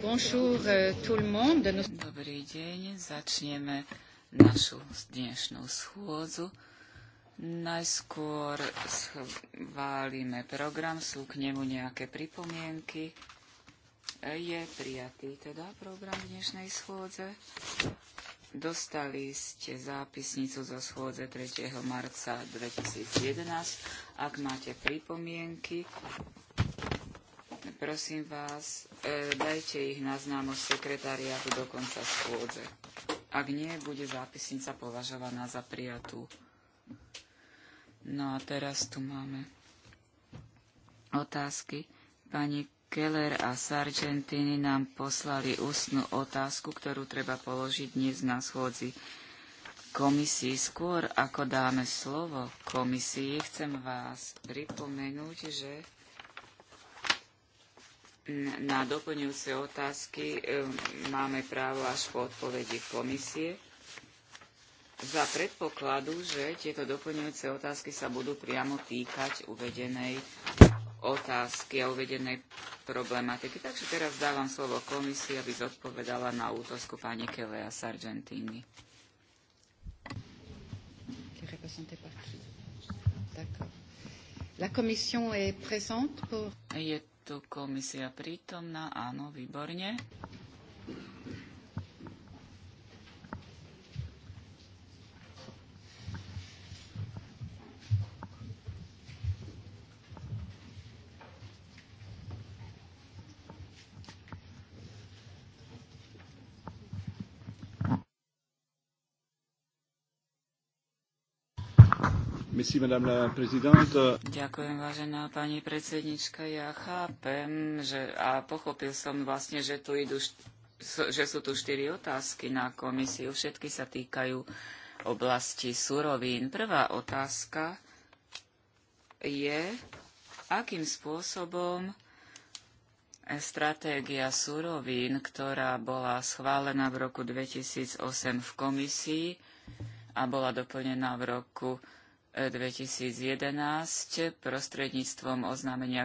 Bonjour euh, tout le monde. Dobrý deň, začneme našu dnešnú schôdzu. Najskôr schválime program, sú k nemu nejaké pripomienky. Je prijatý teda program dnešnej schôdze. Dostali ste zápisnicu zo schôdze 3. marca 2011. Ak máte pripomienky, Prosím vás, e, dajte ich na známosť sekretariátu do konca schôdze. Ak nie, bude zápisnica považovaná za prijatú. No a teraz tu máme otázky. Pani Keller a Sargentini nám poslali ústnu otázku, ktorú treba položiť dnes na schôdzi komisii. Skôr ako dáme slovo komisii, chcem vás pripomenúť, že na doplňujúce otázky um, máme právo až po odpovedi komisie za predpokladu, že tieto doplňujúce otázky sa budú priamo týkať uvedenej otázky a uvedenej problematiky. Takže teraz dávam slovo komisii, aby zodpovedala na útosku pani Kelea Sargentini. Je tu komisia prítomná? Áno, výborne. Merci, madame la présidente. Ďakujem, vážená pani predsednička. Ja chápem, že, a pochopil som vlastne, že tu idú že sú tu štyri otázky na komisiu. Všetky sa týkajú oblasti surovín. Prvá otázka je, akým spôsobom stratégia surovín, ktorá bola schválená v roku 2008 v komisii a bola doplnená v roku 2011 prostredníctvom oznámenia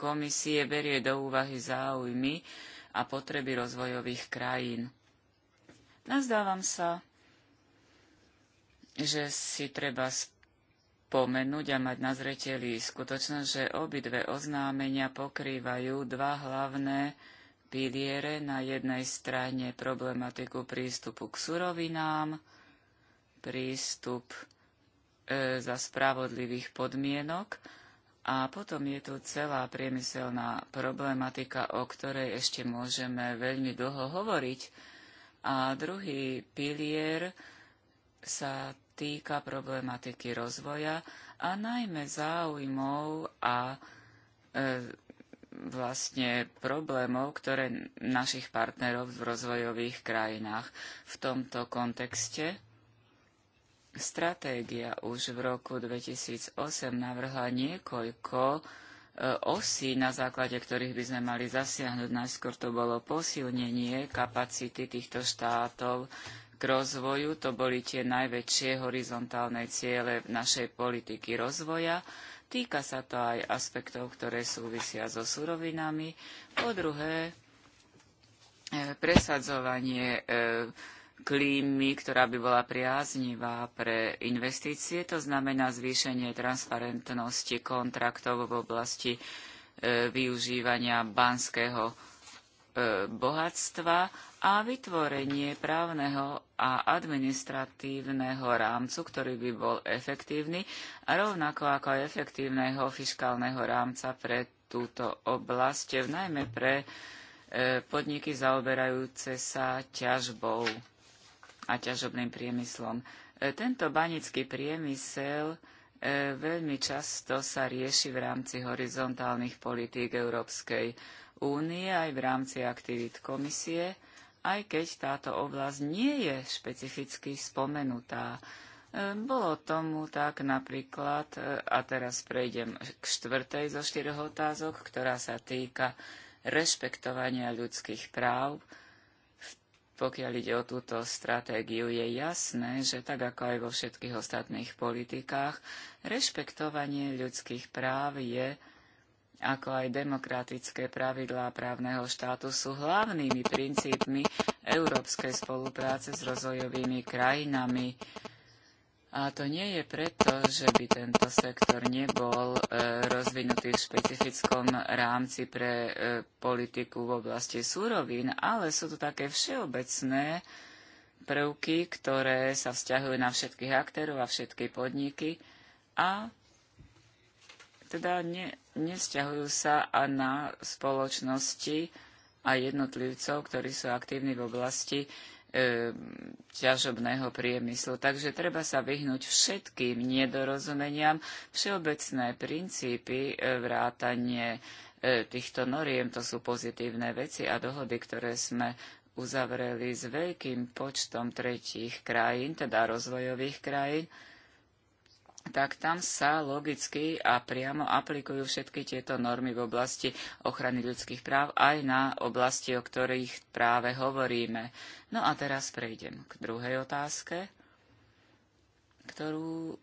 komisie berie do úvahy záujmy a potreby rozvojových krajín. Nazdávam sa, že si treba spomenúť a mať na zreteli skutočnosť, že obidve oznámenia pokrývajú dva hlavné piliere. Na jednej strane problematiku prístupu k surovinám, prístup E, za spravodlivých podmienok. A potom je tu celá priemyselná problematika, o ktorej ešte môžeme veľmi dlho hovoriť. A druhý pilier sa týka problematiky rozvoja a najmä záujmov a e, vlastne problémov, ktoré našich partnerov v rozvojových krajinách v tomto kontexte Stratégia už v roku 2008 navrhla niekoľko e, osí, na základe ktorých by sme mali zasiahnuť. Najskôr to bolo posilnenie kapacity týchto štátov k rozvoju. To boli tie najväčšie horizontálne ciele v našej politiky rozvoja. Týka sa to aj aspektov, ktoré súvisia so surovinami. Po druhé, e, presadzovanie e, klímy, ktorá by bola priaznivá pre investície. To znamená zvýšenie transparentnosti kontraktov v oblasti e, využívania banského e, bohatstva a vytvorenie právneho a administratívneho rámcu, ktorý by bol efektívny, a rovnako ako aj efektívneho fiskálneho rámca pre túto oblasť, najmä pre e, podniky zaoberajúce sa ťažbou a ťažobným priemyslom. E, tento banický priemysel e, veľmi často sa rieši v rámci horizontálnych politík Európskej únie aj v rámci aktivít komisie, aj keď táto oblasť nie je špecificky spomenutá. E, bolo tomu tak napríklad, a teraz prejdem k štvrtej zo štyroch otázok, ktorá sa týka rešpektovania ľudských práv pokiaľ ide o túto stratégiu, je jasné, že tak ako aj vo všetkých ostatných politikách, rešpektovanie ľudských práv je, ako aj demokratické pravidlá právneho štátu, sú hlavnými princípmi európskej spolupráce s rozvojovými krajinami. A to nie je preto, že by tento sektor nebol e, rozvinutý v špecifickom rámci pre e, politiku v oblasti súrovín, ale sú tu také všeobecné prvky, ktoré sa vzťahujú na všetkých aktérov a všetky podniky a teda ne, nevzťahujú sa a na spoločnosti a jednotlivcov, ktorí sú aktívni v oblasti E, ťažobného priemyslu. Takže treba sa vyhnúť všetkým nedorozumeniam. Všeobecné princípy e, vrátanie e, týchto noriem, to sú pozitívne veci a dohody, ktoré sme uzavreli s veľkým počtom tretích krajín, teda rozvojových krajín, tak tam sa logicky a priamo aplikujú všetky tieto normy v oblasti ochrany ľudských práv aj na oblasti, o ktorých práve hovoríme. No a teraz prejdem k druhej otázke, ktorú,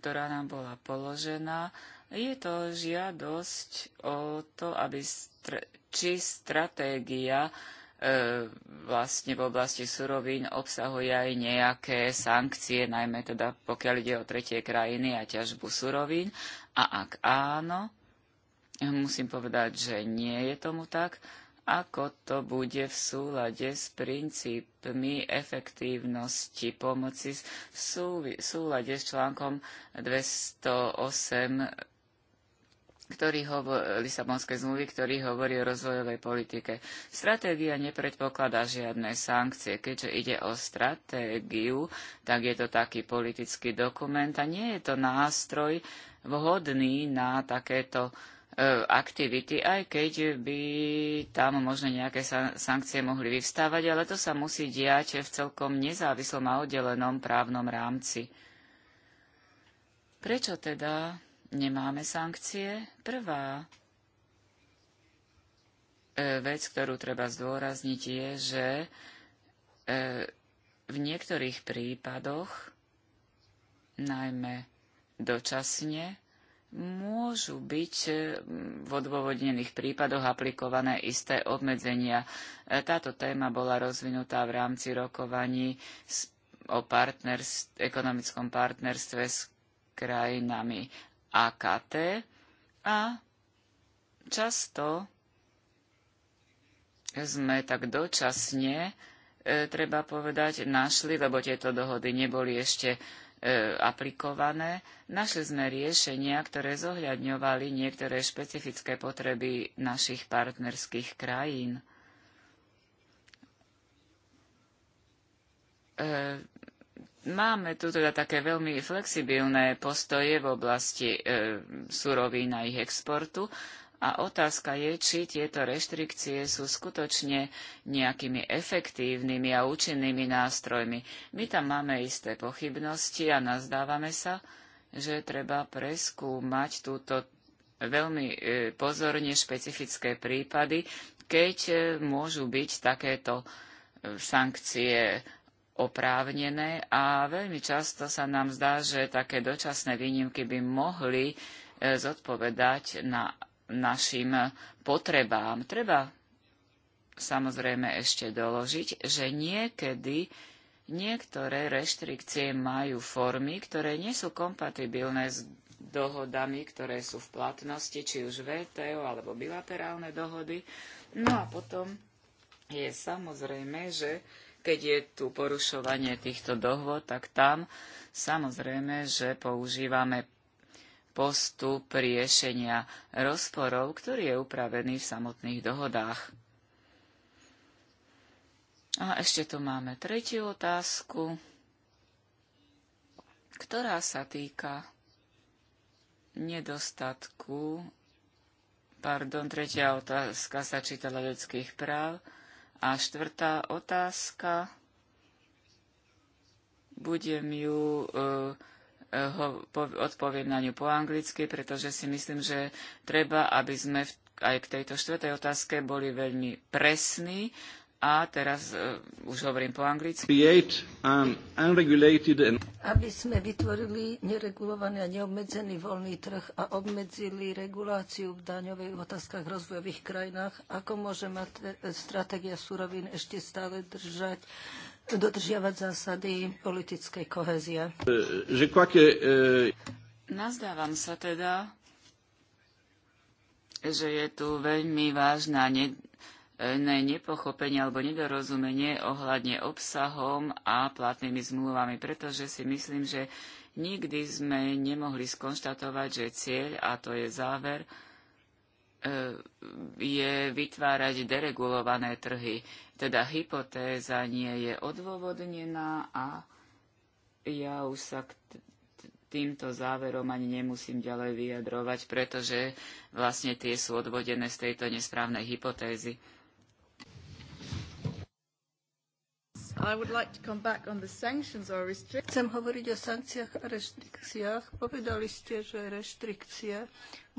ktorá nám bola položená. Je to žiadosť o to, aby stre, či stratégia E, vlastne v oblasti surovín obsahuje aj nejaké sankcie, najmä teda pokiaľ ide o tretie krajiny a ťažbu surovín. A ak áno, musím povedať, že nie je tomu tak, ako to bude v súlade s princípmi efektívnosti pomoci v súlade s článkom 208 ktorý hovor, Lisabonskej zmluvy, ktorý hovorí o rozvojovej politike. Stratégia nepredpokladá žiadne sankcie. Keďže ide o stratégiu, tak je to taký politický dokument a nie je to nástroj vhodný na takéto e, aktivity, aj keď by tam možno nejaké sankcie mohli vyvstávať, ale to sa musí diať v celkom nezávislom a oddelenom právnom rámci. Prečo teda nemáme sankcie. Prvá e, vec, ktorú treba zdôrazniť, je, že e, v niektorých prípadoch, najmä dočasne, môžu byť e, v odôvodnených prípadoch aplikované isté obmedzenia. Táto téma bola rozvinutá v rámci rokovaní o partnerstv, ekonomickom partnerstve s krajinami AKT a často sme tak dočasne, e, treba povedať, našli, lebo tieto dohody neboli ešte e, aplikované, našli sme riešenia, ktoré zohľadňovali niektoré špecifické potreby našich partnerských krajín. E, Máme tu teda také veľmi flexibilné postoje v oblasti e, surovín a ich exportu a otázka je, či tieto reštrikcie sú skutočne nejakými efektívnymi a účinnými nástrojmi. My tam máme isté pochybnosti a nazdávame sa, že treba preskúmať túto veľmi e, pozorne špecifické prípady, keď e, môžu byť takéto e, sankcie oprávnené a veľmi často sa nám zdá, že také dočasné výnimky by mohli e, zodpovedať na našim potrebám. Treba samozrejme ešte doložiť, že niekedy niektoré reštrikcie majú formy, ktoré nie sú kompatibilné s dohodami, ktoré sú v platnosti, či už VTO alebo bilaterálne dohody. No a potom je samozrejme, že keď je tu porušovanie týchto dohôd, tak tam samozrejme, že používame postup riešenia rozporov, ktorý je upravený v samotných dohodách. A ešte tu máme tretiu otázku, ktorá sa týka nedostatku, pardon, tretia otázka sa čítala ľudských práv, a štvrtá otázka, budem ju e, e, ho, po, odpoviem na ňu po anglicky, pretože si myslím, že treba, aby sme v, aj k tejto štvrtej otázke boli veľmi presní a teraz uh, už hovorím po anglicky. Aby sme vytvorili neregulovaný a neobmedzený voľný trh a obmedzili reguláciu v daňových otázkach v rozvojových krajinách, ako môže mať e, stratégia surovín ešte stále držať dodržiavať zásady politickej kohezie. E, Nazdávam sa teda, že je tu veľmi vážna ne- nepochopenie alebo nedorozumenie ohľadne obsahom a platnými zmluvami, pretože si myslím, že nikdy sme nemohli skonštatovať, že cieľ, a to je záver, e, je vytvárať deregulované trhy. Teda hypotéza nie je odôvodnená a ja už sa k týmto záverom ani nemusím ďalej vyjadrovať, pretože vlastne tie sú odvodené z tejto nesprávnej hypotézy. Chcem hovoriť o sankciách a reštrikciách. Povedali ste, že reštrikcie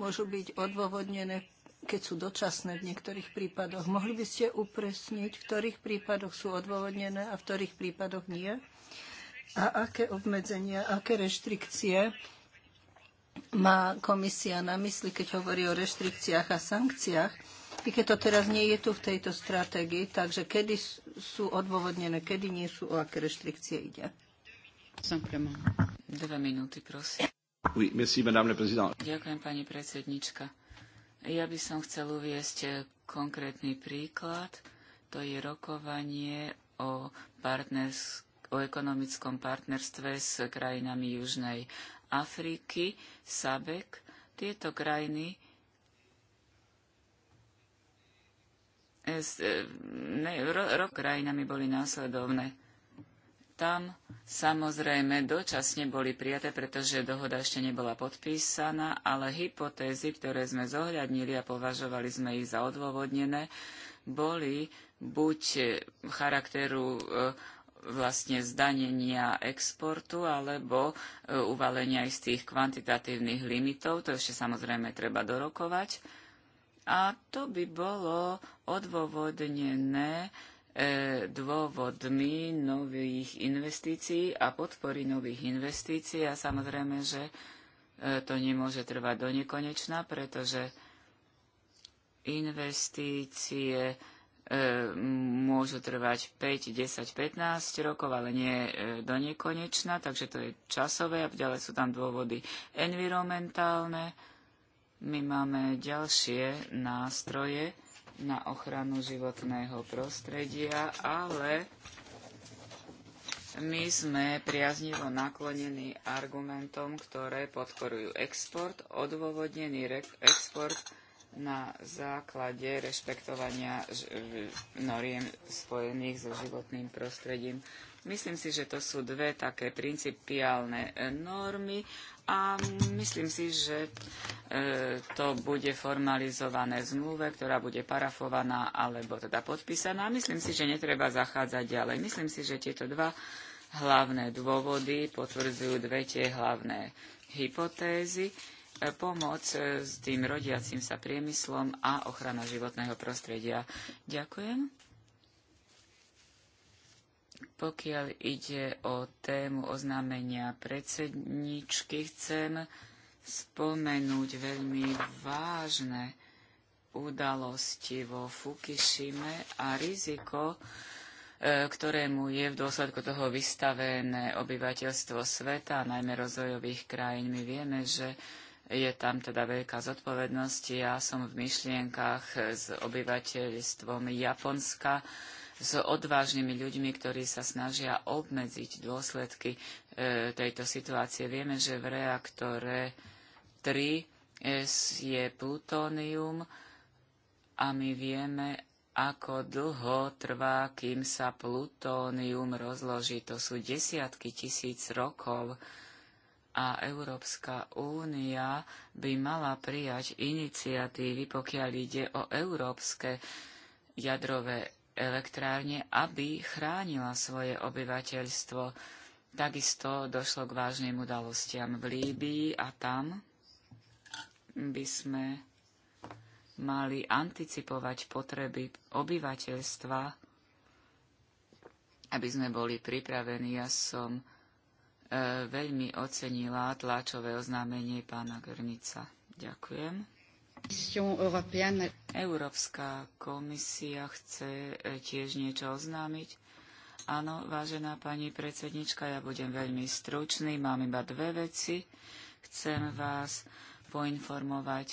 môžu byť odôvodnené, keď sú dočasné v niektorých prípadoch. Mohli by ste upresniť, v ktorých prípadoch sú odôvodnené a v ktorých prípadoch nie? A aké obmedzenia, aké reštrikcie má komisia na mysli, keď hovorí o reštrikciách a sankciách? i keď to teraz nie je tu v tejto stratégii, takže kedy sú odôvodnené, kedy nie sú, o aké reštrikcie ide. Simplement. Dve minúty, prosím. Oui, merci, madame la présidente. Ďakujem, pani predsednička. Ja by som chcel uviesť eh, konkrétny príklad. To je rokovanie o, partners, o ekonomickom partnerstve s krajinami Južnej Afriky, SABEK. Tieto krajiny E, ne, ro, ro, krajinami boli následovné. Tam samozrejme dočasne boli prijaté, pretože dohoda ešte nebola podpísaná, ale hypotézy, ktoré sme zohľadnili a považovali sme ich za odôvodnené, boli buď charakteru e, vlastne zdanenia exportu alebo e, uvalenia istých kvantitatívnych limitov, to ešte samozrejme treba dorokovať, a to by bolo odôvodnené e, dôvodmi nových investícií a podpory nových investícií a samozrejme, že e, to nemôže trvať do nekonečna, pretože investície e, môžu trvať 5, 10, 15 rokov, ale nie do nekonečna, takže to je časové a ďalej sú tam dôvody environmentálne, my máme ďalšie nástroje na ochranu životného prostredia, ale my sme priaznivo naklonení argumentom, ktoré podporujú export, odôvodnený export na základe rešpektovania noriem spojených so životným prostredím. Myslím si, že to sú dve také principiálne e, normy a myslím si, že e, to bude formalizované v zmluve, ktorá bude parafovaná alebo teda podpísaná. Myslím si, že netreba zachádzať ďalej. Myslím si, že tieto dva hlavné dôvody potvrdzujú dve tie hlavné hypotézy e, pomoc s tým rodiacim sa priemyslom a ochrana životného prostredia. Ďakujem. Pokiaľ ide o tému oznámenia predsedničky, chcem spomenúť veľmi vážne udalosti vo Fukushime a riziko, e, ktorému je v dôsledku toho vystavené obyvateľstvo sveta, najmä rozvojových krajín. My vieme, že je tam teda veľká zodpovednosť. Ja som v myšlienkach s obyvateľstvom Japonska, s odvážnymi ľuďmi, ktorí sa snažia obmedziť dôsledky e, tejto situácie. Vieme, že v reaktore 3 e, je plutónium a my vieme, ako dlho trvá, kým sa plutónium rozloží. To sú desiatky tisíc rokov a Európska únia by mala prijať iniciatívy, pokiaľ ide o európske jadrové elektrárne, aby chránila svoje obyvateľstvo. Takisto došlo k vážnym udalostiam v Líbii a tam by sme mali anticipovať potreby obyvateľstva, aby sme boli pripravení. Ja som e, veľmi ocenila tlačové oznámenie pána Grnica. Ďakujem. Európska komisia chce e, tiež niečo oznámiť. Áno, vážená pani predsednička, ja budem veľmi stručný, mám iba dve veci. Chcem vás poinformovať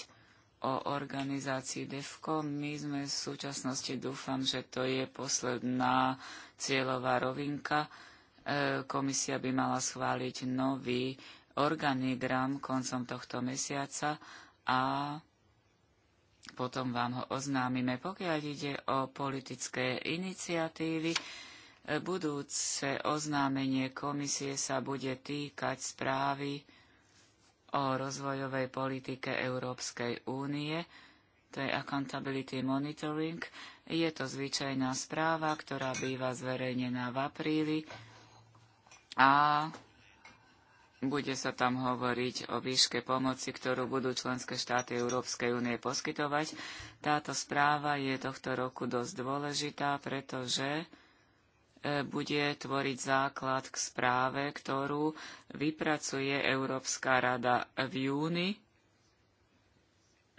o organizácii DEFCO. My sme v súčasnosti, dúfam, že to je posledná cieľová rovinka. E, komisia by mala schváliť nový organigram koncom tohto mesiaca a potom vám ho oznámime. Pokiaľ ide o politické iniciatívy, budúce oznámenie komisie sa bude týkať správy o rozvojovej politike Európskej únie, to je Accountability Monitoring. Je to zvyčajná správa, ktorá býva zverejnená v apríli a bude sa tam hovoriť o výške pomoci, ktorú budú členské štáty Európskej únie poskytovať. Táto správa je tohto roku dosť dôležitá, pretože e, bude tvoriť základ k správe, ktorú vypracuje Európska rada v júni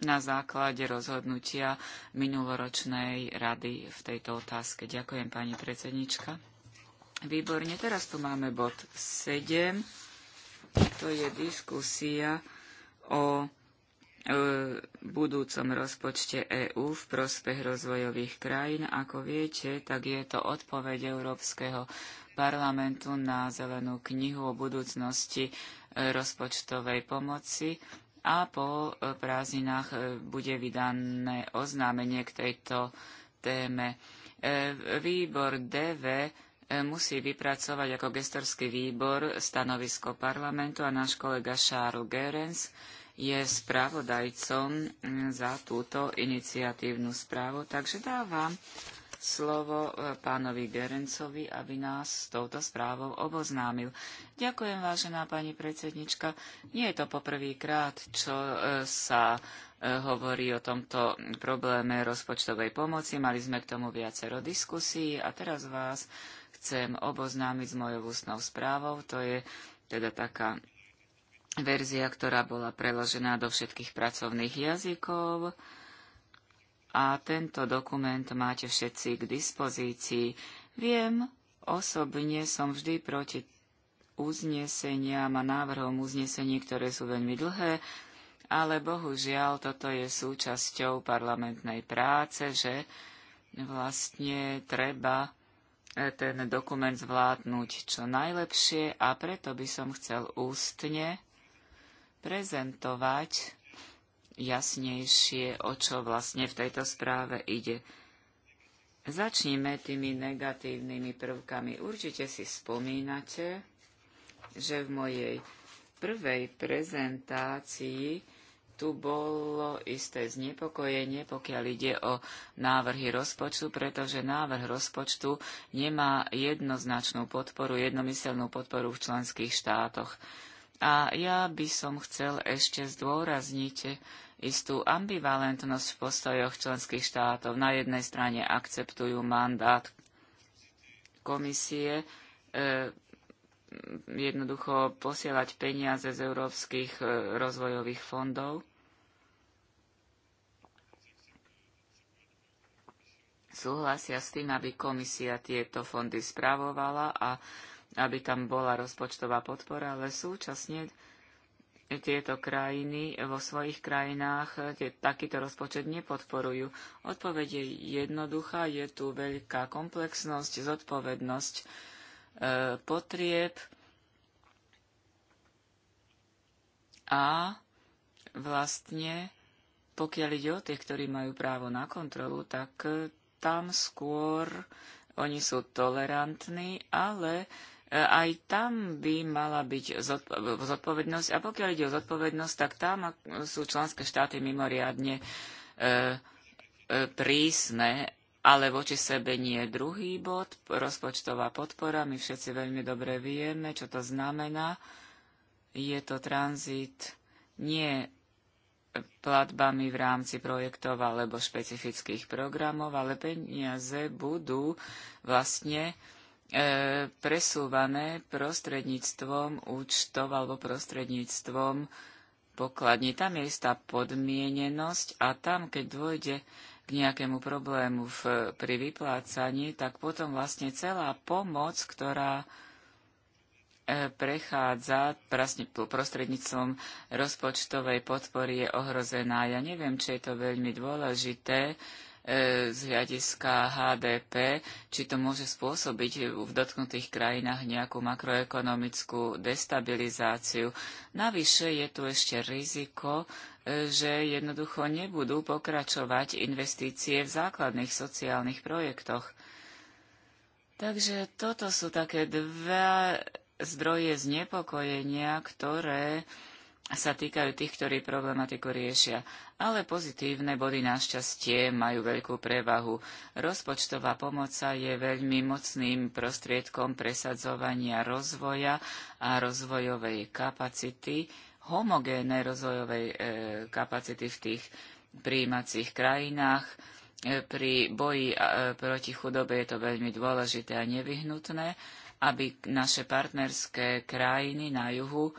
na základe rozhodnutia minuloročnej rady v tejto otázke. Ďakujem, pani predsednička. Výborne, teraz tu máme bod 7 to je diskusia o e, budúcom rozpočte EÚ v prospech rozvojových krajín. Ako viete, tak je to odpoveď Európskeho parlamentu na zelenú knihu o budúcnosti e, rozpočtovej pomoci a po e, prázdninách bude vydané oznámenie k tejto téme. Výbor DV E, musí vypracovať ako gestorský výbor stanovisko parlamentu a náš kolega Charles Gerens je spravodajcom mm, za túto iniciatívnu správu. Takže dávam slovo e, pánovi Gerencovi, aby nás s touto správou oboznámil. Ďakujem, vážená pani predsednička. Nie je to poprvýkrát, čo e, sa hovorí o tomto probléme rozpočtovej pomoci. Mali sme k tomu viacero diskusí a teraz vás chcem oboznámiť s mojou ústnou správou. To je teda taká verzia, ktorá bola preložená do všetkých pracovných jazykov. A tento dokument máte všetci k dispozícii. Viem, osobne som vždy proti uzneseniam a návrhom uznesení, ktoré sú veľmi dlhé, ale bohužiaľ toto je súčasťou parlamentnej práce, že vlastne treba E, ten dokument zvládnuť čo najlepšie a preto by som chcel ústne prezentovať jasnejšie, o čo vlastne v tejto správe ide. Začníme tými negatívnymi prvkami. Určite si spomínate, že v mojej prvej prezentácii tu bolo isté znepokojenie, pokiaľ ide o návrhy rozpočtu, pretože návrh rozpočtu nemá jednoznačnú podporu, jednomyselnú podporu v členských štátoch. A ja by som chcel ešte zdôrazniť istú ambivalentnosť v postojoch členských štátov. Na jednej strane akceptujú mandát komisie, e, jednoducho posielať peniaze z európskych e, rozvojových fondov súhlasia s tým, aby komisia tieto fondy spravovala a aby tam bola rozpočtová podpora, ale súčasne tieto krajiny vo svojich krajinách tie, takýto rozpočet nepodporujú. Odpoveď je jednoduchá, je tu veľká komplexnosť, zodpovednosť e, potrieb a vlastne pokiaľ ide o tých, ktorí majú právo na kontrolu, tak tam skôr oni sú tolerantní, ale e, aj tam by mala byť zodpovednosť. A pokiaľ ide o zodpovednosť, tak tam sú členské štáty mimoriadne e, e, prísne, ale voči sebe nie. Druhý bod, rozpočtová podpora, my všetci veľmi dobre vieme, čo to znamená. Je to tranzit nie platbami v rámci projektov alebo špecifických programov, ale peniaze budú vlastne e, presúvané prostredníctvom účtov alebo prostredníctvom pokladní. Tam je istá podmienenosť a tam, keď dôjde k nejakému problému v, pri vyplácaní, tak potom vlastne celá pomoc, ktorá E, prechádza prostredníctvom rozpočtovej podpory je ohrozená. Ja neviem, či je to veľmi dôležité e, z hľadiska HDP, či to môže spôsobiť v dotknutých krajinách nejakú makroekonomickú destabilizáciu. Navyše je tu ešte riziko, e, že jednoducho nebudú pokračovať investície v základných sociálnych projektoch. Takže toto sú také dve zdroje znepokojenia, ktoré sa týkajú tých, ktorí problematiku riešia. Ale pozitívne body našťastie majú veľkú prevahu. Rozpočtová pomoca je veľmi mocným prostriedkom presadzovania rozvoja a rozvojovej kapacity, homogénnej rozvojovej e, kapacity v tých príjímacích krajinách. E, pri boji e, proti chudobe je to veľmi dôležité a nevyhnutné aby naše partnerské krajiny na juhu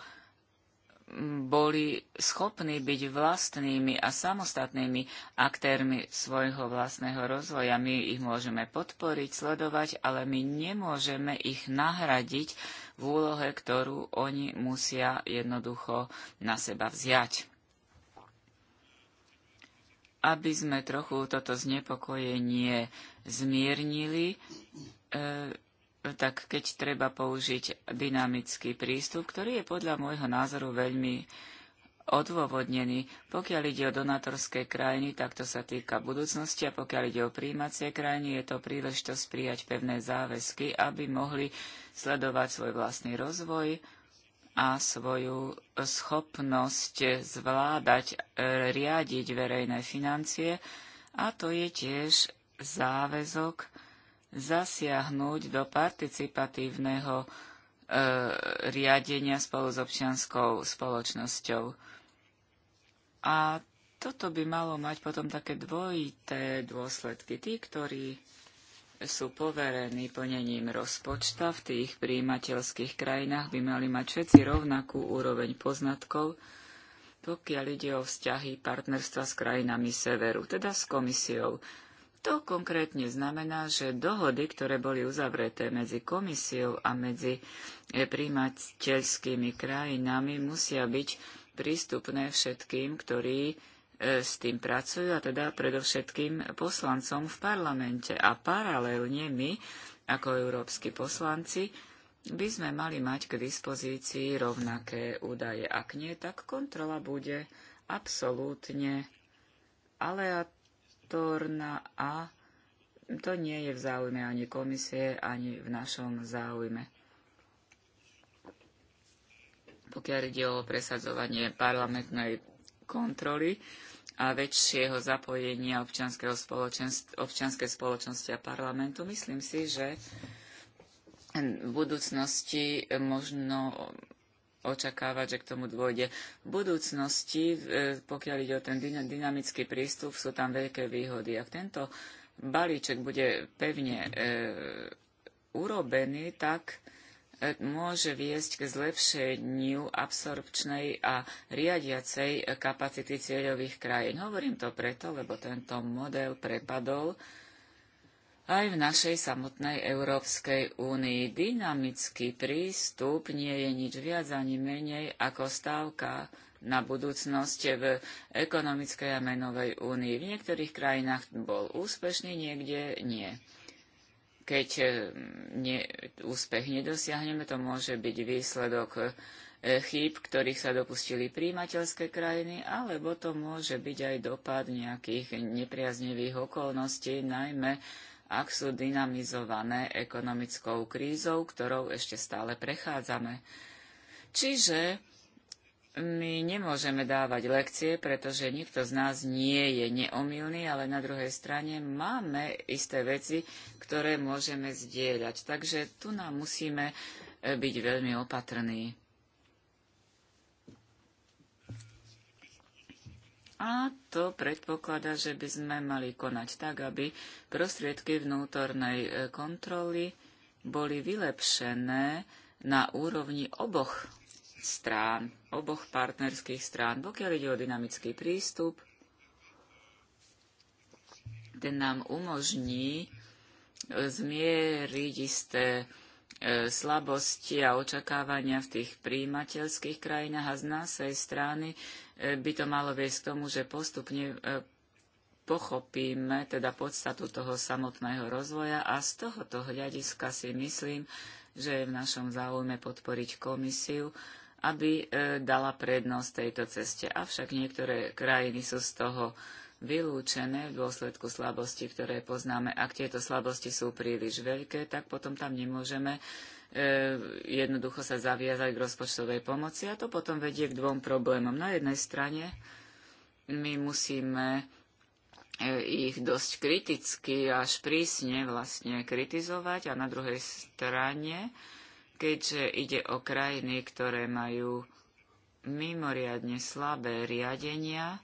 boli schopní byť vlastnými a samostatnými aktérmi svojho vlastného rozvoja. My ich môžeme podporiť, sledovať, ale my nemôžeme ich nahradiť v úlohe, ktorú oni musia jednoducho na seba vziať. Aby sme trochu toto znepokojenie zmiernili, e tak keď treba použiť dynamický prístup, ktorý je podľa môjho názoru veľmi odôvodnený. Pokiaľ ide o donatorské krajiny, tak to sa týka budúcnosti a pokiaľ ide o príjmacie krajiny, je to príležitosť prijať pevné záväzky, aby mohli sledovať svoj vlastný rozvoj a svoju schopnosť zvládať, e, riadiť verejné financie. A to je tiež záväzok, zasiahnuť do participatívneho e, riadenia spolu s občianskou spoločnosťou. A toto by malo mať potom také dvojité dôsledky. Tí, ktorí sú poverení plnením rozpočta v tých príjimateľských krajinách, by mali mať všetci rovnakú úroveň poznatkov, pokiaľ ide o vzťahy partnerstva s krajinami severu, teda s komisiou. To konkrétne znamená, že dohody, ktoré boli uzavreté medzi komisiou a medzi e, príjimateľskými krajinami, musia byť prístupné všetkým, ktorí e, s tým pracujú, a teda predovšetkým poslancom v parlamente. A paralelne my, ako európsky poslanci, by sme mali mať k dispozícii rovnaké údaje. Ak nie, tak kontrola bude absolútne ale vnútorná a to nie je v záujme ani komisie, ani v našom záujme. Pokiaľ ide o presadzovanie parlamentnej kontroly a väčšieho zapojenia občianskej spoločnosti a parlamentu, myslím si, že v budúcnosti možno očakávať, že k tomu dôjde. V budúcnosti, e, pokiaľ ide o ten dynamický prístup, sú tam veľké výhody. Ak tento balíček bude pevne e, urobený, tak e, môže viesť k zlepšeniu absorpčnej a riadiacej kapacity cieľových krajín. Hovorím to preto, lebo tento model prepadol aj v našej samotnej Európskej únii. Dynamický prístup nie je nič viac ani menej ako stávka na budúcnosť v ekonomickej a menovej únii. V niektorých krajinách bol úspešný, niekde nie. Keď eh, ne, úspech nedosiahneme, to môže byť výsledok eh, chýb, ktorých sa dopustili príjimateľské krajiny, alebo to môže byť aj dopad nejakých nepriaznevých okolností, najmä ak sú dynamizované ekonomickou krízou, ktorou ešte stále prechádzame. Čiže my nemôžeme dávať lekcie, pretože nikto z nás nie je neomilný, ale na druhej strane máme isté veci, ktoré môžeme zdieľať. Takže tu nám musíme e, byť veľmi opatrní. A to predpokladá, že by sme mali konať tak, aby prostriedky vnútornej e, kontroly boli vylepšené na úrovni oboch strán, oboch partnerských strán. Pokiaľ ide o dynamický prístup, ten nám umožní e, zmieriť isté e, slabosti a očakávania v tých príjimateľských krajinách a z aj strany by to malo viesť k tomu, že postupne e, pochopíme teda podstatu toho samotného rozvoja a z tohoto hľadiska si myslím, že je v našom záujme podporiť komisiu, aby e, dala prednosť tejto ceste. Avšak niektoré krajiny sú z toho vylúčené v dôsledku slabosti, ktoré poznáme. Ak tieto slabosti sú príliš veľké, tak potom tam nemôžeme E, jednoducho sa zaviazali k rozpočtovej pomoci a to potom vedie k dvom problémom. Na jednej strane my musíme e, ich dosť kriticky až prísne vlastne kritizovať a na druhej strane, keďže ide o krajiny, ktoré majú mimoriadne slabé riadenia,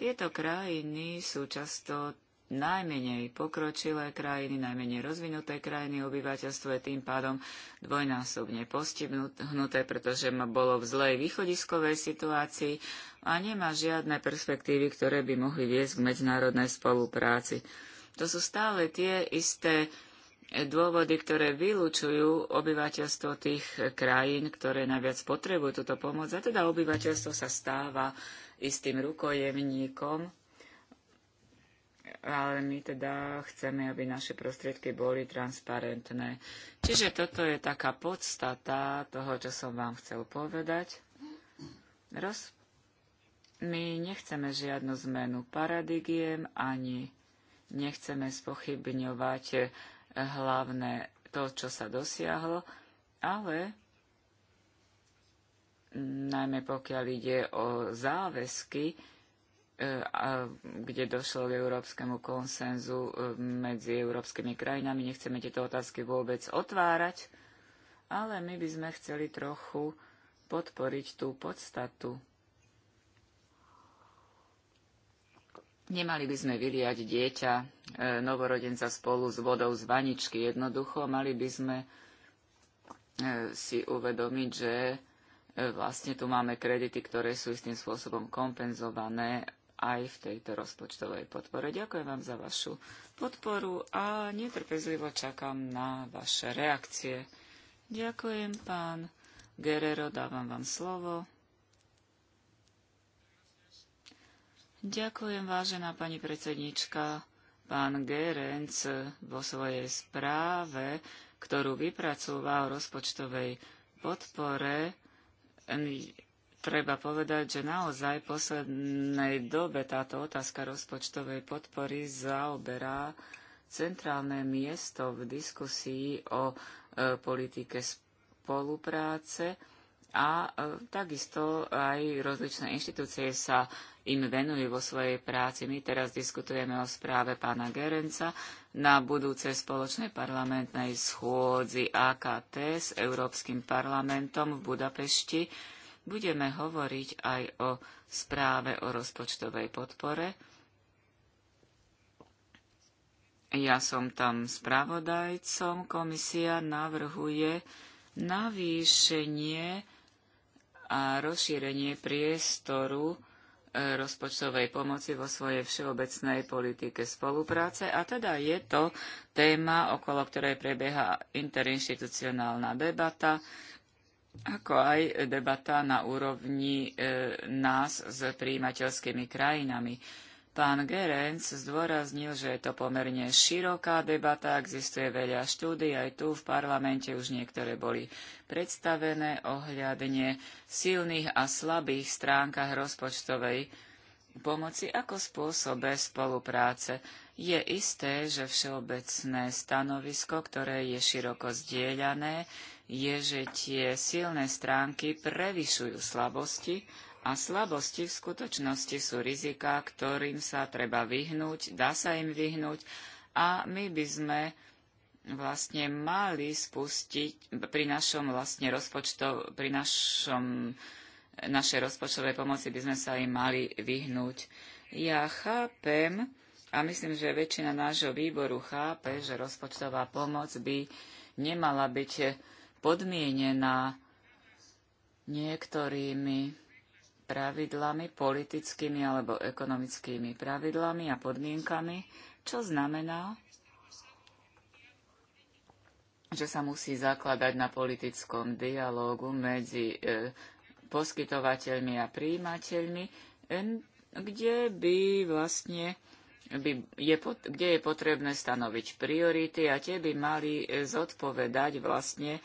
tieto krajiny sú často najmenej pokročilé krajiny, najmenej rozvinuté krajiny, obyvateľstvo je tým pádom dvojnásobne postihnuté, pretože ma bolo v zlej východiskovej situácii a nemá žiadne perspektívy, ktoré by mohli viesť k medzinárodnej spolupráci. To sú stále tie isté dôvody, ktoré vylúčujú obyvateľstvo tých krajín, ktoré najviac potrebujú túto pomoc. A teda obyvateľstvo sa stáva istým rukojemníkom ale my teda chceme, aby naše prostriedky boli transparentné. Čiže toto je taká podstata toho, čo som vám chcel povedať. Roz... My nechceme žiadnu zmenu paradigiem, ani nechceme spochybňovať eh, hlavné to, čo sa dosiahlo, ale najmä pokiaľ ide o záväzky, E, kde došlo k európskemu konsenzu e, medzi európskymi krajinami. Nechceme tieto otázky vôbec otvárať, ale my by sme chceli trochu podporiť tú podstatu. Nemali by sme vyliať dieťa, e, novorodenca spolu s vodou z vaničky. Jednoducho mali by sme si uvedomiť, že vlastne tu máme kredity, ktoré sú istým spôsobom kompenzované aj v tejto rozpočtovej podpore. Ďakujem vám za vašu podporu a netrpezlivo čakám na vaše reakcie. Ďakujem, pán Guerrero, dávam vám slovo. Ďakujem, vážená pani predsednička. Pán Gerenc vo svojej správe, ktorú vypracoval rozpočtovej podpore, treba povedať, že naozaj v poslednej dobe táto otázka rozpočtovej podpory zaoberá centrálne miesto v diskusii o e, politike spolupráce a e, takisto aj rozličné inštitúcie sa im venujú vo svojej práci. My teraz diskutujeme o správe pána Gerenca na budúcej spoločnej parlamentnej schôdzi AKT s Európskym parlamentom v Budapešti budeme hovoriť aj o správe o rozpočtovej podpore. Ja som tam spravodajcom. Komisia navrhuje navýšenie a rozšírenie priestoru e, rozpočtovej pomoci vo svojej všeobecnej politike spolupráce a teda je to téma, okolo ktorej prebieha interinštitucionálna debata ako aj debata na úrovni e, nás s príjimateľskými krajinami. Pán Gerenc zdôraznil, že je to pomerne široká debata, existuje veľa štúdí, aj tu v parlamente už niektoré boli predstavené ohľadne silných a slabých stránkach rozpočtovej pomoci ako spôsobe spolupráce. Je isté, že všeobecné stanovisko, ktoré je široko zdieľané, je, že tie silné stránky prevyšujú slabosti a slabosti v skutočnosti sú rizika, ktorým sa treba vyhnúť, dá sa im vyhnúť a my by sme vlastne mali spustiť pri našom vlastne rozpočto, pri našom, našej rozpočtovej pomoci by sme sa im mali vyhnúť. Ja chápem a myslím, že väčšina nášho výboru chápe, že rozpočtová pomoc by nemala byť podmienená niektorými pravidlami, politickými alebo ekonomickými pravidlami a podmienkami, čo znamená, že sa musí zakladať na politickom dialógu medzi e, poskytovateľmi a príjimateľmi, kde by vlastne by je, kde je potrebné stanoviť priority a tie by mali e, zodpovedať vlastne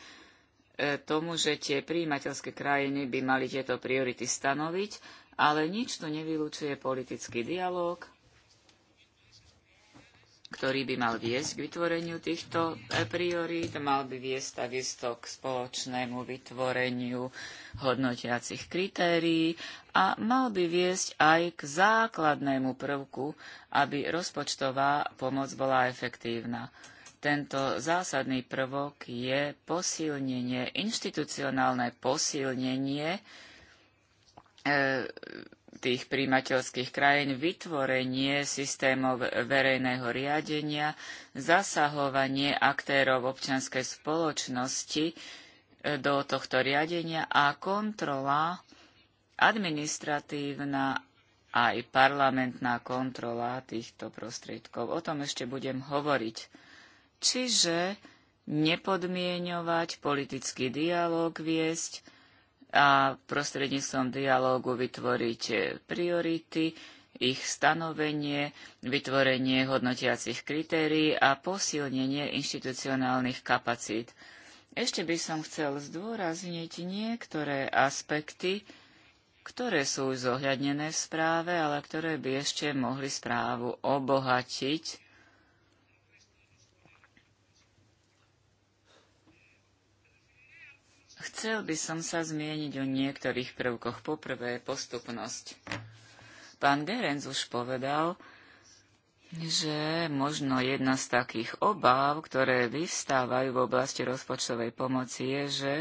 E, tomu, že tie príjimateľské krajiny by mali tieto priority stanoviť, ale nič tu nevylučuje politický dialog, ktorý by mal viesť k vytvoreniu týchto e, priorít, mal by viesť takisto k spoločnému vytvoreniu hodnotiacich kritérií a mal by viesť aj k základnému prvku, aby rozpočtová pomoc bola efektívna tento zásadný prvok je posilnenie, inštitucionálne posilnenie e, tých príjmateľských krajín, vytvorenie systémov verejného riadenia, zasahovanie aktérov občianskej spoločnosti e, do tohto riadenia a kontrola administratívna aj parlamentná kontrola týchto prostriedkov. O tom ešte budem hovoriť. Čiže nepodmienovať, politický dialog viesť a prostredníctvom dialógu vytvoriť priority, ich stanovenie, vytvorenie hodnotiacich kritérií a posilnenie inštitucionálnych kapacít. Ešte by som chcel zdôrazniť niektoré aspekty, ktoré sú zohľadnené v správe, ale ktoré by ešte mohli správu obohatiť Chcel by som sa zmieniť o niektorých prvkoch. Poprvé, postupnosť. Pán Gerenc už povedal, že možno jedna z takých obáv, ktoré vyvstávajú v oblasti rozpočtovej pomoci, je, že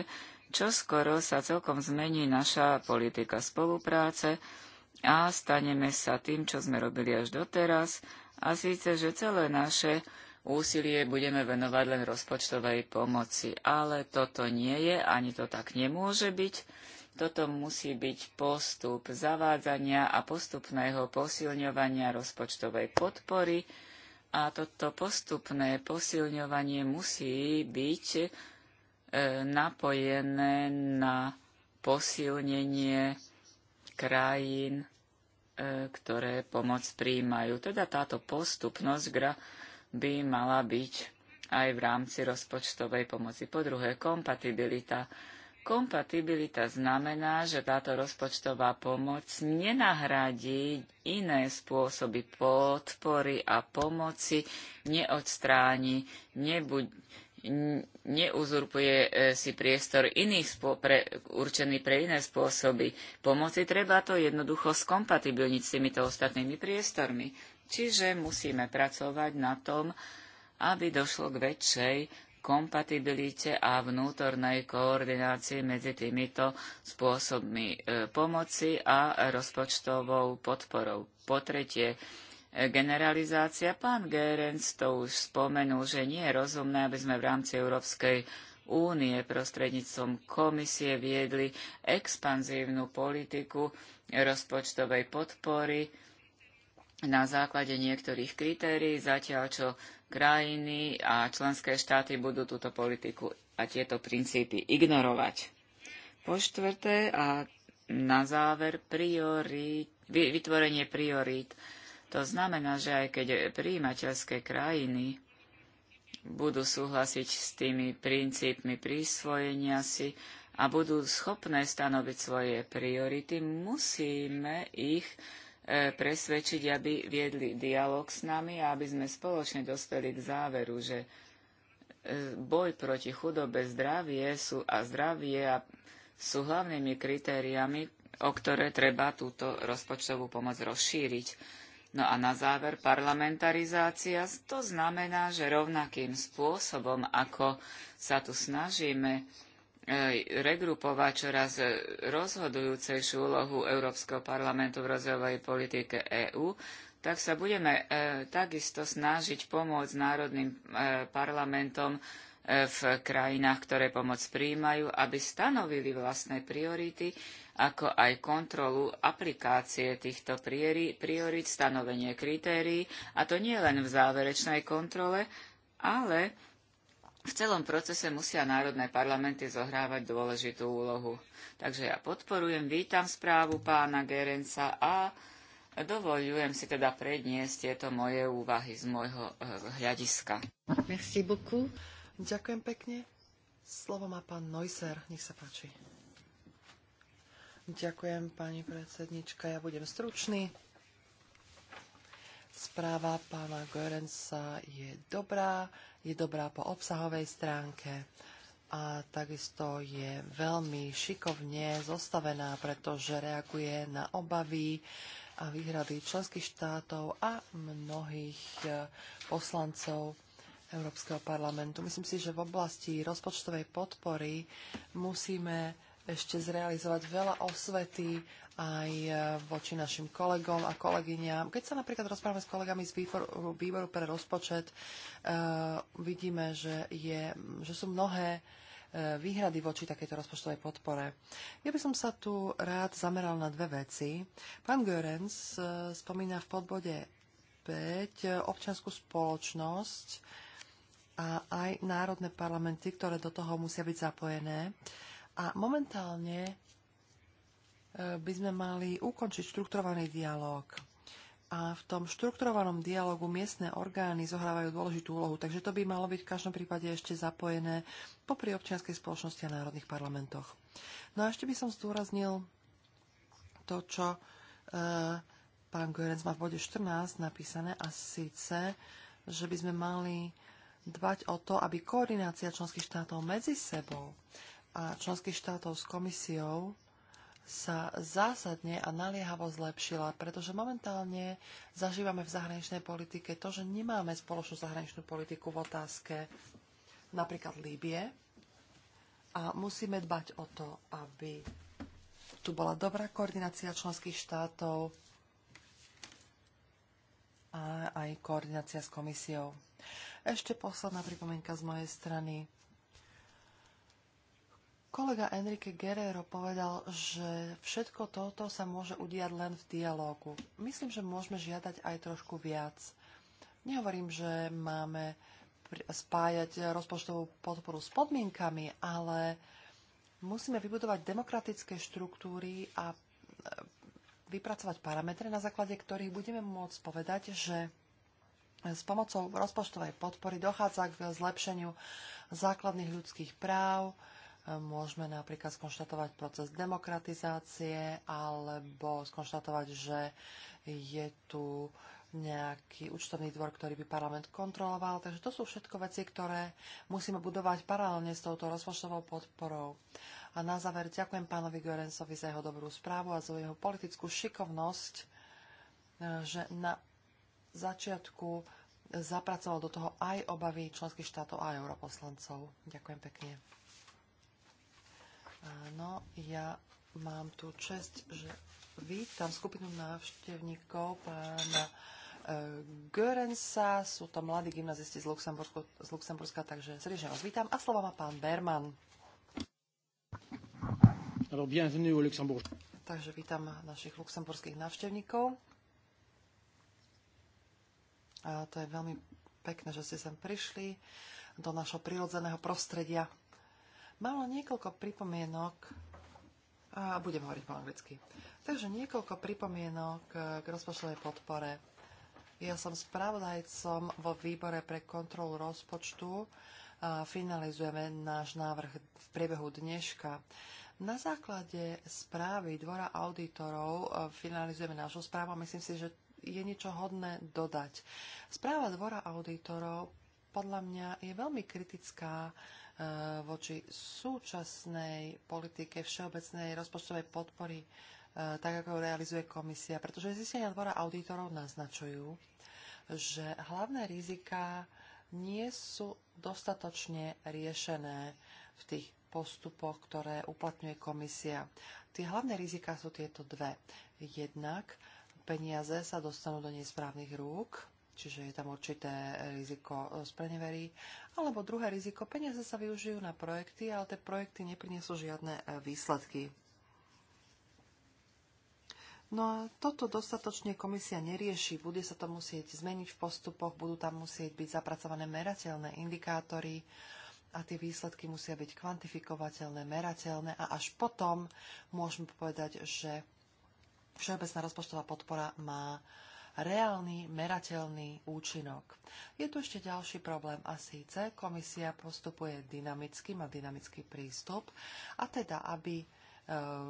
čoskoro sa celkom zmení naša politika spolupráce a staneme sa tým, čo sme robili až doteraz, a síce, že celé naše úsilie budeme venovať len rozpočtovej pomoci. Ale toto nie je, ani to tak nemôže byť. Toto musí byť postup zavádzania a postupného posilňovania rozpočtovej podpory a toto postupné posilňovanie musí byť e, napojené na posilnenie krajín, e, ktoré pomoc príjmajú. Teda táto postupnosť gra- by mala byť aj v rámci rozpočtovej pomoci. Po druhé, kompatibilita. Kompatibilita znamená, že táto rozpočtová pomoc nenahradí iné spôsoby podpory a pomoci, neodstráni, nebuď, neuzurpuje e, si priestor iných pre, určený pre iné spôsoby pomoci. Treba to jednoducho skompatibilniť s týmito ostatnými priestormi. Čiže musíme pracovať na tom, aby došlo k väčšej kompatibilite a vnútornej koordinácii medzi týmito spôsobmi e, pomoci a rozpočtovou podporou. Po tretie, e, generalizácia. Pán Gerenc to už spomenul, že nie je rozumné, aby sme v rámci Európskej únie prostredníctvom komisie viedli expanzívnu politiku rozpočtovej podpory na základe niektorých kritérií, zatiaľ čo krajiny a členské štáty budú túto politiku a tieto princípy ignorovať. Po štvrté a na záver priorit, vytvorenie priorít. To znamená, že aj keď príjimateľské krajiny budú súhlasiť s tými princípmi prísvojenia si a budú schopné stanoviť svoje priority, musíme ich E, presvedčiť, aby viedli dialog s nami a aby sme spoločne dospeli k záveru, že e, boj proti chudobe zdravie sú, a zdravie a sú hlavnými kritériami, o ktoré treba túto rozpočtovú pomoc rozšíriť. No a na záver parlamentarizácia, to znamená, že rovnakým spôsobom, ako sa tu snažíme regrupovať čoraz rozhodujúcejšiu úlohu Európskeho parlamentu v rozvojovej politike EÚ, tak sa budeme e, takisto snažiť pomôcť národným e, parlamentom e, v krajinách, ktoré pomoc príjmajú, aby stanovili vlastné priority, ako aj kontrolu aplikácie týchto priorít, stanovenie kritérií, a to nie len v záverečnej kontrole, ale v celom procese musia národné parlamenty zohrávať dôležitú úlohu. Takže ja podporujem, vítam správu pána Gerenca a dovolujem si teda predniesť tieto moje úvahy z môjho eh, hľadiska. Merci beaucoup. Ďakujem pekne. Slovo má pán Neusser, nech sa páči. Ďakujem, pani predsednička, ja budem stručný. Správa pána Goerensa je dobrá je dobrá po obsahovej stránke a takisto je veľmi šikovne zostavená, pretože reaguje na obavy a výhrady členských štátov a mnohých e, poslancov Európskeho parlamentu. Myslím si, že v oblasti rozpočtovej podpory musíme ešte zrealizovať veľa osvety aj e, voči našim kolegom a kolegyňam. Keď sa napríklad rozprávame s kolegami z výboru, výboru pre rozpočet, uh, vidíme, že, je, že sú mnohé e, výhrady voči takejto rozpočtovej podpore. Ja by som sa tu rád zameral na dve veci. Pán Görens spomína v podbode 5 občianskú spoločnosť a aj národné parlamenty, ktoré do toho musia byť zapojené. A momentálne by sme mali ukončiť štrukturovaný dialog. A v tom štrukturovanom dialogu miestne orgány zohrávajú dôležitú úlohu, takže to by malo byť v každom prípade ešte zapojené popri občianskej spoločnosti a národných parlamentoch. No a ešte by som zdôraznil to, čo e, pán Gorenc má v bode 14 napísané, a síce, že by sme mali dbať o to, aby koordinácia členských štátov medzi sebou a členských štátov s komisiou sa zásadne a naliehavo zlepšila, pretože momentálne zažívame v zahraničnej politike to, že nemáme spoločnú zahraničnú politiku v otázke napríklad Líbie a musíme dbať o to, aby tu bola dobrá koordinácia členských štátov a aj koordinácia s komisiou. Ešte posledná pripomienka z mojej strany. Kolega Enrique Guerrero povedal, že všetko toto sa môže udiať len v dialógu. Myslím, že môžeme žiadať aj trošku viac. Nehovorím, že máme spájať rozpočtovú podporu s podmienkami, ale musíme vybudovať demokratické štruktúry a e, vypracovať parametre, na základe ktorých budeme môcť povedať, že s pomocou rozpočtovej podpory dochádza k zlepšeniu základných ľudských práv, Môžeme napríklad skonštatovať proces demokratizácie alebo skonštatovať, že je tu nejaký účtovný dvor, ktorý by parlament kontroloval. Takže to sú všetko veci, ktoré musíme budovať paralelne s touto rozpočtovou podporou. A na záver ďakujem pánovi Görensovi za jeho dobrú správu a za jeho politickú šikovnosť, že na začiatku zapracoval do toho aj obavy členských štátov a europoslancov. Ďakujem pekne. Áno, ja mám tu čest, že vítam skupinu návštevníkov pána e, Görensa. Sú to mladí gymnazisti z, z Luxemburska, takže srdečne vás vítam. A slovo má pán Berman. Alors, bienvenue au Luxembourg. Takže vítam našich luxemburských návštevníkov. A to je veľmi pekné, že ste sem prišli do našho prirodzeného prostredia Malo niekoľko pripomienok a budem hovoriť po anglicky. Takže niekoľko pripomienok e, k rozpočtovej podpore. Ja som spravodajcom vo výbore pre kontrolu rozpočtu a finalizujeme náš návrh v priebehu dneška. Na základe správy Dvora auditorov e, finalizujeme našu správu a myslím si, že je niečo hodné dodať. Správa Dvora auditorov podľa mňa je veľmi kritická Eh, voči súčasnej politike všeobecnej rozpočtovej podpory, eh, tak ako realizuje komisia. Pretože zistenia dvora auditorov naznačujú, že hlavné rizika nie sú dostatočne riešené v tých postupoch, ktoré uplatňuje komisia. Tie hlavné rizika sú tieto dve. Jednak peniaze sa dostanú do nesprávnych rúk, čiže je tam určité riziko spreneverí. Alebo druhé riziko, peniaze sa využijú na projekty, ale tie projekty neprinesú žiadne e, výsledky. No a toto dostatočne komisia nerieši. Bude sa to musieť zmeniť v postupoch, budú tam musieť byť zapracované merateľné indikátory a tie výsledky musia byť kvantifikovateľné, merateľné a až potom môžeme povedať, že všeobecná rozpočtová podpora má uh, reálny, merateľný účinok. Je tu ešte ďalší problém a síce komisia postupuje dynamicky, má dynamický prístup a teda, aby e,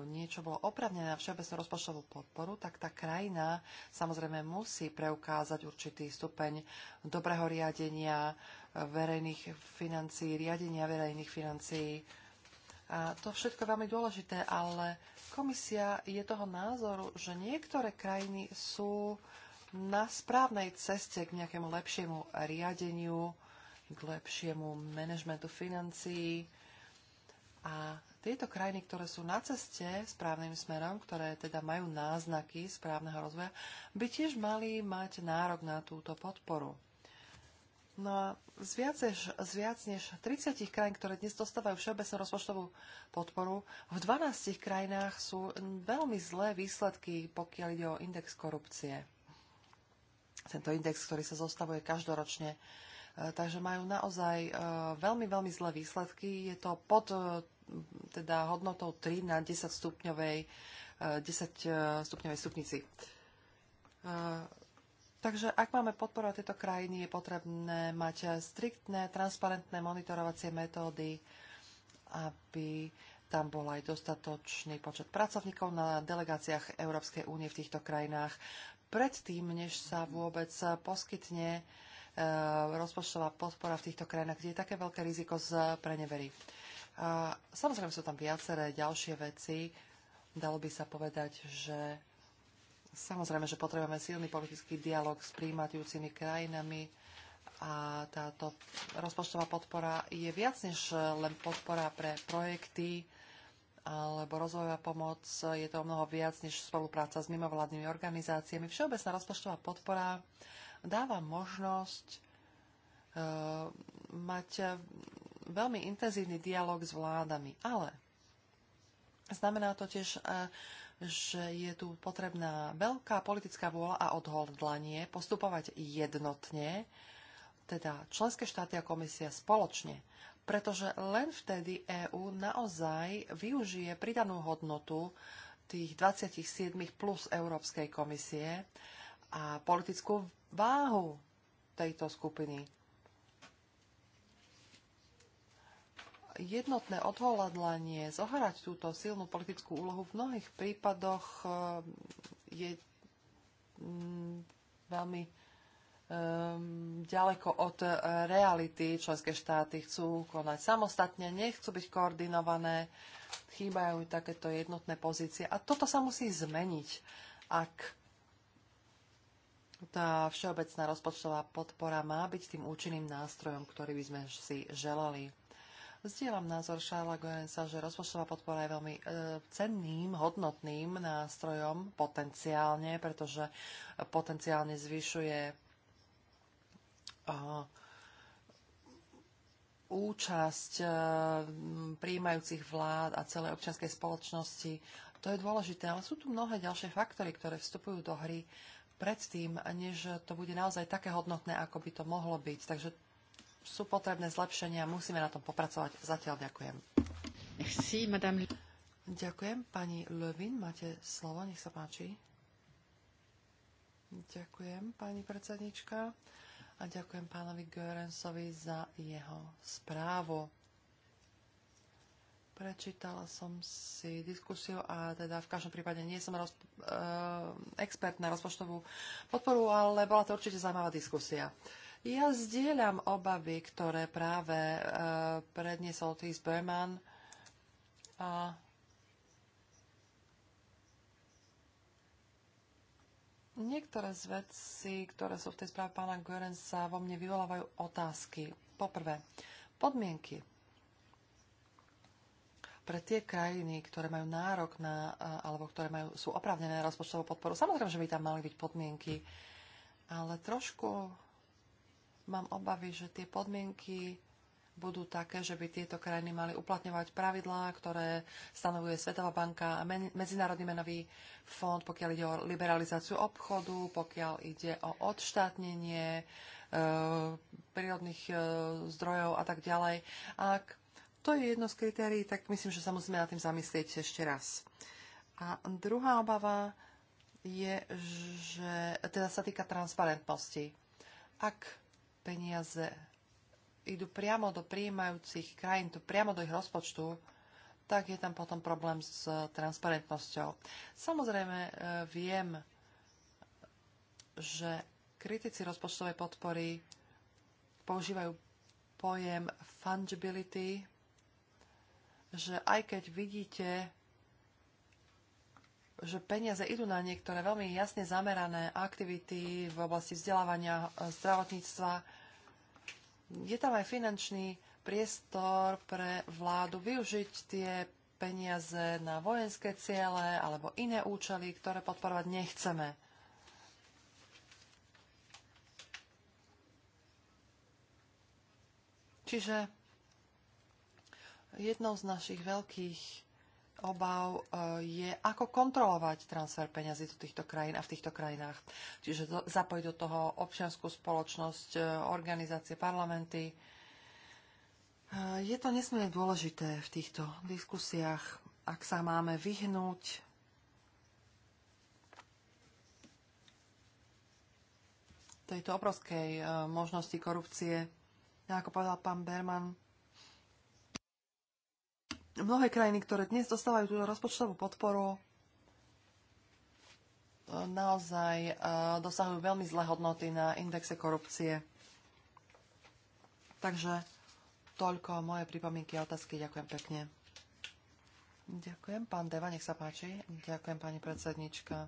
niečo bolo opravnené na všeobecnú rozpočtovú podporu, tak tá krajina samozrejme musí preukázať určitý stupeň dobrého riadenia e, verejných financií, riadenia verejných financií. A to všetko je veľmi dôležité, ale komisia je toho názoru, že niektoré krajiny sú uh, na správnej ceste k nejakému lepšiemu riadeniu, k lepšiemu manažmentu financií. A tieto krajiny, ktoré sú na ceste správnym smerom, ktoré teda majú náznaky správneho rozvoja, by tiež mali mať nárok na túto podporu. No a z viac, než, z viac než 30 krajín, ktoré dnes dostávajú všeobecnú rozpočtovú podporu, v 12 krajinách sú veľmi zlé výsledky, pokiaľ ide o index korupcie tento index, ktorý sa zostavuje každoročne. E, takže majú naozaj e, veľmi, veľmi zlé výsledky. Je to pod e, teda hodnotou 3 na 10 stupňovej, 10 stupňovej stupnici. Takže ak máme podporovať tieto krajiny, je potrebné mať striktné, transparentné monitorovacie metódy, aby tam bol aj dostatočný počet pracovníkov na delegáciách Európskej únie v týchto krajinách predtým, než sa vôbec eh, poskytne eh, rozpočtová podpora v týchto krajinách, kde je také veľké riziko z preneverí. A samozrejme sú tam viaceré ďalšie veci. Dalo by sa povedať, že samozrejme, že potrebujeme silný politický dialog s príjmatujúcimi krajinami a táto rozpočtová podpora je viac než len podpora pre projekty, alebo rozvojová pomoc, je to o mnoho viac než spolupráca s mimovládnymi organizáciami. Všeobecná rozpočtová podpora dáva možnosť e, mať veľmi intenzívny dialog s vládami, ale znamená to tiež, e, že je tu potrebná veľká politická vôľa a odhodlanie postupovať jednotne, teda členské štáty a komisia spoločne pretože len vtedy EÚ naozaj využije pridanú hodnotu tých 27 plus Európskej komisie a politickú váhu tejto skupiny. Jednotné odhodlanie zohrať túto silnú politickú úlohu v mnohých prípadoch eh, je mm, veľmi um, ďaleko od eh, reality. Členské štáty chcú konať samostatne, nechcú byť koordinované, chýbajú takéto jednotné pozície. A toto sa musí zmeniť, ak tá všeobecná rozpočtová podpora má byť tým účinným nástrojom, ktorý by sme si želali. Zdieľam názor Šála Gorensa, že rozpočtová podpora je veľmi e, cenným, hodnotným nástrojom potenciálne, pretože potenciálne zvyšuje účasť e, príjmajúcich vlád a celej občianskej spoločnosti. To je dôležité, ale sú tu mnohé ďalšie faktory, ktoré vstupujú do hry predtým, než to bude naozaj také hodnotné, ako by to mohlo byť. Takže sú potrebné zlepšenia, musíme na tom popracovať. Zatiaľ ďakujem. Merci, madame. Ďakujem. Pani Levin, máte slovo, nech sa páči. Ďakujem, pani predsednička a ďakujem pánovi Görensovi za jeho správu. Prečítala som si diskusiu a teda v každom prípade nie som roz, e, eh, expert na rozpočtovú podporu, ale bola to určite zaujímavá diskusia. Ja zdieľam obavy, ktoré práve e, predniesol Tis Berman a Niektoré z vecí, ktoré sú v tej správe pána Görensa, vo mne vyvolávajú otázky. Poprvé, podmienky pre tie krajiny, ktoré majú nárok na, alebo ktoré majú, sú oprávnené na rozpočtovú podporu. Samozrejme, že by tam mali byť podmienky, ale trošku mám obavy, že tie podmienky budú také, že by tieto krajiny mali uplatňovať pravidlá, ktoré stanovuje Svetová banka a Medzinárodný menový fond, pokiaľ ide o liberalizáciu obchodu, pokiaľ ide o odštátnenie e, prírodných e, zdrojov a tak ďalej. Ak to je jedno z kritérií, tak myslím, že sa musíme nad tým zamyslieť ešte raz. A druhá obava je, že teda sa týka transparentnosti. Ak peniaze idú priamo do prijímajúcich krajín, to priamo do ich rozpočtu, tak je tam potom problém s eh, transparentnosťou. Samozrejme eh, viem, že kritici rozpočtovej podpory používajú pojem fungibility, že aj keď vidíte, že peniaze idú na niektoré veľmi jasne zamerané aktivity v oblasti vzdelávania, eh, zdravotníctva, je tam aj finančný priestor pre vládu využiť tie peniaze na vojenské ciele alebo iné účely, ktoré podporovať nechceme. Čiže jednou z našich veľkých obav e, je, ako kontrolovať transfer peňazí do týchto krajín a v týchto krajinách. Čiže zapojiť do toho občianskú spoločnosť, e, organizácie, parlamenty. E, je to nesmierne dôležité v týchto diskusiách, ak sa máme vyhnúť tejto obrovskej možnosti korupcie. Ako povedal pán Berman, Mnohé krajiny, ktoré dnes dostávajú túto rozpočtovú podporu, e, naozaj e, dosahujú veľmi zlé hodnoty na indexe korupcie. Takže toľko moje pripomienky a otázky. Ďakujem pekne. Ďakujem. Pán Deva, nech sa páči. Ďakujem, pani predsednička.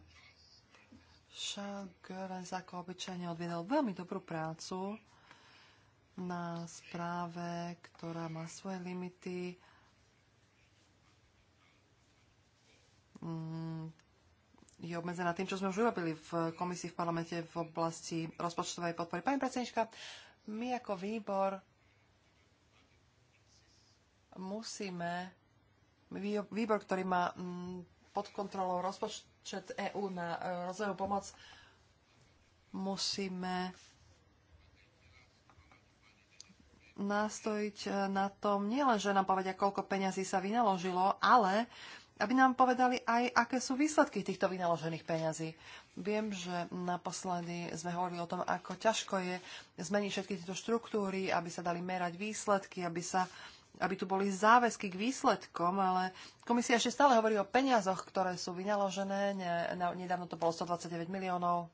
Však Görens ako obyčajne odviedol veľmi dobrú prácu na správe, ktorá má svoje limity je obmedzená tým, čo sme už urobili v komisii v parlamente v oblasti rozpočtovej podpory. Pani predsednička, my ako výbor musíme, výbor, ktorý má mm, pod kontrolou rozpočet EÚ na e, rozvojovú pomoc, musíme nastojiť e, na tom nielen, že nám povedia, koľko peňazí sa vynaložilo, ale aby nám povedali aj, aké sú výsledky týchto vynaložených peňazí. Viem, že naposledy sme hovorili o tom, ako ťažko je zmeniť všetky tieto štruktúry, aby sa dali merať výsledky, aby, sa, aby tu boli záväzky k výsledkom, ale komisia ešte stále hovorí o peniazoch, ktoré sú vynaložené. Nedávno to bolo 129 miliónov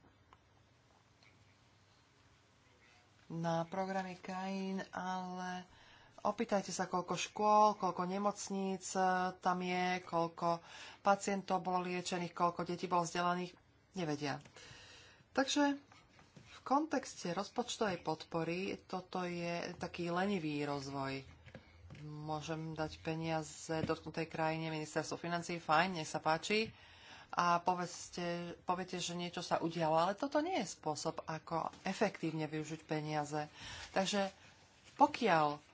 na programy krajín, ale Opýtajte sa, koľko škôl, koľko nemocníc e, tam je, koľko pacientov bolo liečených, koľko detí bolo vzdelaných. Nevedia. Takže v kontexte rozpočtovej podpory toto je taký lenivý rozvoj. Môžem dať peniaze dotknutej krajine, ministerstvo financí, fajn, nech sa páči. A povedzte, poviete, že niečo sa udialo, ale toto nie je spôsob, ako efektívne využiť peniaze. Takže pokiaľ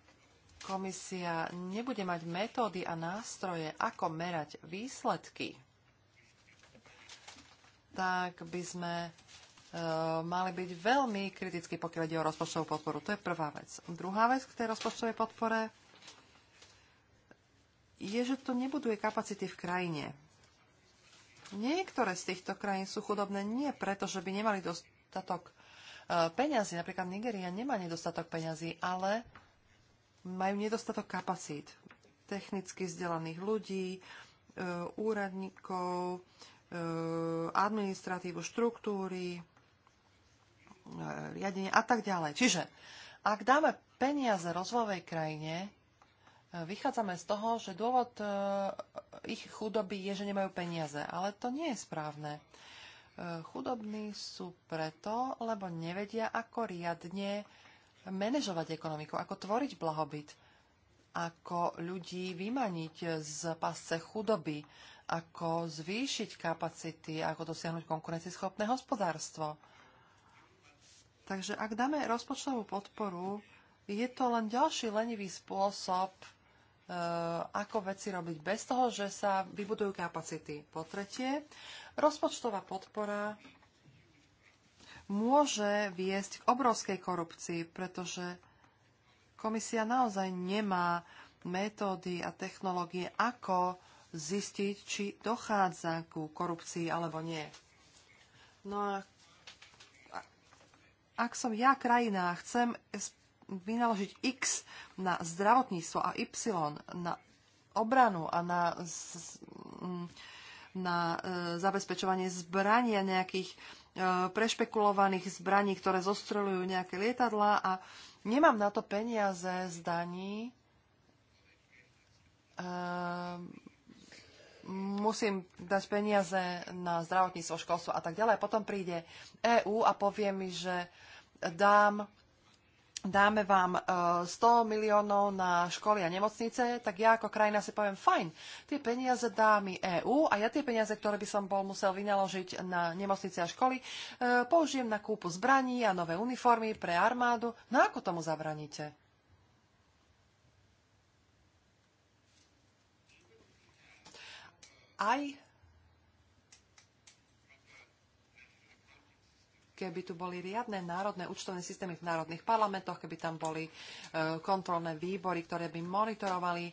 komisia nebude mať metódy a nástroje, ako merať výsledky, tak by sme e, mali byť veľmi kriticky, pokiaľ ide o rozpočtovú podporu. To je prvá vec. Druhá vec k tej rozpočtovej podpore je, že to nebuduje kapacity v krajine. Niektoré z týchto krajín sú chudobné nie preto, že by nemali dostatok e, peňazí. Napríklad Nigeria nemá nedostatok peňazí, ale majú nedostatok kapacít, technicky vzdelaných ľudí, e, úradníkov, e, administratívu, štruktúry, e, riadenie a tak ďalej. Čiže ak dáme peniaze rozvojovej krajine, vychádzame z toho, že dôvod ich chudoby je, že nemajú peniaze. Ale to nie je správne. Chudobní sú preto, lebo nevedia, ako riadne manažovať ekonomiku, ako tvoriť blahobyt, ako ľudí vymaniť z pasce chudoby, ako zvýšiť kapacity, ako dosiahnuť konkurencieschopné hospodárstvo. Takže ak dáme rozpočtovú podporu, je to len ďalší lenivý spôsob, e, ako veci robiť bez toho, že sa vybudujú kapacity. Po tretie, rozpočtová podpora môže viesť k obrovskej korupcii, pretože komisia naozaj nemá metódy a technológie, ako zistiť, či dochádza ku korupcii alebo nie. No a ak som ja krajina a chcem vynaložiť X na zdravotníctvo a Y na obranu a na, na e, zabezpečovanie zbrania nejakých nejakých E, prešpekulovaných zbraní, ktoré zostrelujú nejaké lietadlá a nemám na to peniaze z daní. Ehm, musím dať peniaze na zdravotníctvo, školstvo a tak ďalej. Potom príde EÚ a povie mi, že dám dáme vám 100 e, miliónov na školy a nemocnice, tak ja ako krajina si poviem, fajn, tie peniaze dá mi EÚ a ja tie peniaze, ktoré by som bol musel vynaložiť na nemocnice a školy, e, použijem na kúpu zbraní a nové uniformy pre armádu. No ako tomu zabraníte? Aj keby tu boli riadne národné účtovné systémy v národných parlamentoch, keby tam boli e, kontrolné výbory, ktoré by monitorovali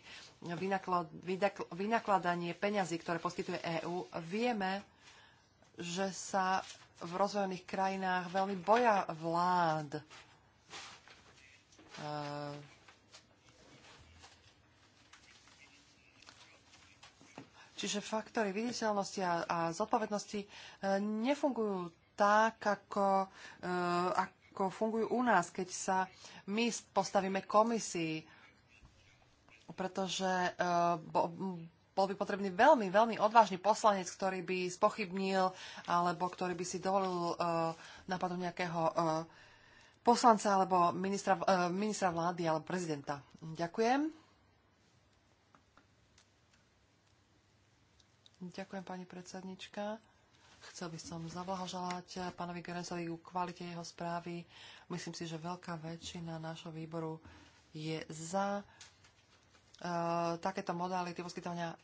vynakladanie peňazí, ktoré poskytuje EÚ, vieme, že sa v rozvojených krajinách veľmi boja vlád. E, čiže faktory viditeľnosti a, a zodpovednosti e, nefungujú tak, ako, eh, ako fungujú u nás, keď sa my postavíme komisii, pretože eh, bol by potrebný veľmi, veľmi odvážny poslanec, ktorý by spochybnil alebo ktorý by si dovolil uh, napadnúť nejakého uh, poslanca alebo ministra, uh, ministra vlády alebo prezidenta. Ďakujem. Ďakujem, pani predsednička. Chcel by som zablahoželať pánovi Gerezovi u kvalite jeho správy. Myslím si, že veľká väčšina nášho výboru je za e, takéto modality poskytovania e,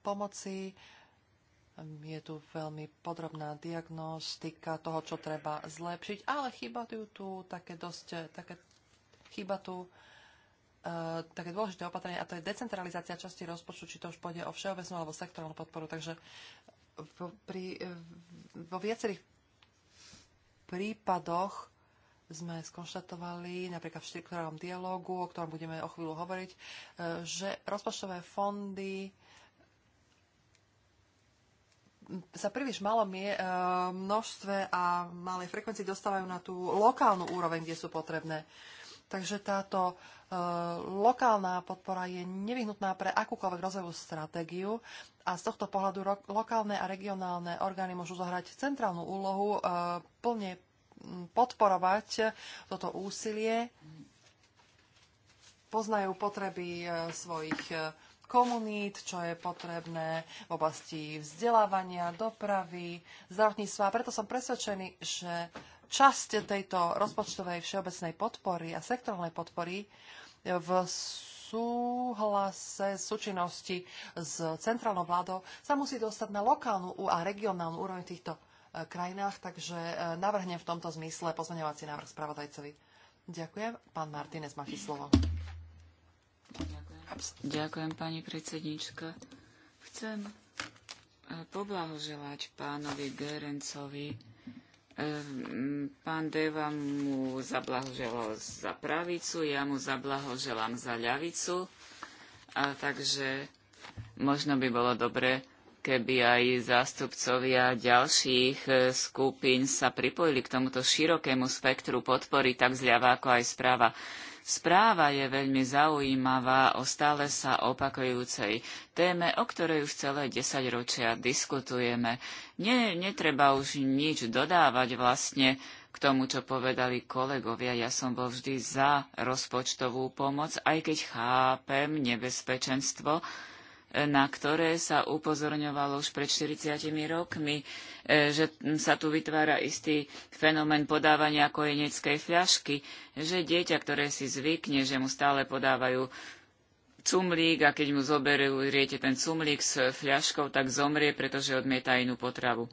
pomoci. Je tu veľmi podrobná diagnostika toho, čo treba zlepšiť, ale chýba tu, tu také dosť, také, chýba tu e, také dôležité opatrenie, a to je decentralizácia časti rozpočtu, či to už pôjde o všeobecnú alebo sektorálnu podporu. Takže vo, pri, vo viacerých prípadoch sme skonštatovali, napríklad v štruktúrálnom dialógu, o ktorom budeme o chvíľu hovoriť, e, že rozpočtové fondy sa príliš malo mie, e, množstve a malej frekvencii dostávajú na tú lokálnu úroveň, kde sú potrebné. Takže táto e, lokálna podpora je nevyhnutná pre akúkoľvek rozvojovú stratégiu a z tohto pohľadu ro- lokálne a regionálne orgány môžu zohrať centrálnu úlohu, e, plne podporovať toto úsilie. Poznajú potreby e, svojich e, komunít, čo je potrebné v oblasti vzdelávania, dopravy, zdravotníctva. A preto som presvedčený, že časť tejto rozpočtovej všeobecnej podpory a sektorálnej podpory v súhlase, súčinnosti s centrálnou vládou sa musí dostať na lokálnu a regionálnu úroveň týchto e, krajinách, takže e, navrhnem v tomto zmysle pozmeňovací návrh spravodajcovi. Ďakujem. Pán Martinez, máte slovo. Ďakujem. Ďakujem, pani predsednička. Chcem e, poblahoželať pánovi Gerencovi Pán Deva mu zablahoželal za pravicu, ja mu zablahoželám za ľavicu. A takže možno by bolo dobre, keby aj zástupcovia ďalších e, skupín sa pripojili k tomuto širokému spektru podpory tak zľava ako aj správa. Správa je veľmi zaujímavá o stále sa opakujúcej téme, o ktorej už celé desaťročia diskutujeme. Nie, netreba už nič dodávať vlastne k tomu, čo povedali kolegovia. Ja som bol vždy za rozpočtovú pomoc, aj keď chápem nebezpečenstvo, na ktoré sa upozorňovalo už pred 40 rokmi, e, že sa tu vytvára istý fenomén podávania kojeneckej fľašky, že dieťa, ktoré si zvykne, že mu stále podávajú cumlík a keď mu zoberú riete ten cumlík s fľaškou, tak zomrie, pretože odmieta inú potravu.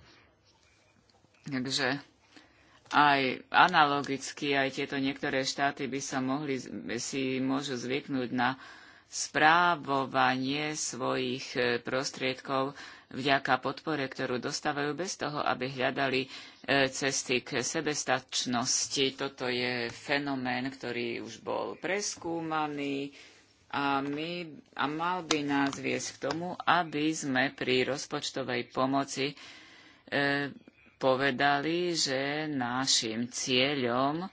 Takže aj analogicky, aj tieto niektoré štáty by sa mohli, si môžu zvyknúť na správovanie svojich e, prostriedkov vďaka podpore, ktorú dostávajú bez toho, aby hľadali e, cesty k sebestačnosti. Toto je fenomén, ktorý už bol preskúmaný a, my, a mal by nás viesť k tomu, aby sme pri rozpočtovej pomoci e, povedali, že našim cieľom e,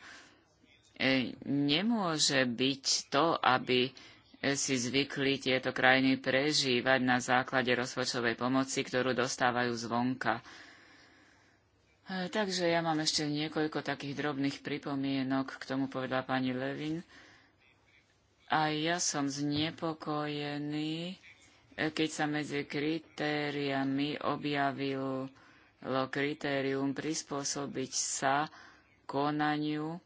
nemôže byť to, aby si zvykli tieto krajiny prežívať na základe rozpočtovej pomoci, ktorú dostávajú zvonka. E, takže ja mám ešte niekoľko takých drobných pripomienok, k tomu povedala pani Levin. A ja som znepokojený, e, keď sa medzi kritériami objavilo kritérium prispôsobiť sa konaniu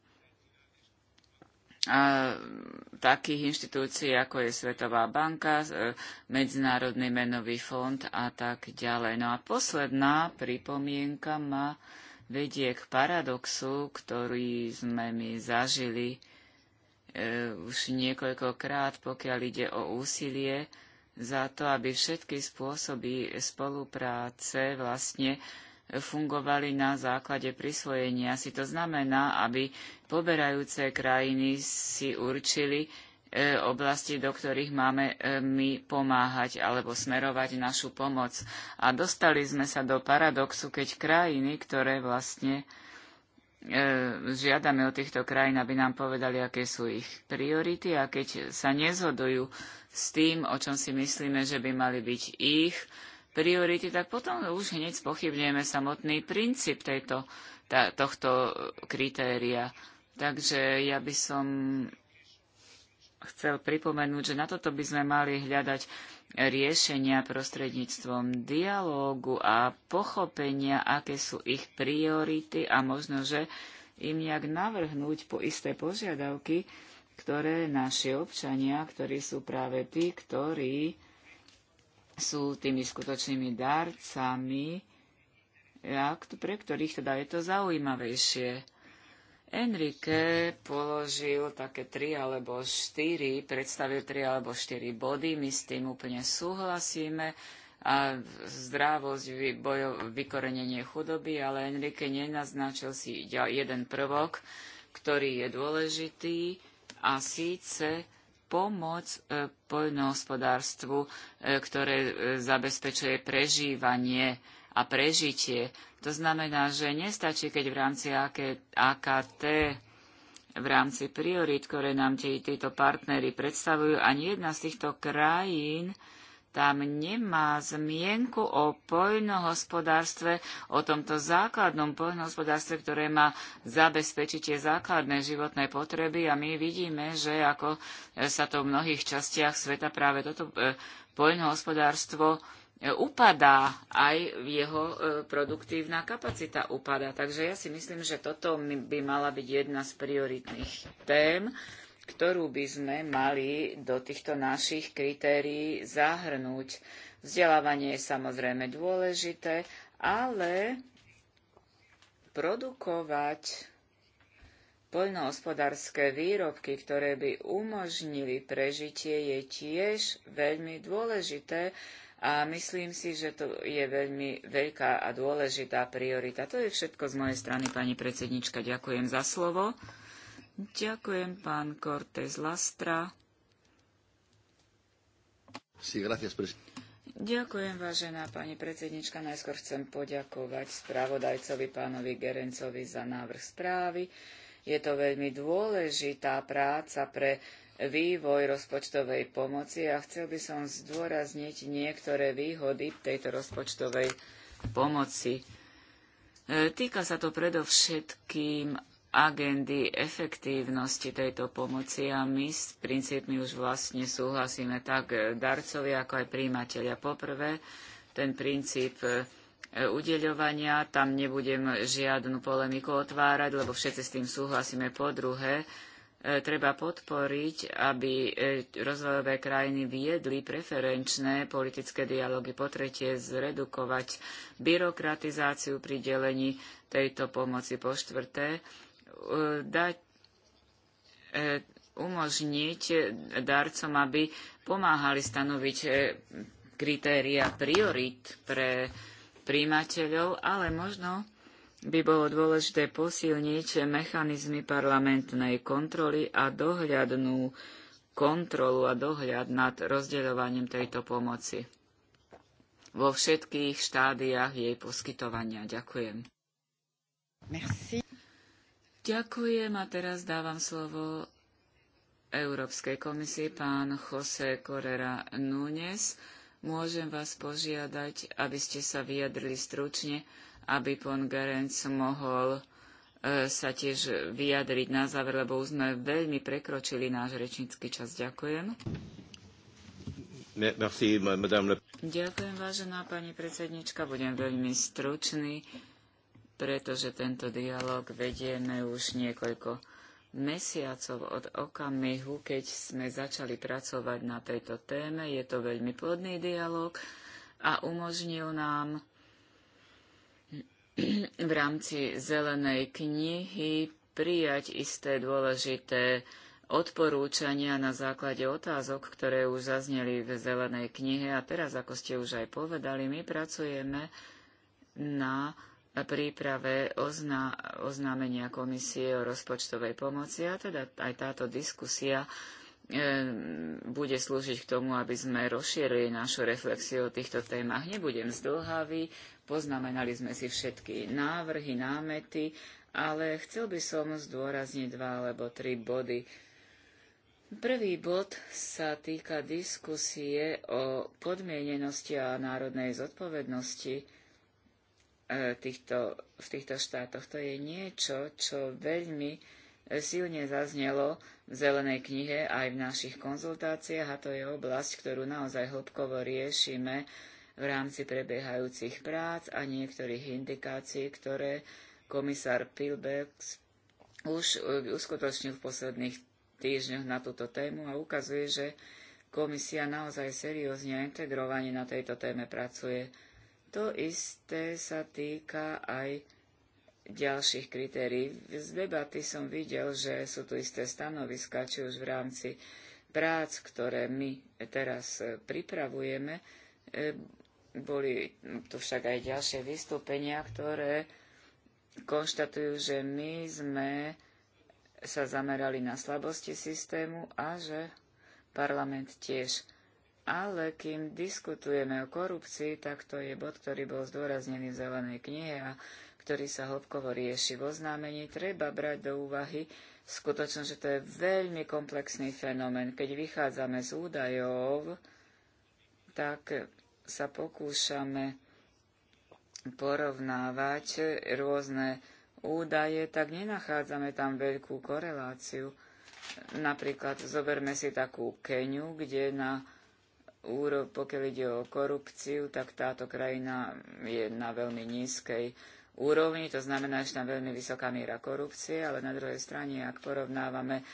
takých inštitúcií, ako je Svetová banka, e, Medzinárodný menový fond a tak ďalej. No a posledná pripomienka ma vedie k paradoxu, ktorý sme my zažili e, už niekoľkokrát, pokiaľ ide o úsilie za to, aby všetky spôsoby spolupráce vlastne fungovali na základe prisvojenia si. To znamená, aby poberajúce krajiny si určili e, oblasti, do ktorých máme e, my pomáhať alebo smerovať našu pomoc. A dostali sme sa do paradoxu, keď krajiny, ktoré vlastne e, žiadame od týchto krajín, aby nám povedali, aké sú ich priority a keď sa nezhodujú s tým, o čom si myslíme, že by mali byť ich, priority, tak potom už hneď spochybňujeme samotný princíp tejto, tá, tohto kritéria. Takže ja by som chcel pripomenúť, že na toto by sme mali hľadať riešenia prostredníctvom dialógu a pochopenia, aké sú ich priority a možno, že im nejak navrhnúť po isté požiadavky, ktoré naši občania, ktorí sú práve tí, ktorí sú tými skutočnými darcami, pre ktorých teda je to zaujímavejšie. Enrique položil také tri alebo štyri, predstavil tri alebo štyri body, my s tým úplne súhlasíme a zdravosť, bojo, vykorenenie chudoby, ale Enrique nenaznačil si jeden prvok, ktorý je dôležitý a síce pomoc e, poľnohospodárstvu, e, ktoré e, zabezpečuje prežívanie a prežitie. To znamená, že nestačí, keď v rámci AKT, v rámci priorít, ktoré nám tí, títo partnery predstavujú, ani jedna z týchto krajín tam nemá zmienku o poľnohospodárstve, o tomto základnom poľnohospodárstve, ktoré má zabezpečiť tie základné životné potreby a my vidíme, že ako e, sa to v mnohých častiach sveta práve toto e, poľnohospodárstvo e, upadá, aj jeho produktívna kapacita upadá. Takže ja si myslím, že toto by mala byť jedna z prioritných tém ktorú by sme mali do týchto našich kritérií zahrnúť. Vzdelávanie je samozrejme dôležité, ale produkovať poľnohospodárske výrobky, ktoré by umožnili prežitie, je tiež veľmi dôležité a myslím si, že to je veľmi veľká a dôležitá priorita. To je všetko z mojej strany, pani predsednička. Ďakujem za slovo. Ďakujem, pán Cortés Lastra. Sí, gracias, Ďakujem, vážená pani predsednička. Najskôr chcem poďakovať spravodajcovi pánovi Gerencovi za návrh správy. Je to veľmi dôležitá práca pre vývoj rozpočtovej pomoci a chcel by som zdôrazniť niektoré výhody tejto rozpočtovej pomoci. E, týka sa to predovšetkým agendy efektívnosti tejto pomoci a my s princípmi už vlastne súhlasíme tak e, darcovi, ako aj príjimatelia. Poprvé, ten princíp e, udeľovania, tam nebudem žiadnu polemiku otvárať, lebo všetci s tým súhlasíme. Po druhé, e, treba podporiť, aby rozvojové krajiny viedli preferenčné politické dialógy. Po tretie, zredukovať byrokratizáciu pri delení tejto pomoci. Po štvrté, dať, e, umožniť darcom, aby pomáhali stanoviť e, kritéria priorit pre príjimateľov, ale možno by bolo dôležité posilniť mechanizmy parlamentnej kontroly a dohľadnú kontrolu a dohľad nad rozdeľovaním tejto pomoci vo všetkých štádiách jej poskytovania. Ďakujem. Merci. Ďakujem a teraz dávam slovo Európskej komisii pán Jose Correra Núñez. Môžem vás požiadať, aby ste sa vyjadrili stručne, aby pán Gerenc mohol e, sa tiež vyjadriť na záver, lebo už sme veľmi prekročili náš rečnícky čas. Ďakujem. Merci, Ďakujem, vážená pani predsednička. Budem veľmi stručný pretože tento dialog vedieme už niekoľko mesiacov od okamihu, keď sme začali pracovať na tejto téme. Je to veľmi plodný dialog a umožnil nám v rámci zelenej knihy prijať isté dôležité odporúčania na základe otázok, ktoré už zazneli v zelenej knihe. A teraz, ako ste už aj povedali, my pracujeme na príprave oznámenia komisie o rozpočtovej pomoci a teda aj táto diskusia e, bude slúžiť k tomu, aby sme rozšírili našu reflexiu o týchto témach. Nebudem zdlhavý, poznamenali sme si všetky návrhy, námety, ale chcel by som zdôrazniť dva alebo tri body. Prvý bod sa týka diskusie o podmienenosti a národnej zodpovednosti E, týchto, v týchto štátoch. To je niečo, čo veľmi silne zaznelo v Zelenej knihe aj v našich konzultáciách a to je oblasť, ktorú naozaj hlubkovo riešime v rámci prebiehajúcich prác a niektorých indikácií, ktoré komisár Pilbex už e, uskutočnil v posledných týždňoch na túto tému a ukazuje, že komisia naozaj seriózne a integrovane na tejto téme pracuje. To isté sa týka aj ďalších kritérií. Z debaty som videl, že sú tu isté stanoviska, či už v rámci prác, ktoré my teraz e, pripravujeme. E, boli tu však aj ďalšie vystúpenia, ktoré konštatujú, že my sme sa zamerali na slabosti systému a že parlament tiež ale kým diskutujeme o korupcii, tak to je bod, ktorý bol zdôraznený v zelenej knihe a ktorý sa hlbkovo rieši v oznámení, treba brať do úvahy skutočnosť, že to je veľmi komplexný fenomén. Keď vychádzame z údajov, tak sa pokúšame porovnávať rôzne údaje, tak nenachádzame tam veľkú koreláciu. Napríklad zoberme si takú Keniu, kde na pokiaľ ide o korupciu, tak táto krajina je na veľmi nízkej úrovni, to znamená, že tam veľmi vysoká miera korupcie, ale na druhej strane, ak porovnávame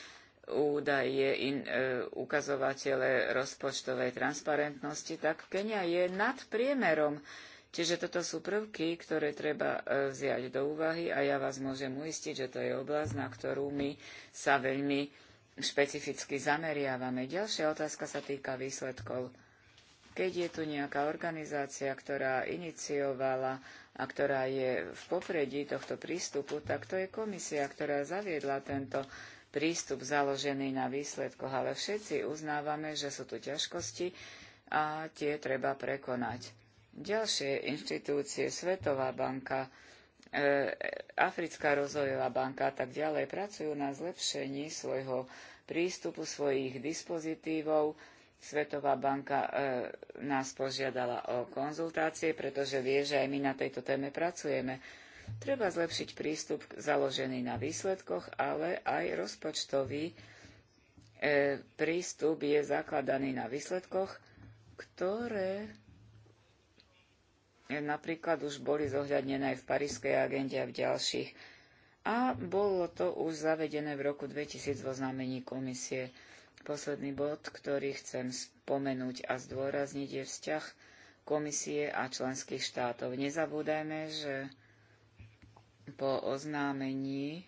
údaje, in, e, ukazovatele rozpočtovej transparentnosti, tak Kenia je nad priemerom. Čiže toto sú prvky, ktoré treba e, vziať do úvahy a ja vás môžem uistiť, že to je oblasť, na ktorú my sa veľmi špecificky zameriavame. Ďalšia otázka sa týka výsledkov. Keď je tu nejaká organizácia, ktorá iniciovala a ktorá je v popredí tohto prístupu, tak to je komisia, ktorá zaviedla tento prístup založený na výsledkoch. Ale všetci uznávame, že sú tu ťažkosti a tie treba prekonať. Ďalšie inštitúcie, Svetová banka, e, Africká rozvojová banka a tak ďalej pracujú na zlepšení svojho prístupu, svojich dispozitívov, Svetová banka e, nás požiadala o konzultácie, pretože vie, že aj my na tejto téme pracujeme. Treba zlepšiť prístup založený na výsledkoch, ale aj rozpočtový e, prístup je zakladaný na výsledkoch, ktoré e, napríklad už boli zohľadnené aj v Parískej agende a v ďalších. A bolo to už zavedené v roku 2000 vo znamení komisie. Posledný bod, ktorý chcem spomenúť a zdôrazniť, je vzťah komisie a členských štátov. Nezabúdajme, že po oznámení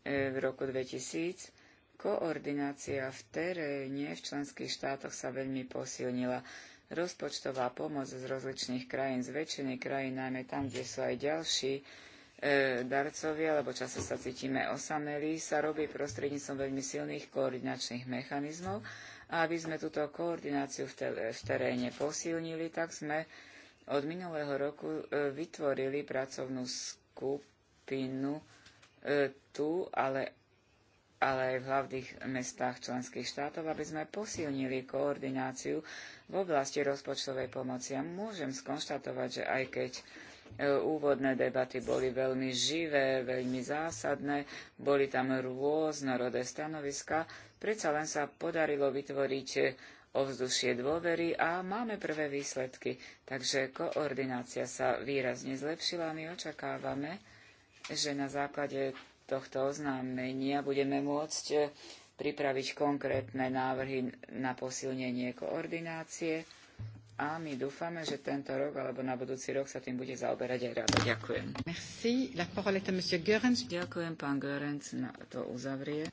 e, v roku 2000 koordinácia v teréne v členských štátoch sa veľmi posilnila. Rozpočtová pomoc z rozličných krajín, z väčšiny krajín, najmä tam, kde sú aj ďalší E, darcovia, lebo často sa cítime osamelí, sa robí prostredníctvom veľmi silných koordinačných mechanizmov. A aby sme túto koordináciu v teréne posilnili, tak sme od minulého roku e, vytvorili pracovnú skupinu e, tu, ale ale aj v hlavných mestách členských štátov, aby sme posilnili koordináciu v oblasti rozpočtovej pomoci. A môžem skonštatovať, že aj keď E, úvodné debaty boli veľmi živé, veľmi zásadné, boli tam rôznorodé stanoviska, predsa len sa podarilo vytvoriť e, ovzdušie dôvery a máme prvé výsledky. Takže koordinácia sa výrazne zlepšila. My očakávame, že na základe tohto oznámenia budeme môcť e, pripraviť konkrétne návrhy na posilnenie koordinácie a my dúfame, že tento rok alebo na budúci rok sa tým bude zaoberať aj rada. Ďakujem. Merci. La parole est à monsieur Görens. Ďakujem, pán Görens, na to uzavrie.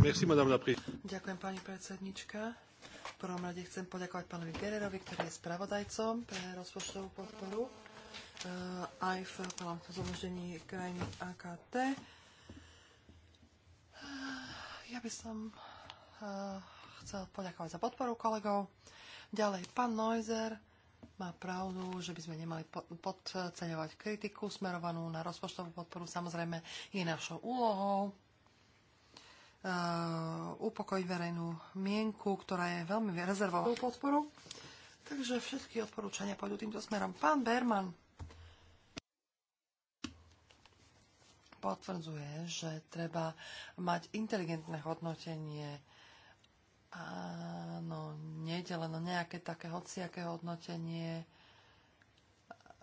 Merci, madame la Ďakujem, pani predsednička. V prvom rade chcem poďakovať pánovi Gererovi, ktorý je spravodajcom pre rozpočtovú podporu eh, aj v zomoždení krajiny AKT. Eh, ja by som eh, chcel poďakovať za podporu kolegov. Ďalej, pán Neuser má pravdu, že by sme nemali podceňovať kritiku smerovanú na rozpočtovú podporu. Samozrejme, je našou úlohou e, upokojiť verejnú mienku, ktorá je veľmi rezervovanú podporu. Takže všetky odporúčania pôjdu týmto smerom. Pán Berman potvrdzuje, že treba mať inteligentné hodnotenie Áno, nejde len nejaké také hociaké hodnotenie.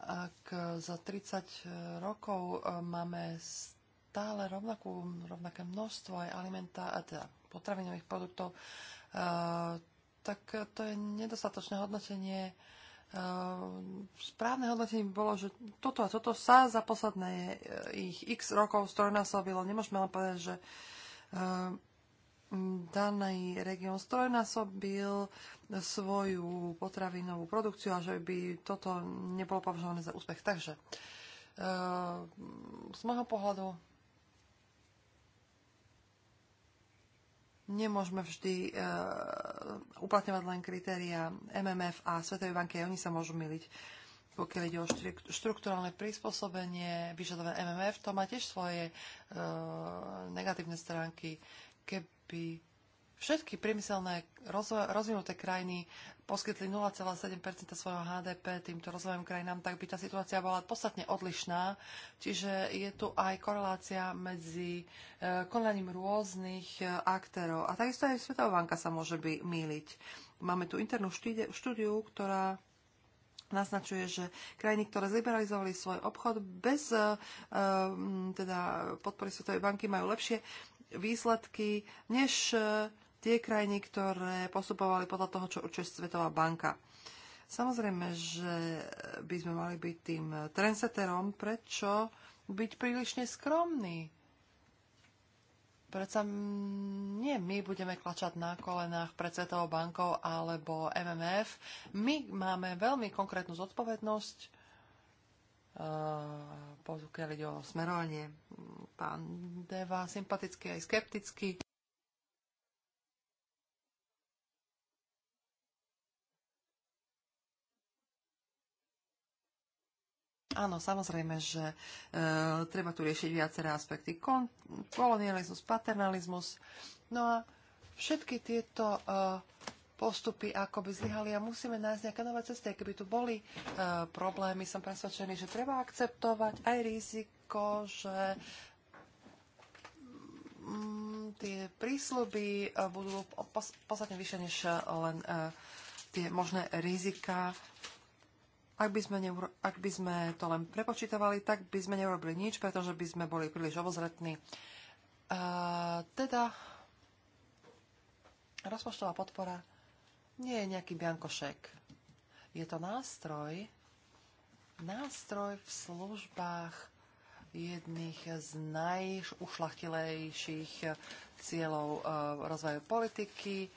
Ak za 30 rokov e, máme stále rovnakú, rovnaké množstvo aj alimenta, a teda potravinových produktov, e, tak to je nedostatočné hodnotenie. A, e, správne hodnotenie by bolo, že toto a toto sa za posledné ich x rokov strojnásobilo. Nemôžeme len povedať, že daný región strojnásobil svoju potravinovú produkciu a že by toto nebolo považované za úspech. Takže eh, z môjho pohľadu nemôžeme vždy eh, uplatňovať len kritéria MMF a Svetovej banky, oni sa môžu miliť. Pokiaľ ide o štruktúrálne prispôsobenie vyžadované MMF, to má tiež svoje eh, negatívne stránky. Keb, by všetky priemyselné rozvinuté krajiny poskytli 0,7 svojho HDP týmto rozvojovým krajinám, tak by tá situácia bola podstatne odlišná. Čiže je tu aj korelácia medzi e, konaním rôznych e, aktérov. A takisto aj Svetová banka sa môže by míliť. Máme tu internú štúdiu, ktorá naznačuje, že krajiny, ktoré zliberalizovali svoj obchod bez e, teda podpory Svetovej banky, majú lepšie výsledky než e, tie krajiny, ktoré postupovali podľa toho, čo určuje Svetová banka. Samozrejme, že by sme mali byť tým trendsetterom, prečo byť príliš neskromný. Predsa nie my budeme klačať na kolenách pred Svetovou bankou alebo MMF. My máme veľmi konkrétnu zodpovednosť Eh, pokiaľ ide o smerovanie. Pán Deva, sympatický aj skeptický. Áno, samozrejme, že e, treba tu riešiť viaceré aspekty. Kon- kolonializmus, paternalizmus. No a všetky tieto e, postupy ako by zlyhali a musíme nájsť nejaké nové cesty. A keby tu boli e, problémy, som presvedčený, že treba akceptovať aj riziko, že mm, tie prísľuby e, budú pos, podstatne vyššie než e, len e, tie možné rizika. Ak by, sme neuro- ak by sme to len prepočítavali, tak by sme neurobili nič, pretože by sme boli príliš obozretní. E, teda rozpočtová podpora nie je nejaký biankošek. Je to nástroj, nástroj v službách jedných z najušlachtilejších cieľov eh, rozvoja politiky.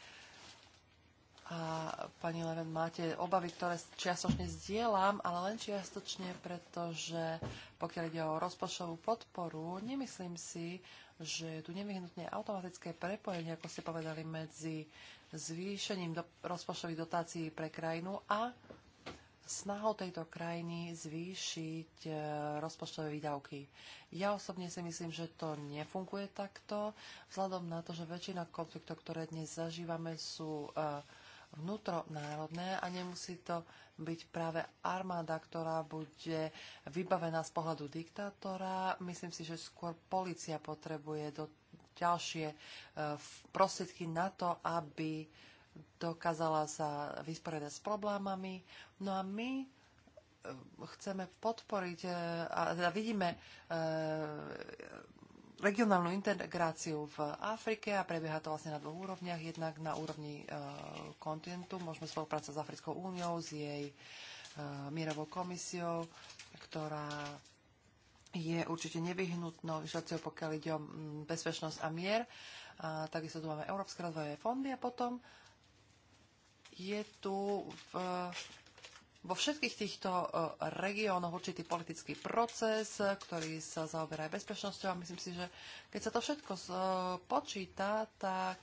A pani Leven, máte obavy, ktoré čiastočne zdieľam, ale len čiastočne, pretože pokiaľ ide o rozpočtovú podporu, nemyslím si, že je tu nevyhnutne automatické prepojenie, ako ste povedali, medzi zvýšením do, rozpočtových dotácií pre krajinu a snahou tejto krajiny zvýšiť e, rozpočtové výdavky. Ja osobne si myslím, že to nefunguje takto, vzhľadom na to, že väčšina konfliktov, ktoré dnes zažívame, sú e, vnútronárodné a nemusí to byť práve armáda, ktorá bude vybavená z pohľadu diktátora. Myslím si, že skôr policia potrebuje do ďalšie e, prostriedky na to, aby dokázala sa vysporiadať s problémami. No a my e, chceme podporiť e, a teda vidíme regionálnu integráciu v Afrike a prebieha to vlastne na dvoch úrovniach. Jednak na úrovni kontinentu môžeme spolupracovať s Africkou úniou, s jej mierovou komisiou, ktorá je určite nevyhnutnou inštáciou, pokiaľ ide o mm, bezpečnosť a mier. A takisto tu máme Európske rozvojové fondy a potom je tu v, vo všetkých týchto e, regiónoch určitý politický proces, ktorý sa zaoberá aj bezpečnosťou a myslím si, že keď sa to všetko e, počíta, tak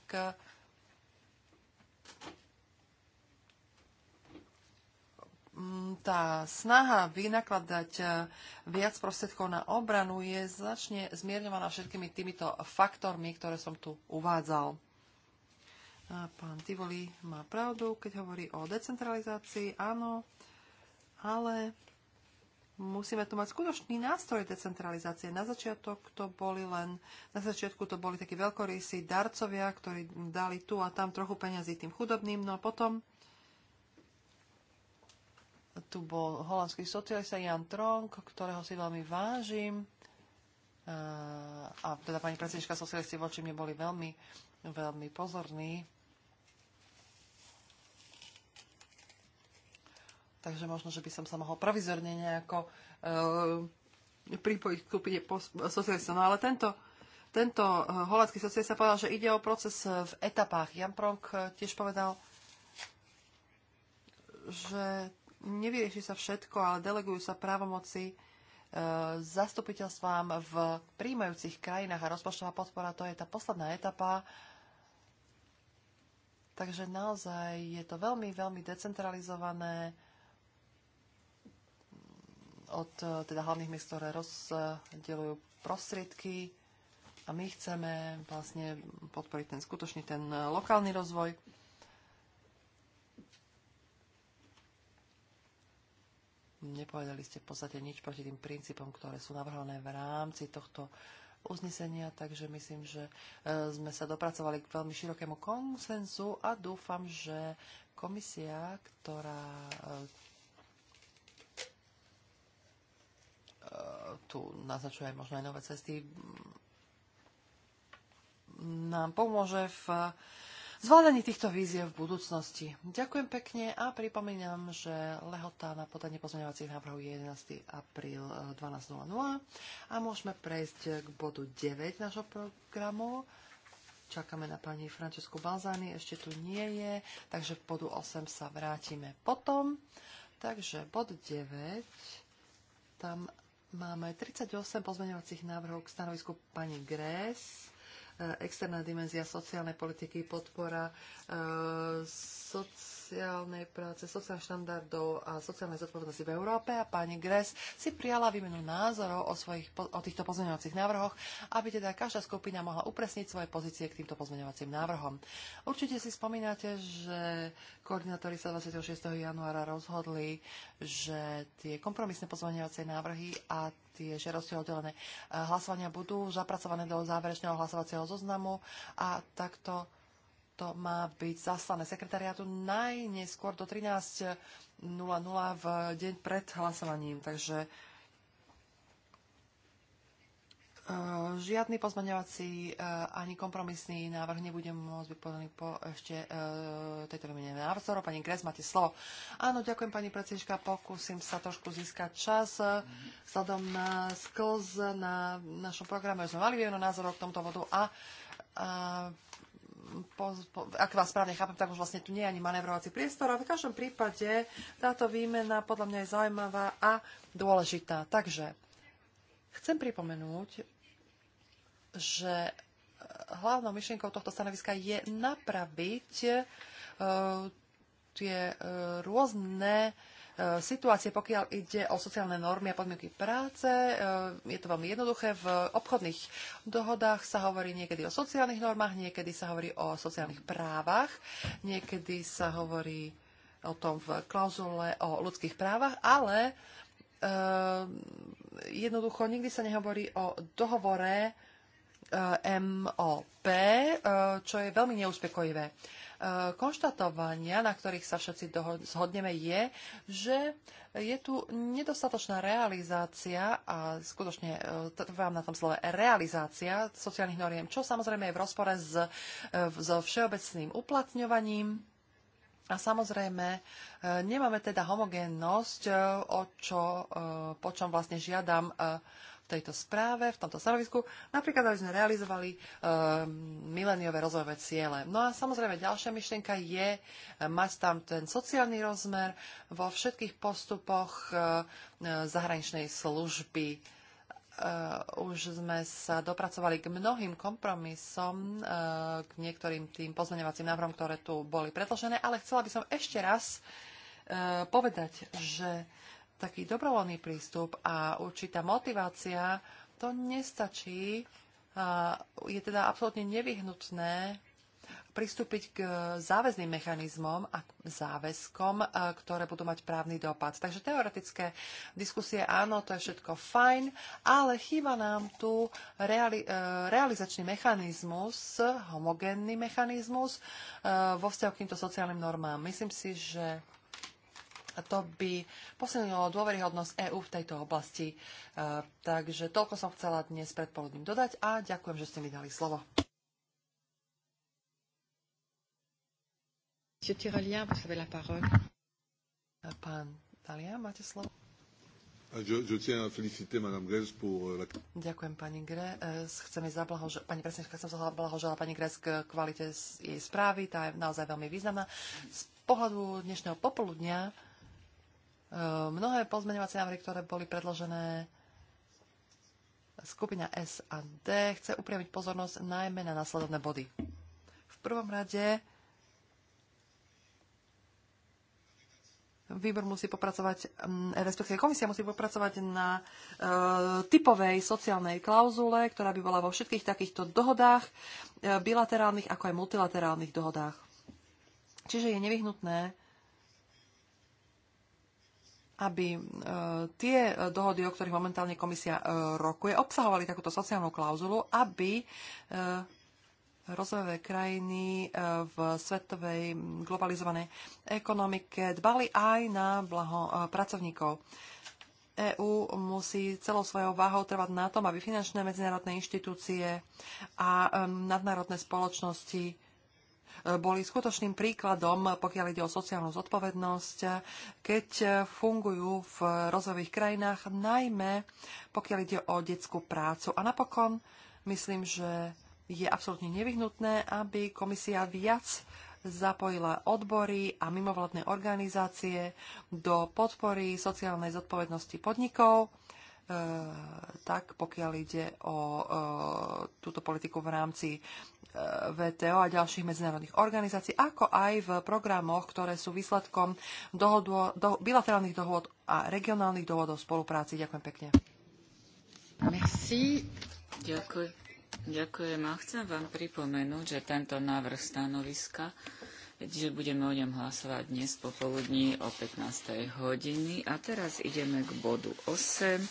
tá snaha vynakladať e, viac prostriedkov na obranu je značne zmierňovaná všetkými týmito faktormi, ktoré som tu uvádzal. A pán Tivoli má pravdu, keď hovorí o decentralizácii, áno, ale musíme tu mať skutočný nástroj decentralizácie. Na začiatok to boli len, na začiatku to boli takí veľkorysí darcovia, ktorí dali tu a tam trochu peňazí tým chudobným, no a potom tu bol holandský socialista Jan Tronk, ktorého si veľmi vážim. A teda pani predsednička socialisti voči mne boli veľmi, veľmi pozorní. Takže možno, že by som sa mohol provizorne nejako uh, pripojiť k skupine socialistov. No ale tento, tento e, holandský socialista povedal, že ide o proces e, v etapách. Jan Pronk tiež povedal, že nevyrieši sa všetko, ale delegujú sa právomoci e, zastupiteľstvám v príjmajúcich krajinách a rozpočtová podpora to je tá posledná etapa. Takže naozaj je to veľmi, veľmi decentralizované od e, teda hlavných miest, ktoré rozdelujú prostriedky a my chceme vlastne podporiť ten skutočný ten lokálny rozvoj. Nepovedali ste v podstate nič proti tým princípom, ktoré sú navrhované v rámci tohto uznesenia, takže myslím, že e, sme sa dopracovali k veľmi širokému konsensu a dúfam, že komisia, ktorá e, e, tu naznačuje možno aj nové cesty, nám pomôže v zvládanie týchto víziev v budúcnosti. Ďakujem pekne a pripomínam, že lehota na podanie pozmeňovacích návrhov je 11. apríl 12.00 eh, a môžeme prejsť k bodu 9 nášho programu. Čakáme na pani Francesku Balzány, ešte tu nie je, takže v bodu 8 sa vrátime potom. Takže bod 9, tam máme 38 pozmeňovacích návrhov k stanovisku pani Gress externá dimenzia sociálnej politiky, podpora eh, soc sociálnej práce, sociálnych štandardov a sociálnej zodpovednosti v Európe a pani Gres si prijala výmenu názorov o, svojich, o týchto pozmeňovacích návrhoch, aby teda každá skupina mohla upresniť svoje pozície k týmto pozmeňovacím návrhom. Určite si spomínate, že koordinátori sa 26. januára rozhodli, že tie kompromisné pozmeňovacie návrhy a tie žiarosti oddelené eh, hlasovania budú zapracované do záverečného hlasovacieho zoznamu a takto to má byť zaslané sekretariátu najneskôr do 13.00 v deň pred hlasovaním. Takže e, žiadny pozmaňovací e, ani kompromisný návrh nebude môcť byť podaný po ešte e, tejto výmene názorov. Pani Gres, máte slovo. Áno, ďakujem pani predsednička, pokúsim sa trošku získať čas vzhľadom na sklz na našom programe. Už sme mali výmenu názorov k tomto vodu a a po, po, ak vás správne chápem, tak už vlastne tu nie je ani manevrovací priestor, ale v každom prípade táto výmena podľa mňa je zaujímavá a dôležitá. Takže chcem pripomenúť, že e, hlavnou myšlienkou tohto stanoviska je napraviť uh, tie uh, rôzne uh, E, situácie, pokiaľ ide o sociálne normy a podmienky práce. E, je to veľmi jednoduché. V obchodných dohodách sa hovorí niekedy o sociálnych normách, niekedy sa hovorí o sociálnych právach, niekedy sa hovorí o tom v klauzule o ľudských právach, ale e, jednoducho nikdy sa nehovorí o dohovore MOP, čo je veľmi neuspokojivé. Eh, konštatovania, na ktorých sa všetci zhodneme, je, že je tu nedostatočná realizácia a skutočne eh, trvám na tom slove realizácia sociálnych noriem, čo samozrejme je v rozpore s, eh, so všeobecným uplatňovaním a samozrejme, nemáme teda homogénnosť, o čo, po čom vlastne žiadam v tejto správe, v tomto stanovisku, napríklad aby sme realizovali e, mileniové rozvojové ciele. No a samozrejme ďalšia myšlienka je eh, mať tam ten sociálny rozmer vo všetkých postupoch e, zahraničnej služby. Uh, už sme sa dopracovali k mnohým kompromisom, uh, k niektorým tým pozmeňovacím návrhom, ktoré tu boli predložené, ale chcela by som ešte raz povedať, že taký dobrovoľný prístup a určitá motivácia, to nestačí. Je teda absolútne nevyhnutné pristúpiť k záväzným mechanizmom a k záväzkom, ktoré budú mať právny dopad. Takže teoretické diskusie, áno, to je všetko fajn, ale chýba nám tu reali- e, realizačný mechanizmus, homogénny mechanizmus e, vo vzťahu k týmto sociálnym normám. Myslím si, že a to by posilnilo dôveryhodnosť EÚ v tejto oblasti. E, takže toľko som chcela dnes predpoludným dodať a ďakujem, že ste mi dali slovo. Pán Talia, máte slovo. Euh, ďakujem pani Grez. E, chcem zablahož- pani predsednička, chcem zablahoželať pani Grez k kvalite jej správy. Tá je naozaj veľmi významná. Z pohľadu dnešného popoludňa. Eh, mnohé pozmeňovacie návrhy, ktoré boli predložené skupina S a D, chce upriamiť pozornosť najmä na následovné body. V prvom rade výbor musí popracovať, mm, respektíve komisia musí popracovať na e, typovej sociálnej klauzule, ktorá by bola vo všetkých takýchto dohodách, e, bilaterálnych ako aj multilaterálnych dohodách. Čiže je nevyhnutné aby e, tie dohody, o ktorých momentálne komisia e, rokuje, obsahovali takúto sociálnu klauzulu, aby e, rozvojové krajiny v svetovej globalizovanej ekonomike dbali aj na blaho pracovníkov. EÚ musí celou svojou váhou trvať na tom, aby finančné medzinárodné inštitúcie a nadnárodné spoločnosti boli skutočným príkladom, pokiaľ ide o sociálnu zodpovednosť, keď fungujú v rozvojových krajinách, najmä pokiaľ ide o detskú prácu. A napokon myslím, že je absolútne nevyhnutné, aby komisia viac zapojila odbory a mimovládne organizácie do podpory sociálnej zodpovednosti podnikov E, tak pokiaľ ide o e, túto politiku v rámci e, VTO a ďalších medzinárodných organizácií, ako aj v programoch, ktoré sú výsledkom dohodu, do, bilaterálnych dohod a regionálnych dohodov o spolupráci. Ďakujem pekne. Merci. Ďakujem. Ďakujem a chcem vám pripomenúť, že tento návrh stanoviska že budeme o ňom hlasovať dnes popoludní o 15. hodiny. A teraz ideme k bodu 8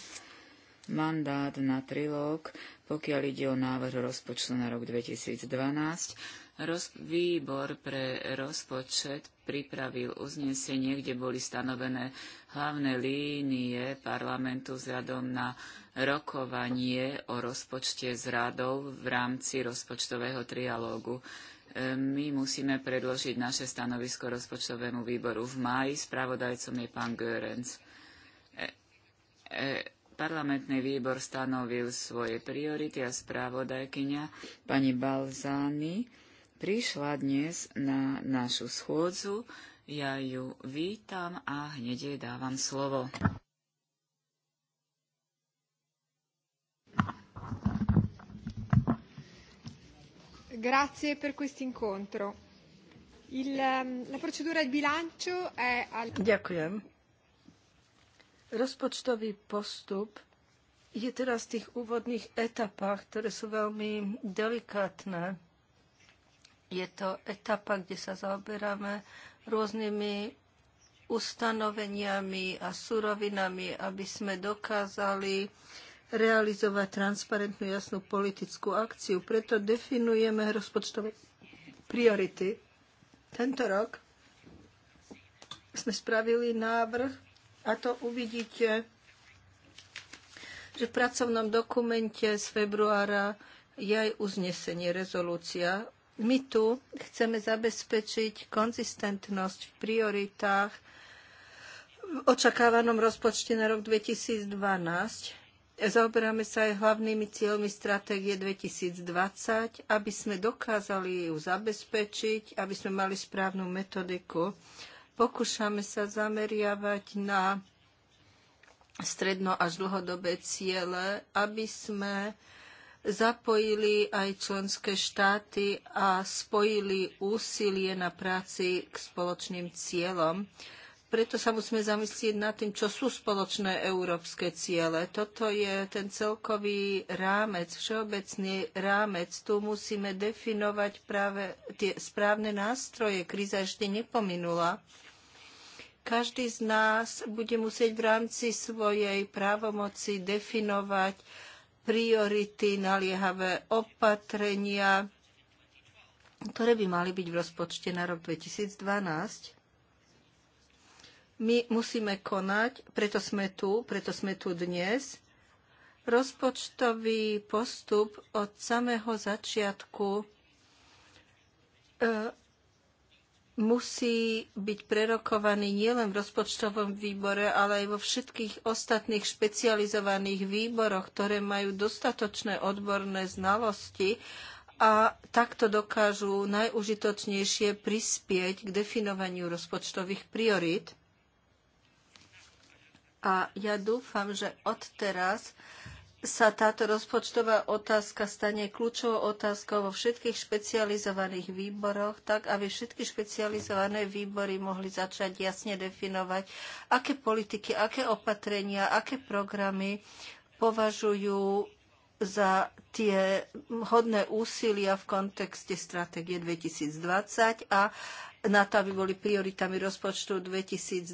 mandát na trilóg, pokiaľ ide o návrh rozpočtu na rok 2012. Roz, výbor pre rozpočet pripravil uznesenie, kde boli stanovené hlavné línie parlamentu vzhľadom na rokovanie o rozpočte s radou v rámci rozpočtového trialógu e, my musíme predložiť naše stanovisko rozpočtovému výboru v maji Spravodajcom je pán Görens. E, e, parlamentný výbor stanovil svoje priority a správodajkyňa pani Balzány prišla dnes na našu schôdzu. Ja ju vítam a hneď jej dávam slovo. Grazie per questo incontro. Il, ehm, la procedura di bilancio è al... Ďakujem Rozpočtový postup je teraz v tých úvodných etapách, ktoré sú veľmi delikátne. Je to etapa, kde sa zaoberáme rôznymi ustanoveniami a surovinami, aby sme dokázali realizovať transparentnú, jasnú politickú akciu. Preto definujeme rozpočtové priority. Tento rok sme spravili návrh a to uvidíte, že v pracovnom dokumente z februára je aj uznesenie, rezolúcia. My tu chceme zabezpečiť konzistentnosť v prioritách v očakávanom rozpočte na rok 2012. Zaoberáme sa aj hlavnými cieľmi stratégie 2020, aby sme dokázali ju zabezpečiť, aby sme mali správnu metodiku. Pokúšame sa zameriavať na stredno až dlhodobé ciele, aby sme zapojili aj členské štáty a spojili úsilie na práci k spoločným cieľom. Preto sa musíme zamyslieť nad tým, čo sú spoločné európske ciele. Toto je ten celkový rámec, všeobecný rámec. Tu musíme definovať práve tie správne nástroje. Kríza ešte nepominula. Každý z nás bude musieť v rámci svojej právomoci definovať priority, naliehavé opatrenia, ktoré by mali byť v rozpočte na rok 2012. My musíme konať, preto sme tu, preto sme tu dnes. Rozpočtový postup od samého začiatku e, musí byť prerokovaný nielen v rozpočtovom výbore, ale aj vo všetkých ostatných špecializovaných výboroch, ktoré majú dostatočné odborné znalosti a takto dokážu najužitočnejšie prispieť k definovaniu rozpočtových priorít. A ja dúfam, že odteraz sa táto rozpočtová otázka stane kľúčovou otázkou vo všetkých špecializovaných výboroch, tak aby všetky špecializované výbory mohli začať jasne definovať, aké politiky, aké opatrenia, aké programy považujú za tie hodné úsilia v kontexte stratégie 2020 a na to, aby boli prioritami rozpočtu 2012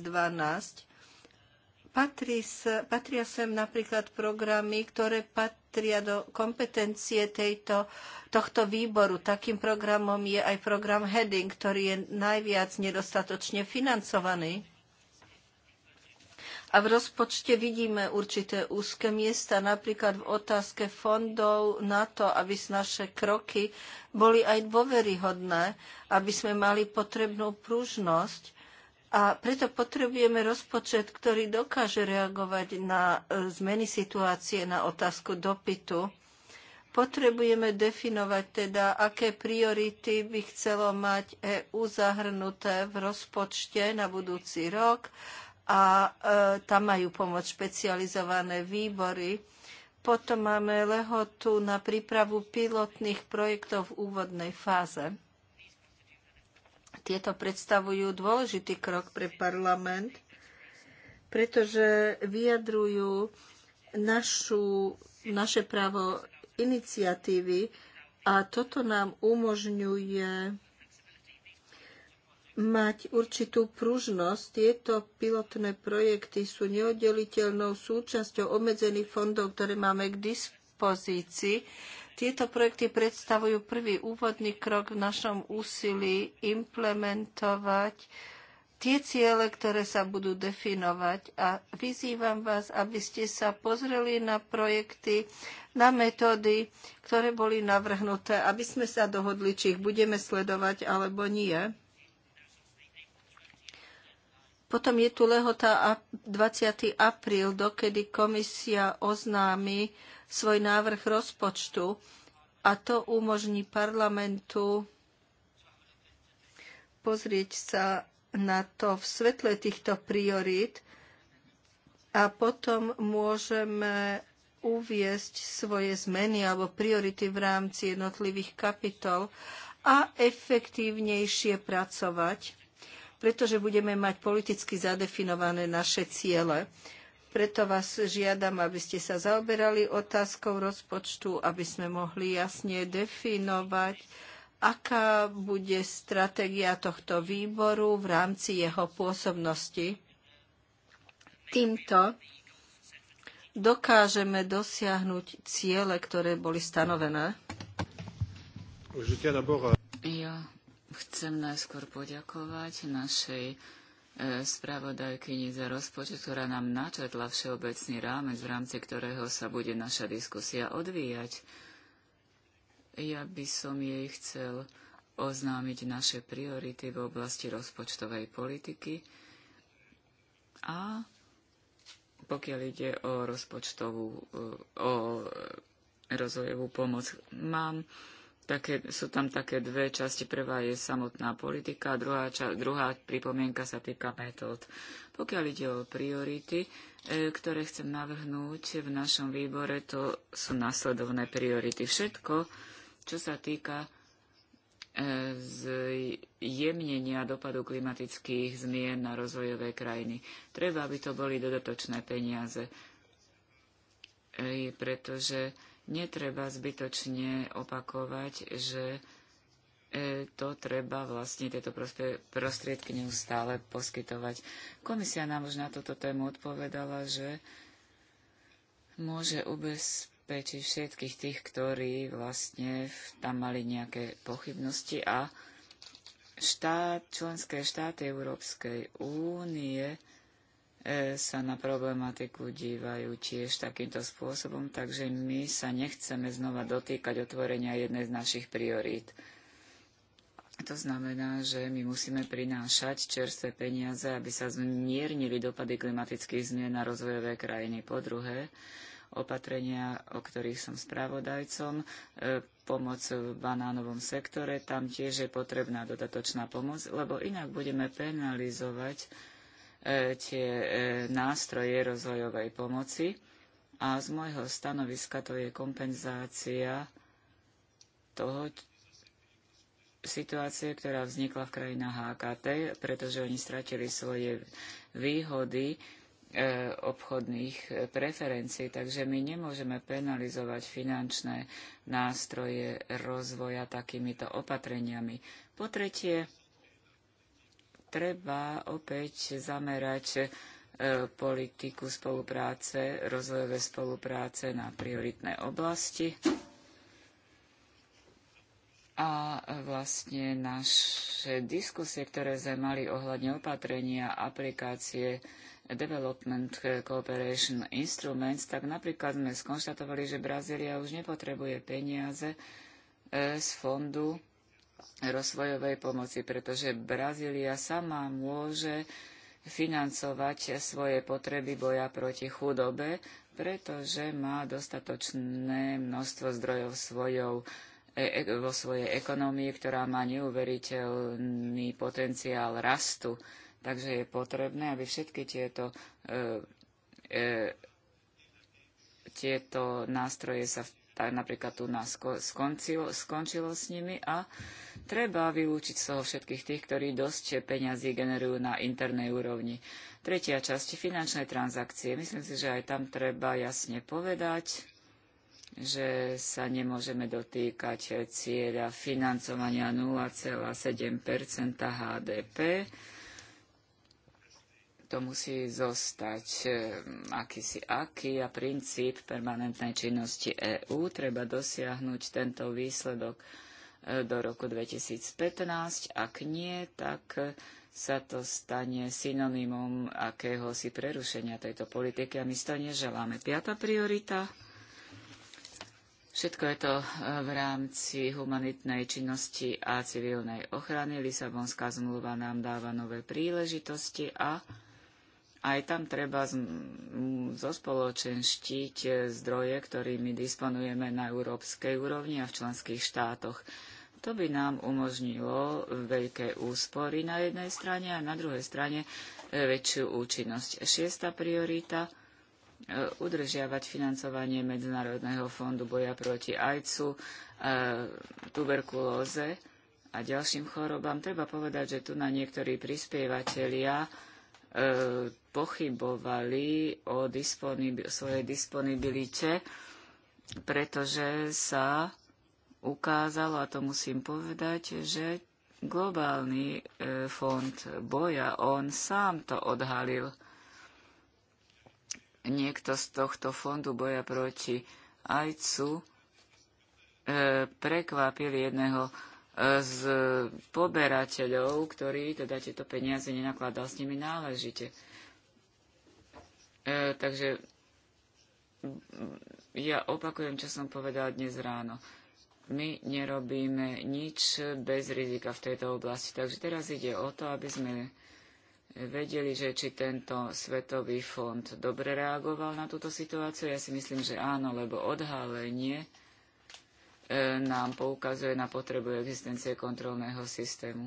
Patrí sa, patria sem napríklad programy, ktoré patria do kompetencie tejto, tohto výboru. Takým programom je aj program Heading, ktorý je najviac nedostatočne financovaný. A v rozpočte vidíme určité úzke miesta, napríklad v otázke fondov na to, aby naše kroky boli aj dôveryhodné, aby sme mali potrebnú pružnosť a preto potrebujeme rozpočet, ktorý dokáže reagovať na e, zmeny situácie, na otázku dopytu. Potrebujeme definovať teda, aké priority by chcelo mať EU zahrnuté v rozpočte na budúci rok a e, tam majú pomoc špecializované výbory. Potom máme lehotu na prípravu pilotných projektov v úvodnej fáze. Tieto predstavujú dôležitý krok pre parlament, pretože vyjadrujú našu, naše právo iniciatívy a toto nám umožňuje mať určitú pružnosť. Tieto pilotné projekty sú neoddeliteľnou súčasťou obmedzených fondov, ktoré máme k dispozícii tieto projekty predstavujú prvý úvodný krok v našom úsilí implementovať tie ciele, ktoré sa budú definovať. A vyzývam vás, aby ste sa pozreli na projekty, na metódy, ktoré boli navrhnuté, aby sme sa dohodli, či ich budeme sledovať alebo nie. Potom je tu lehota 20. apríl, dokedy komisia oznámi svoj návrh rozpočtu a to umožní parlamentu pozrieť sa na to v svetle týchto priorít a potom môžeme uviesť svoje zmeny alebo priority v rámci jednotlivých kapitol a efektívnejšie pracovať, pretože budeme mať politicky zadefinované naše ciele. Preto vás žiadam, aby ste sa zaoberali otázkou rozpočtu, aby sme mohli jasne definovať, aká bude stratégia tohto výboru v rámci jeho pôsobnosti. Týmto dokážeme dosiahnuť ciele, ktoré boli stanovené? Ja chcem najskôr poďakovať našej spravodajkyni za rozpočet, ktorá nám načetla všeobecný rámec, v rámci ktorého sa bude naša diskusia odvíjať. Ja by som jej chcel oznámiť naše priority v oblasti rozpočtovej politiky a pokiaľ ide o rozpočtovú, o rozvojovú pomoc. Mám také, sú tam také dve časti. Prvá je samotná politika, druhá, ča, druhá pripomienka sa týka metód. Pokiaľ ide o priority, e, ktoré chcem navrhnúť v našom výbore, to sú nasledovné priority. Všetko, čo sa týka e, zjemnenia dopadu klimatických zmien na rozvojové krajiny. Treba, aby to boli dodatočné peniaze, e, pretože Netreba zbytočne opakovať, že e, to treba vlastne tieto prostriedky neustále poskytovať. Komisia nám už na túto tému odpovedala, že môže ubezpečiť všetkých tých, ktorí vlastne tam mali nejaké pochybnosti a štát, členské štáty Európskej únie E, sa na problematiku dívajú tiež takýmto spôsobom, takže my sa nechceme znova dotýkať otvorenia jednej z našich priorít. To znamená, že my musíme prinášať čerstvé peniaze, aby sa zmiernili dopady klimatických zmien na rozvojové krajiny. Po druhé, opatrenia, o ktorých som spravodajcom, e, pomoc v banánovom sektore, tam tiež je potrebná dodatočná pomoc, lebo inak budeme penalizovať E, tie e, nástroje rozvojovej pomoci a z môjho stanoviska to je kompenzácia toho situácie, ktorá vznikla v krajinách HKT, pretože oni stratili svoje výhody e, obchodných preferencií, takže my nemôžeme penalizovať finančné nástroje rozvoja takýmito opatreniami. Po tretie, treba opäť zamerať e, politiku spolupráce, rozvojové spolupráce na prioritné oblasti. A vlastne naše diskusie, ktoré sme mali ohľadne opatrenia aplikácie Development e, Cooperation Instruments, tak napríklad sme skonštatovali, že Brazília už nepotrebuje peniaze e, z fondu rozvojovej pomoci, pretože Brazília sama môže financovať svoje potreby boja proti chudobe, pretože má dostatočné množstvo zdrojov svojou, e, e, vo svojej ekonomii, ktorá má neuveriteľný potenciál rastu. Takže je potrebné, aby všetky tieto, e, e, tieto nástroje sa v tak napríklad tu nás skončilo, skončilo s nimi a treba vylúčiť z toho všetkých tých, ktorí dosť peňazí generujú na internej úrovni. Tretia časť, finančné transakcie. Myslím si, že aj tam treba jasne povedať, že sa nemôžeme dotýkať cieľa financovania 0,7 HDP to musí zostať eh, akýsi aký a princíp permanentnej činnosti EÚ. Treba dosiahnuť tento výsledok eh, do roku 2015. Ak nie, tak eh, sa to stane synonymom akéhosi prerušenia tejto politiky a my si to neželáme. Piata priorita. Všetko je to v rámci humanitnej činnosti a civilnej ochrany. Lisabonská zmluva nám dáva nové príležitosti a aj tam treba zospoločenštiť e, zdroje, ktorými disponujeme na európskej úrovni a v členských štátoch. To by nám umožnilo veľké úspory na jednej strane a na druhej strane e, väčšiu účinnosť. Šiesta priorita e, udržiavať financovanie Medzinárodného fondu boja proti ajcu, tuberkulóze a ďalším chorobám. Treba povedať, že tu na niektorí prispievateľia E, pochybovali o svojej disponibilite, pretože sa ukázalo, a to musím povedať, že globálny e, fond boja, on sám to odhalil. Niekto z tohto fondu boja proti ajcu e, prekvapil jedného z poberateľov, ktorí teda tieto peniaze nenakladal s nimi náležite. E, takže ja opakujem, čo som povedal dnes ráno. My nerobíme nič bez rizika v tejto oblasti. Takže teraz ide o to, aby sme vedeli, že či tento svetový fond dobre reagoval na túto situáciu. Ja si myslím, že áno, lebo odhalenie E, nám poukazuje na potrebu existencie kontrolného systému.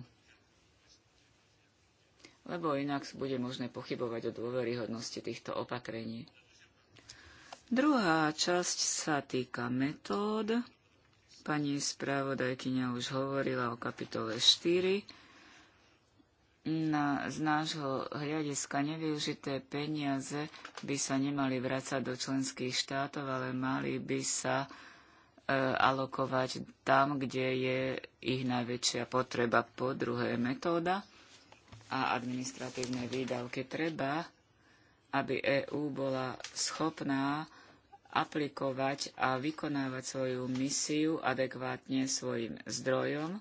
Lebo inak bude možné pochybovať o dôveryhodnosti týchto opatrení. Druhá časť sa týka metód. Pani spravodajkyňa už hovorila o kapitole 4 na, z nášho hľadiska nevyužité peniaze by sa nemali vrácať do členských štátov, ale mali by sa E, alokovať tam, kde je ich najväčšia potreba. Po druhé, metóda a administratívne výdavky treba, aby EÚ bola schopná aplikovať a vykonávať svoju misiu adekvátne svojim zdrojom.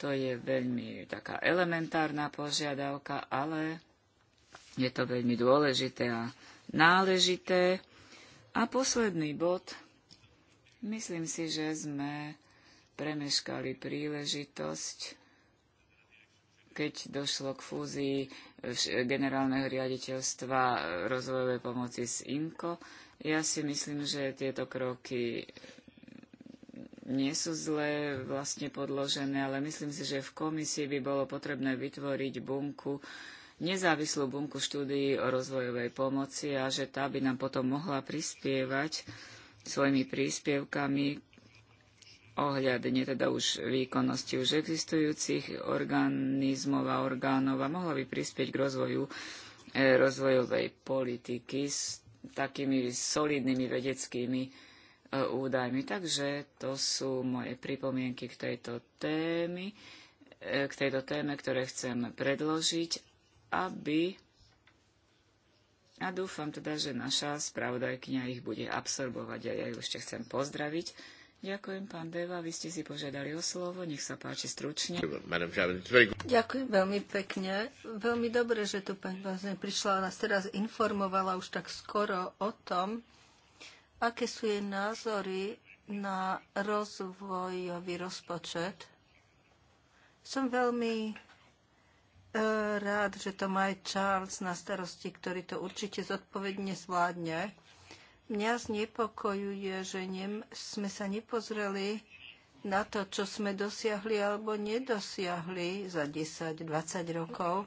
To je veľmi taká elementárna požiadavka, ale je to veľmi dôležité a náležité. A posledný bod Myslím si, že sme premeškali príležitosť, keď došlo k fúzii eh, generálneho riaditeľstva eh, rozvojovej pomoci s INKO. Ja si myslím, že tieto kroky mm, nie sú zle vlastne podložené, ale myslím si, že v komisii by bolo potrebné vytvoriť bunku, nezávislú bunku štúdií o rozvojovej pomoci a že tá by nám potom mohla prispievať svojimi príspievkami ohľadne teda už výkonnosti už existujúcich organizmov a orgánov a mohla by prispieť k rozvoju e, rozvojovej politiky s takými solidnými vedeckými e, údajmi. Takže to sú moje pripomienky k tejto témy, e, k tejto téme, ktoré chcem predložiť, aby a dúfam teda, že naša spravodajkynia ich bude absorbovať a ja ju ešte chcem pozdraviť. Ďakujem, pán Deva, vy ste si požiadali o slovo, nech sa páči stručne. Ďakujem veľmi pekne. Veľmi dobre, že tu pani Bazne prišla a nás teraz informovala už tak skoro o tom, aké sú jej názory na rozvojový rozpočet. Som veľmi rád, že to má aj Charles na starosti, ktorý to určite zodpovedne zvládne. Mňa znepokojuje, že ne, sme sa nepozreli na to, čo sme dosiahli alebo nedosiahli za 10-20 rokov,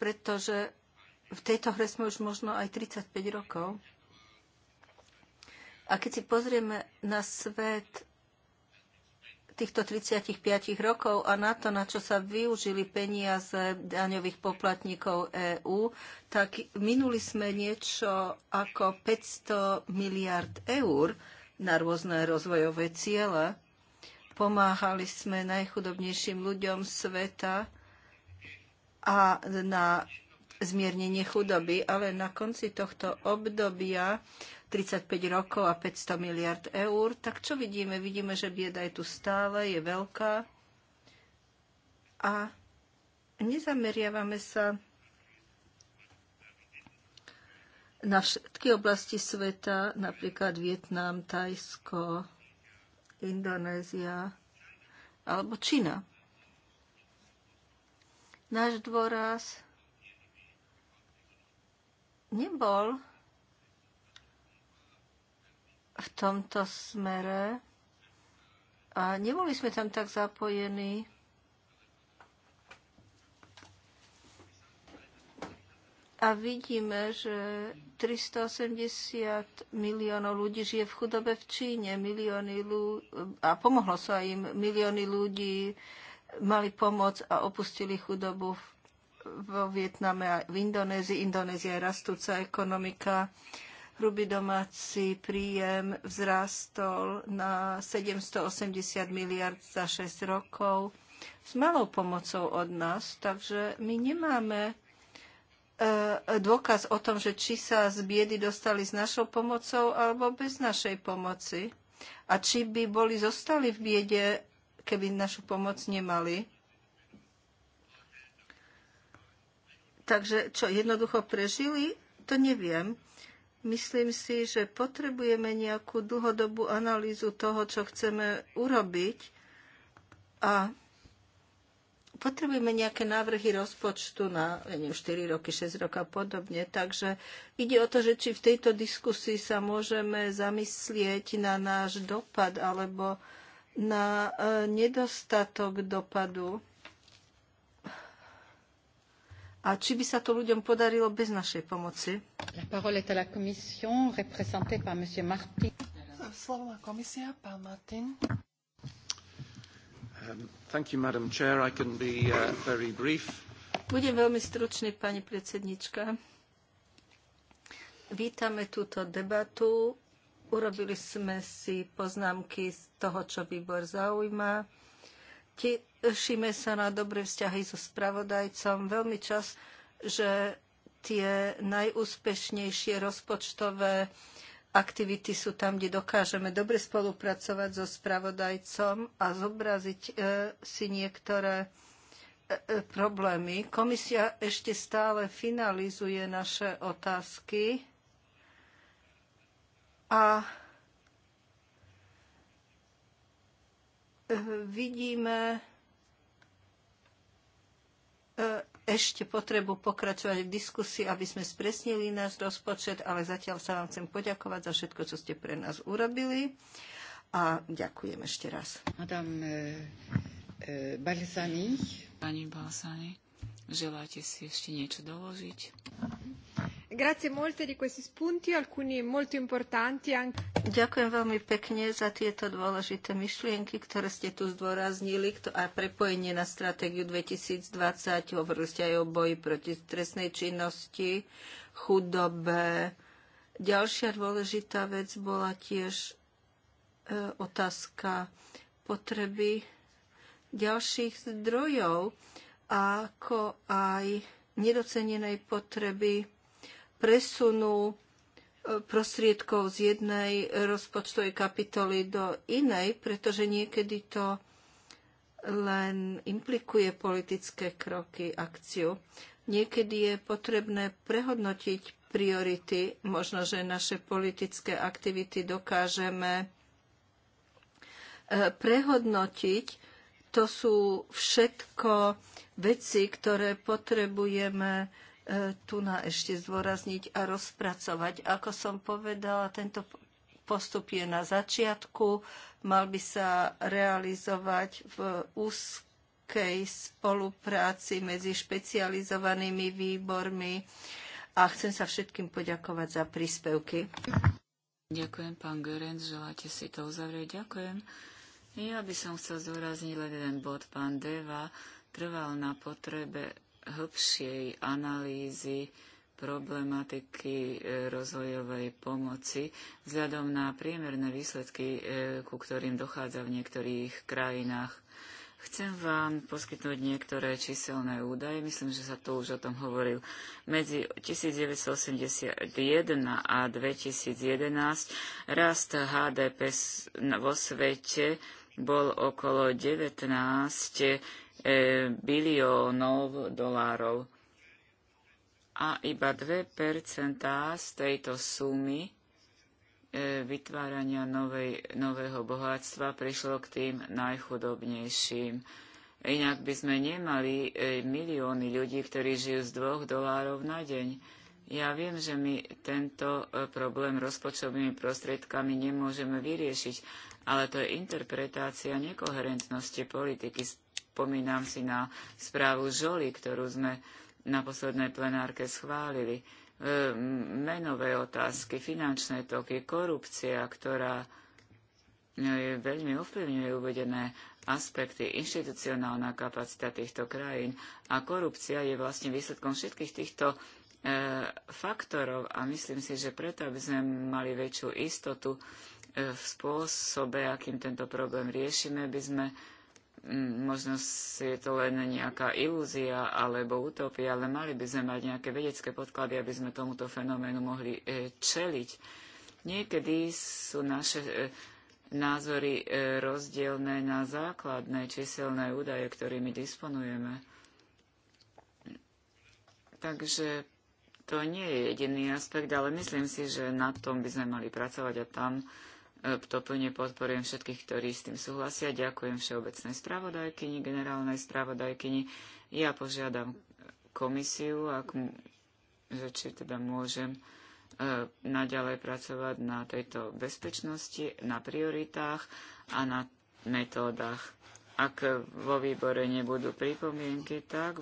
pretože v tejto hre sme už možno aj 35 rokov. A keď si pozrieme na svet týchto 35 rokov a na to, na čo sa využili peniaze daňových poplatníkov EÚ, tak minuli sme niečo ako 500 miliard eur na rôzne rozvojové ciele. Pomáhali sme najchudobnejším ľuďom sveta a na zmiernenie chudoby, ale na konci tohto obdobia 35 rokov a 500 miliard eur, tak čo vidíme? Vidíme, že bieda je tu stále, je veľká a nezameriavame sa na všetky oblasti sveta, napríklad Vietnam, Tajsko, Indonézia alebo Čína. Náš dôraz nebol v tomto smere a neboli sme tam tak zapojení. A vidíme, že 380 miliónov ľudí žije v chudobe v Číne. Milióny ľudí, a pomohlo sa im. Milióny ľudí mali pomoc a opustili chudobu vo Vietname a v Indonézii. Indonézia je rastúca ekonomika. Uh, hrubý domáci príjem vzrastol na 780 miliard za 6 rokov s malou pomocou od nás, takže my nemáme e, dôkaz o tom, že či sa z biedy dostali s našou pomocou alebo bez našej pomoci. A či by boli zostali v biede, keby našu pomoc nemali. Takže čo, jednoducho prežili? To neviem. Myslím si, že potrebujeme nejakú dlhodobú analýzu toho, čo chceme urobiť a potrebujeme nejaké návrhy rozpočtu na neviem, 4 roky, 6 rokov a podobne. Takže ide o to, že či v tejto diskusii sa môžeme zamyslieť na náš dopad alebo na e, nedostatok dopadu a či by sa to ľuďom podarilo bez našej pomoci. Slovo má komisia, pán Martin. Um, thank you, Madam Chair. I can be uh, very brief. Budem veľmi stručný, pani predsednička. Vítame túto debatu. Urobili sme si poznámky z toho, čo výbor zaujíma Tešíme sa na dobré vzťahy so spravodajcom. Veľmi čas, že tie najúspešnejšie rozpočtové aktivity sú tam, kde dokážeme dobre spolupracovať so spravodajcom a zobraziť e, si niektoré e, e, problémy. Komisia ešte stále finalizuje naše otázky a vidíme e, ešte potrebu pokračovať v diskusii, aby sme spresnili náš rozpočet, ale zatiaľ sa vám chcem poďakovať za všetko, čo ste pre nás urobili. A ďakujem ešte raz. Madame e, e, Balsani. Pani Balsani, želáte si ešte niečo doložiť? Ďakujem veľmi pekne za tieto dôležité myšlienky, ktoré ste tu zdôraznili a prepojenie na stratégiu 2020. Hovorili ste aj o boji proti trestnej činnosti, chudobe. Ďalšia dôležitá vec bola tiež e, otázka potreby ďalších zdrojov, ako aj nedocenenej potreby presunu e, prostriedkov z jednej rozpočtovej kapitoly do inej, pretože niekedy to len implikuje politické kroky, akciu. Niekedy je potrebné prehodnotiť priority. Možno, že naše politické aktivity dokážeme e, prehodnotiť. To sú všetko veci, ktoré potrebujeme tu na ešte zdôrazniť a rozpracovať. Ako som povedala, tento postup je na začiatku, mal by sa realizovať v úzkej spolupráci medzi špecializovanými výbormi a chcem sa všetkým poďakovať za príspevky. Ďakujem, pán Görenc, želáte si to uzavrieť. Ďakujem. Ja by som chcel zdôrazniť len jeden bod. Pán Deva trval na potrebe hĺbšej analýzy problematiky e, rozvojovej pomoci vzhľadom na priemerné výsledky, e, ku ktorým dochádza v niektorých krajinách. Chcem vám poskytnúť niektoré číselné údaje. Myslím, že sa tu už o tom hovoril. Medzi 1981 a 2011 rast HDP vo svete bol okolo 19 biliónov dolárov. A iba 2 z tejto sumy e, vytvárania novej, nového bohatstva prišlo k tým najchudobnejším. Inak by sme nemali e, milióny ľudí, ktorí žijú z dvoch dolárov na deň. Ja viem, že my tento e, problém rozpočtovými prostriedkami nemôžeme vyriešiť, ale to je interpretácia nekoherentnosti politiky Spomínam si na správu Žoli, ktorú sme na poslednej plenárke schválili. E, menové otázky, finančné toky, korupcia, ktorá e, veľmi ovplyvňuje uvedené aspekty, inštitucionálna kapacita týchto krajín a korupcia je vlastne výsledkom všetkých týchto e, faktorov a myslím si, že preto, aby sme mali väčšiu istotu e, v spôsobe, akým tento problém riešime, by sme Mm, možno je to len nejaká ilúzia alebo utopia, ale mali by sme mať nejaké vedecké podklady, aby sme tomuto fenoménu mohli e, čeliť. Niekedy sú naše e, názory e, rozdielne na základné číselné údaje, ktorými disponujeme. Takže to nie je jediný aspekt, ale myslím si, že na tom by sme mali pracovať a tam E, to plne podporujem všetkých, ktorí s tým súhlasia. Ďakujem všeobecnej spravodajkyni, generálnej spravodajkyni. Ja požiadam komisiu, ak, že či teda môžem e, naďalej pracovať na tejto bezpečnosti, na prioritách a na metódach. Ak vo výbore nebudú pripomienky, tak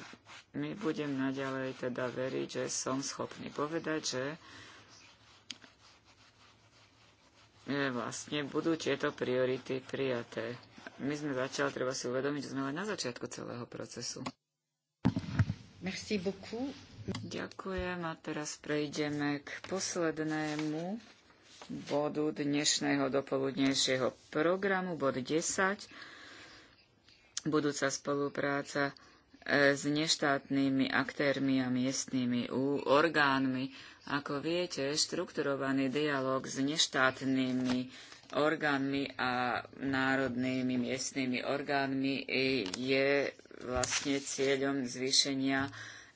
my budem naďalej teda veriť, že som schopný povedať, že vlastne budú tieto priority prijaté. My sme začali, treba si uvedomiť, že sme len na začiatku celého procesu. Merci beaucoup. Ďakujem a teraz prejdeme k poslednému bodu dnešného dopoludnejšieho programu, bod 10. Budúca spolupráca e, s neštátnymi aktérmi a miestnymi orgánmi ako viete, štrukturovaný dialog s neštátnymi orgánmi a národnými miestnymi orgánmi je vlastne cieľom zvýšenia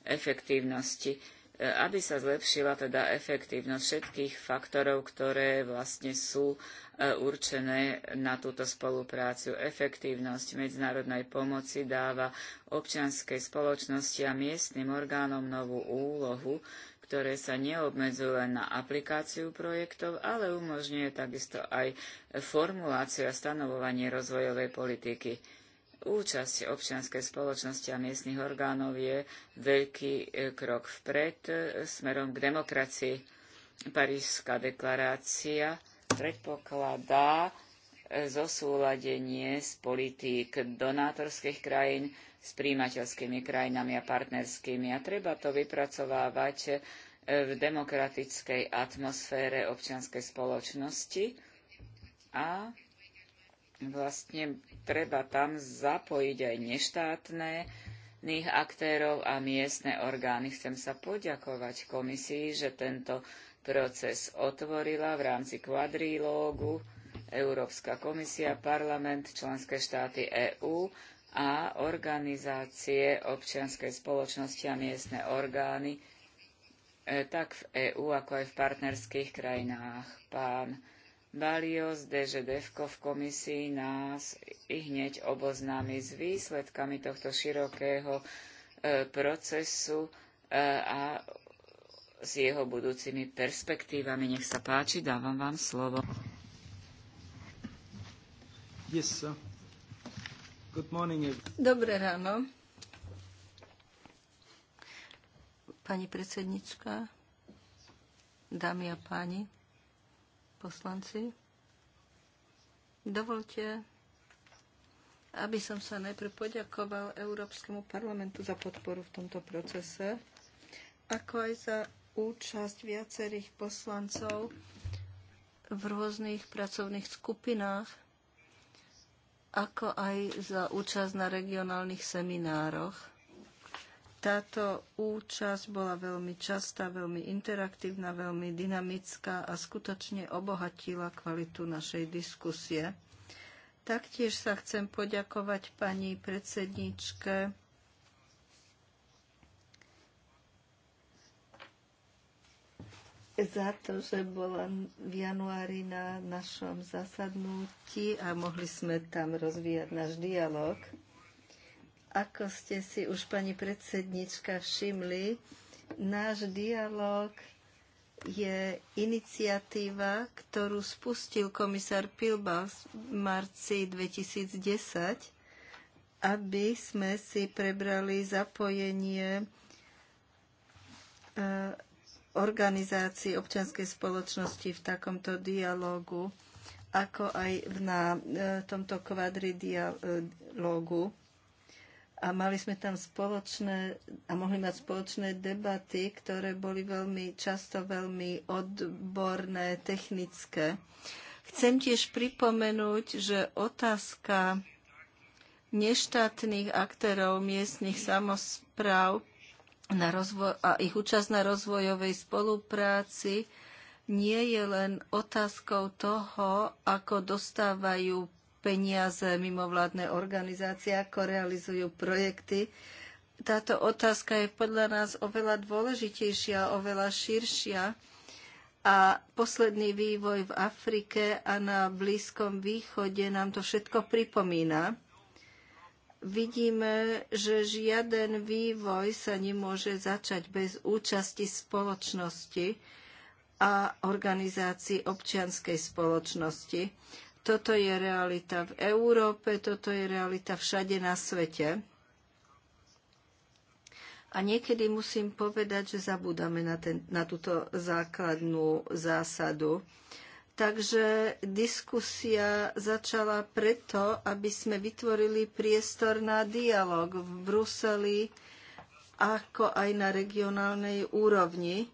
efektívnosti. Aby sa zlepšila teda efektívnosť všetkých faktorov, ktoré vlastne sú e, určené na túto spoluprácu. Efektívnosť medzinárodnej pomoci dáva občianskej spoločnosti a miestnym orgánom novú úlohu, ktoré sa neobmedzujú len na aplikáciu projektov, ale umožňuje takisto aj formuláciu a stanovovanie rozvojovej politiky. Účasť občianskej spoločnosti a miestnych orgánov je veľký e, krok vpred e, smerom k demokracii. Parížská deklarácia predpokladá e, zosúladenie z politík donátorských krajín s príjimateľskými krajinami a partnerskými. A treba to vypracovávať e, v demokratickej atmosfére občianskej spoločnosti a vlastne treba tam zapojiť aj neštátne aktérov a miestne orgány. Chcem sa poďakovať komisii, že tento proces otvorila v rámci kvadrilógu Európska komisia, parlament, členské štáty EÚ a organizácie občianskej spoločnosti a miestne orgány, e, tak v EÚ, ako aj v partnerských krajinách. Pán Balios DŽ Devko v komisii nás i hneď oboznámi s výsledkami tohto širokého e, procesu e, a s jeho budúcimi perspektívami. Nech sa páči, dávam vám slovo. Yes, sir. Dobré ráno. Pani predsednička, dámy a páni, poslanci, dovolte, aby som sa najprv poďakoval Európskemu parlamentu za podporu v tomto procese, ako aj za účasť viacerých poslancov v rôznych pracovných skupinách ako aj za účasť na regionálnych seminároch. Táto účasť bola veľmi častá, veľmi interaktívna, veľmi dynamická a skutočne obohatila kvalitu našej diskusie. Taktiež sa chcem poďakovať pani predsedničke za to, že bola v januári na našom zasadnutí a mohli sme tam rozvíjať náš dialog. Ako ste si už, pani predsednička, všimli, náš dialog je iniciatíva, ktorú spustil komisár Pilba v marci 2010, aby sme si prebrali zapojenie e, organizácií občianskej spoločnosti v takomto dialogu, ako aj na e, tomto kvadri dialogu. A mali sme tam spoločné a mohli mať spoločné debaty, ktoré boli veľmi často veľmi odborné, technické. Chcem tiež pripomenúť, že otázka neštátnych aktérov miestnych samozpráv na rozvoj, a ich účasť na rozvojovej spolupráci nie je len otázkou toho, ako dostávajú peniaze mimovládne organizácie, ako realizujú projekty. Táto otázka je podľa nás oveľa dôležitejšia, oveľa širšia. A posledný vývoj v Afrike a na Blízkom východe nám to všetko pripomína vidíme, že žiaden vývoj sa nemôže začať bez účasti spoločnosti a organizácií občianskej spoločnosti. Toto je realita v Európe, toto je realita všade na svete. A niekedy musím povedať, že zabudáme na, ten, na túto základnú zásadu. Uh, Takže diskusia začala preto, aby sme vytvorili priestor na dialog v Bruseli ako aj na regionálnej úrovni.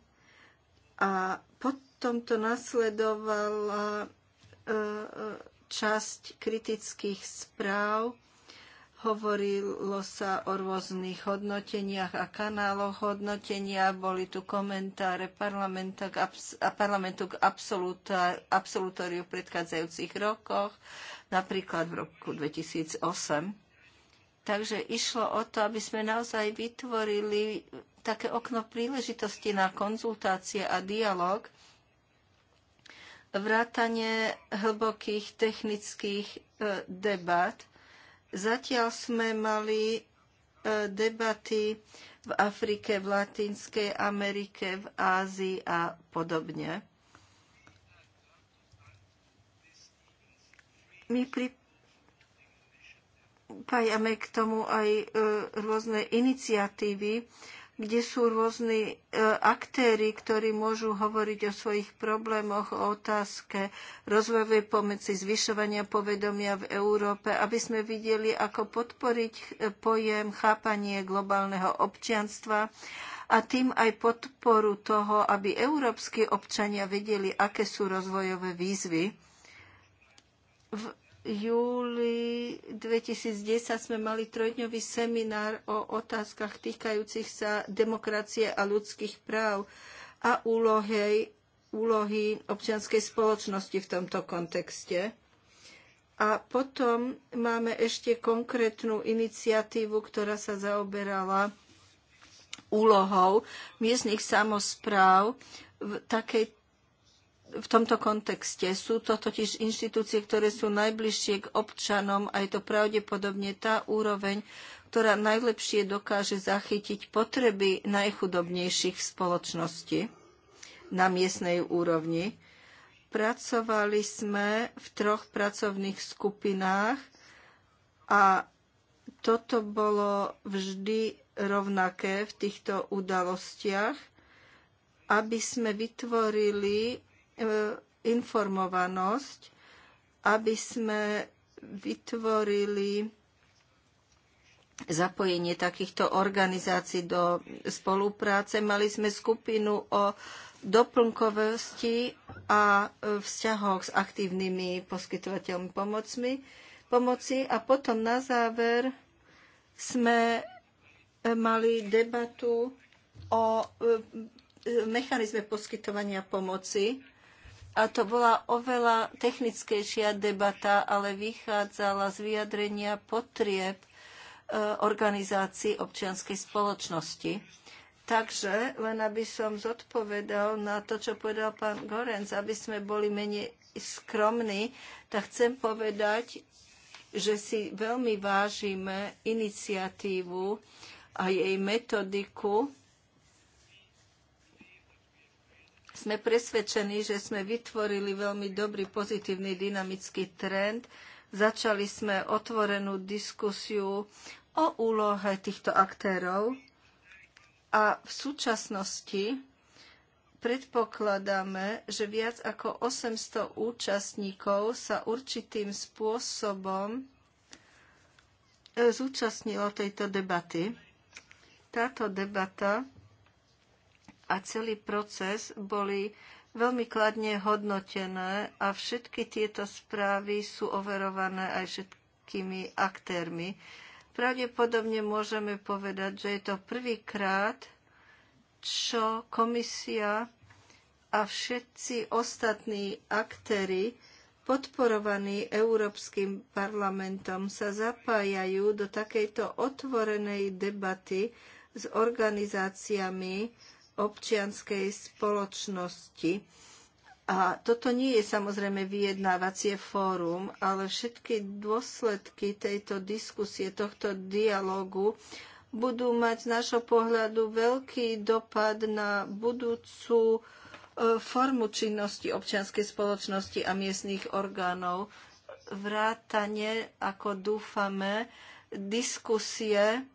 A potom to nasledovala e, e, časť kritických správ Hovorilo sa o rôznych hodnoteniach a kanáloch hodnotenia. Boli tu komentáre parlamenta k abs- a parlamentu k absolutóriu v predchádzajúcich rokoch, napríklad v roku 2008. Takže išlo o to, aby sme naozaj vytvorili také okno príležitosti na konzultácie a dialog, vrátanie hlbokých technických e, debat Zatiaľ sme mali e, debaty v Afrike, v Latinskej Amerike, v Ázii a podobne. My pripájame k tomu aj e, rôzne iniciatívy, kde sú rôzni e, aktéry, ktorí môžu hovoriť o svojich problémoch, o otázke rozvojovej pomoci, zvyšovania povedomia v Európe, aby sme videli, ako podporiť e, pojem chápanie globálneho občianstva a tým aj podporu toho, aby európsky občania vedeli, aké sú rozvojové výzvy. V júli 2010 sme mali trojdňový seminár o otázkach týkajúcich sa demokracie a ľudských práv a úlohy, úlohy občianskej spoločnosti v tomto kontexte. A potom máme ešte konkrétnu iniciatívu, ktorá sa zaoberala úlohou miestnych samozpráv v takej v tomto kontexte. Sú to totiž inštitúcie, ktoré sú najbližšie k občanom a je to pravdepodobne tá úroveň, ktorá najlepšie dokáže zachytiť potreby najchudobnejších v spoločnosti na miestnej úrovni. Pracovali sme v troch pracovných skupinách a toto bolo vždy rovnaké v týchto udalostiach, aby sme vytvorili E, informovanosť, aby sme vytvorili zapojenie takýchto organizácií do spolupráce. Mali sme skupinu o doplnkovosti a vzťahoch s aktívnymi poskytovateľmi pomocmi, pomoci a potom na záver sme mali debatu o e, mechanizme poskytovania pomoci a to bola oveľa technickejšia debata, ale vychádzala z vyjadrenia potrieb e, organizácií občianskej spoločnosti. Takže len aby som zodpovedal na to, čo povedal pán Gorenc, aby sme boli menej skromní, tak chcem povedať, že si veľmi vážime iniciatívu a jej metodiku Sme presvedčení, že sme vytvorili veľmi dobrý, pozitívny, dynamický trend. Začali sme otvorenú diskusiu o úlohe týchto aktérov a v súčasnosti predpokladáme, že viac ako 800 účastníkov sa určitým spôsobom e, zúčastnilo tejto debaty. Táto debata a celý proces boli veľmi kladne hodnotené a všetky tieto správy sú overované aj všetkými aktérmi. Pravdepodobne môžeme povedať, že je to prvýkrát, čo komisia a všetci ostatní aktéry podporovaní Európskym parlamentom sa zapájajú do takejto otvorenej debaty s organizáciami, občianskej spoločnosti. A toto nie je samozrejme vyjednávacie fórum, ale všetky dôsledky tejto diskusie, tohto dialogu budú mať z nášho pohľadu veľký dopad na budúcu e, formu činnosti občianskej spoločnosti a miestných orgánov. Vrátane, ako dúfame, diskusie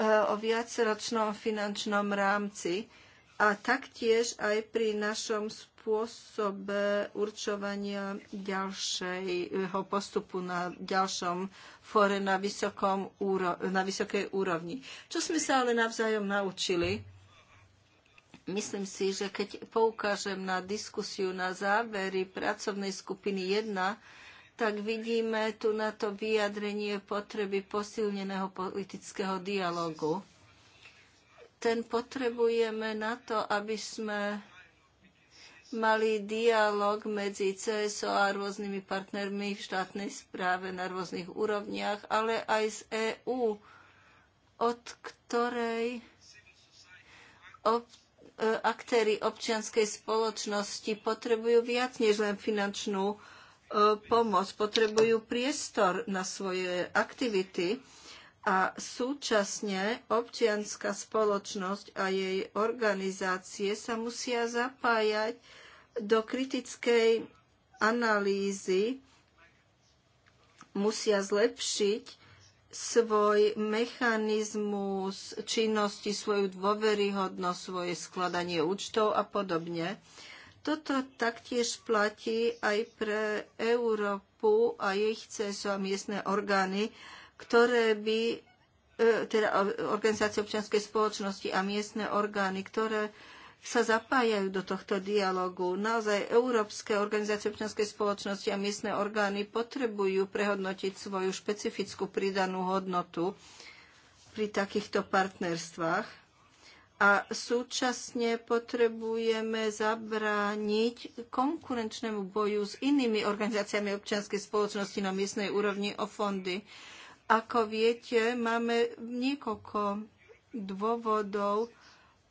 E, o viacročnom finančnom rámci a taktiež aj pri našom spôsobe určovania ďalšieho postupu na ďalšom fóre na, vysokom úro- na vysokej úrovni. Čo sme sa ale navzájom naučili? Myslím si, že keď poukážem na diskusiu na závery pracovnej skupiny 1, tak vidíme tu na to vyjadrenie potreby posilneného politického dialogu. Ten potrebujeme na to, aby sme mali dialog medzi CSO a rôznymi partnermi v štátnej správe na rôznych úrovniach, ale aj z EÚ, od ktorej ob, e, aktéry občianskej spoločnosti potrebujú viac než len finančnú pomoc, potrebujú priestor na svoje aktivity a súčasne občianská spoločnosť a jej organizácie sa musia zapájať do kritickej analýzy, musia zlepšiť svoj mechanizmus činnosti, svoju dôveryhodnosť, svoje skladanie účtov a podobne. Toto taktiež platí aj pre Európu a ich a miestne orgány, ktoré by, e, teda organizácie občianskej spoločnosti a miestne orgány, ktoré sa zapájajú do tohto dialogu. Naozaj európske organizácie občianskej spoločnosti a miestne orgány potrebujú prehodnotiť svoju špecifickú pridanú hodnotu pri takýchto partnerstvách a súčasne potrebujeme zabrániť konkurenčnému boju s inými organizáciami občianskej spoločnosti na miestnej úrovni o fondy. Ako viete, máme niekoľko dôvodov,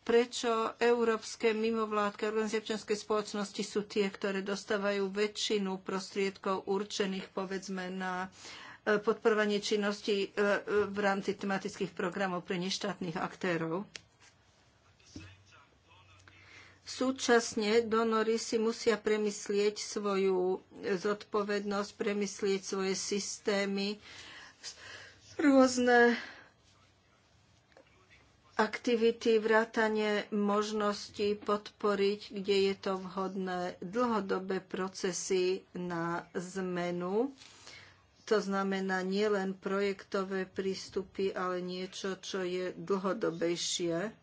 prečo európske mimovládky organizácie občianskej spoločnosti sú tie, ktoré dostávajú väčšinu prostriedkov určených, povedzme, na e, podporovanie činnosti e, e, v rámci tematických programov pre neštátnych aktérov. Súčasne donory si musia premyslieť svoju zodpovednosť, premyslieť svoje systémy, rôzne aktivity, vrátanie možností podporiť, kde je to vhodné, dlhodobé procesy na zmenu. To znamená nielen projektové prístupy, ale niečo, čo je dlhodobejšie.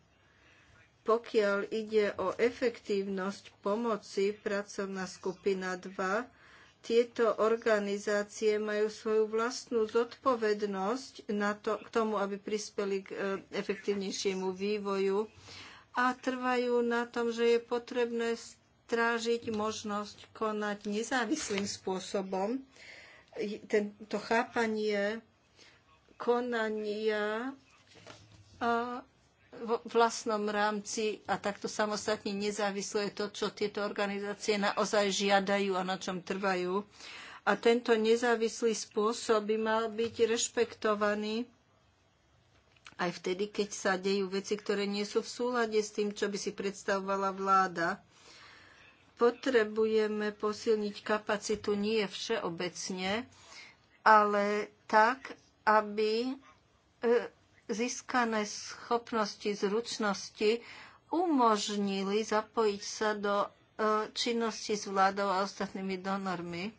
Pokiaľ ide o efektívnosť pomoci, pracovná skupina 2, tieto organizácie majú svoju vlastnú zodpovednosť na to, k tomu, aby prispeli k e, efektívnejšiemu vývoju a trvajú na tom, že je potrebné strážiť možnosť konať nezávislým spôsobom. To chápanie konania a vlastnom rámci a takto samostatne nezávislo je to, čo tieto organizácie naozaj žiadajú a na čom trvajú. A tento nezávislý spôsob by mal byť rešpektovaný aj vtedy, keď sa dejú veci, ktoré nie sú v súlade s tým, čo by si predstavovala vláda. Potrebujeme posilniť kapacitu nie všeobecne, ale tak, aby e, získané schopnosti, zručnosti umožnili zapojiť sa do e, činnosti s vládou a ostatnými donormi.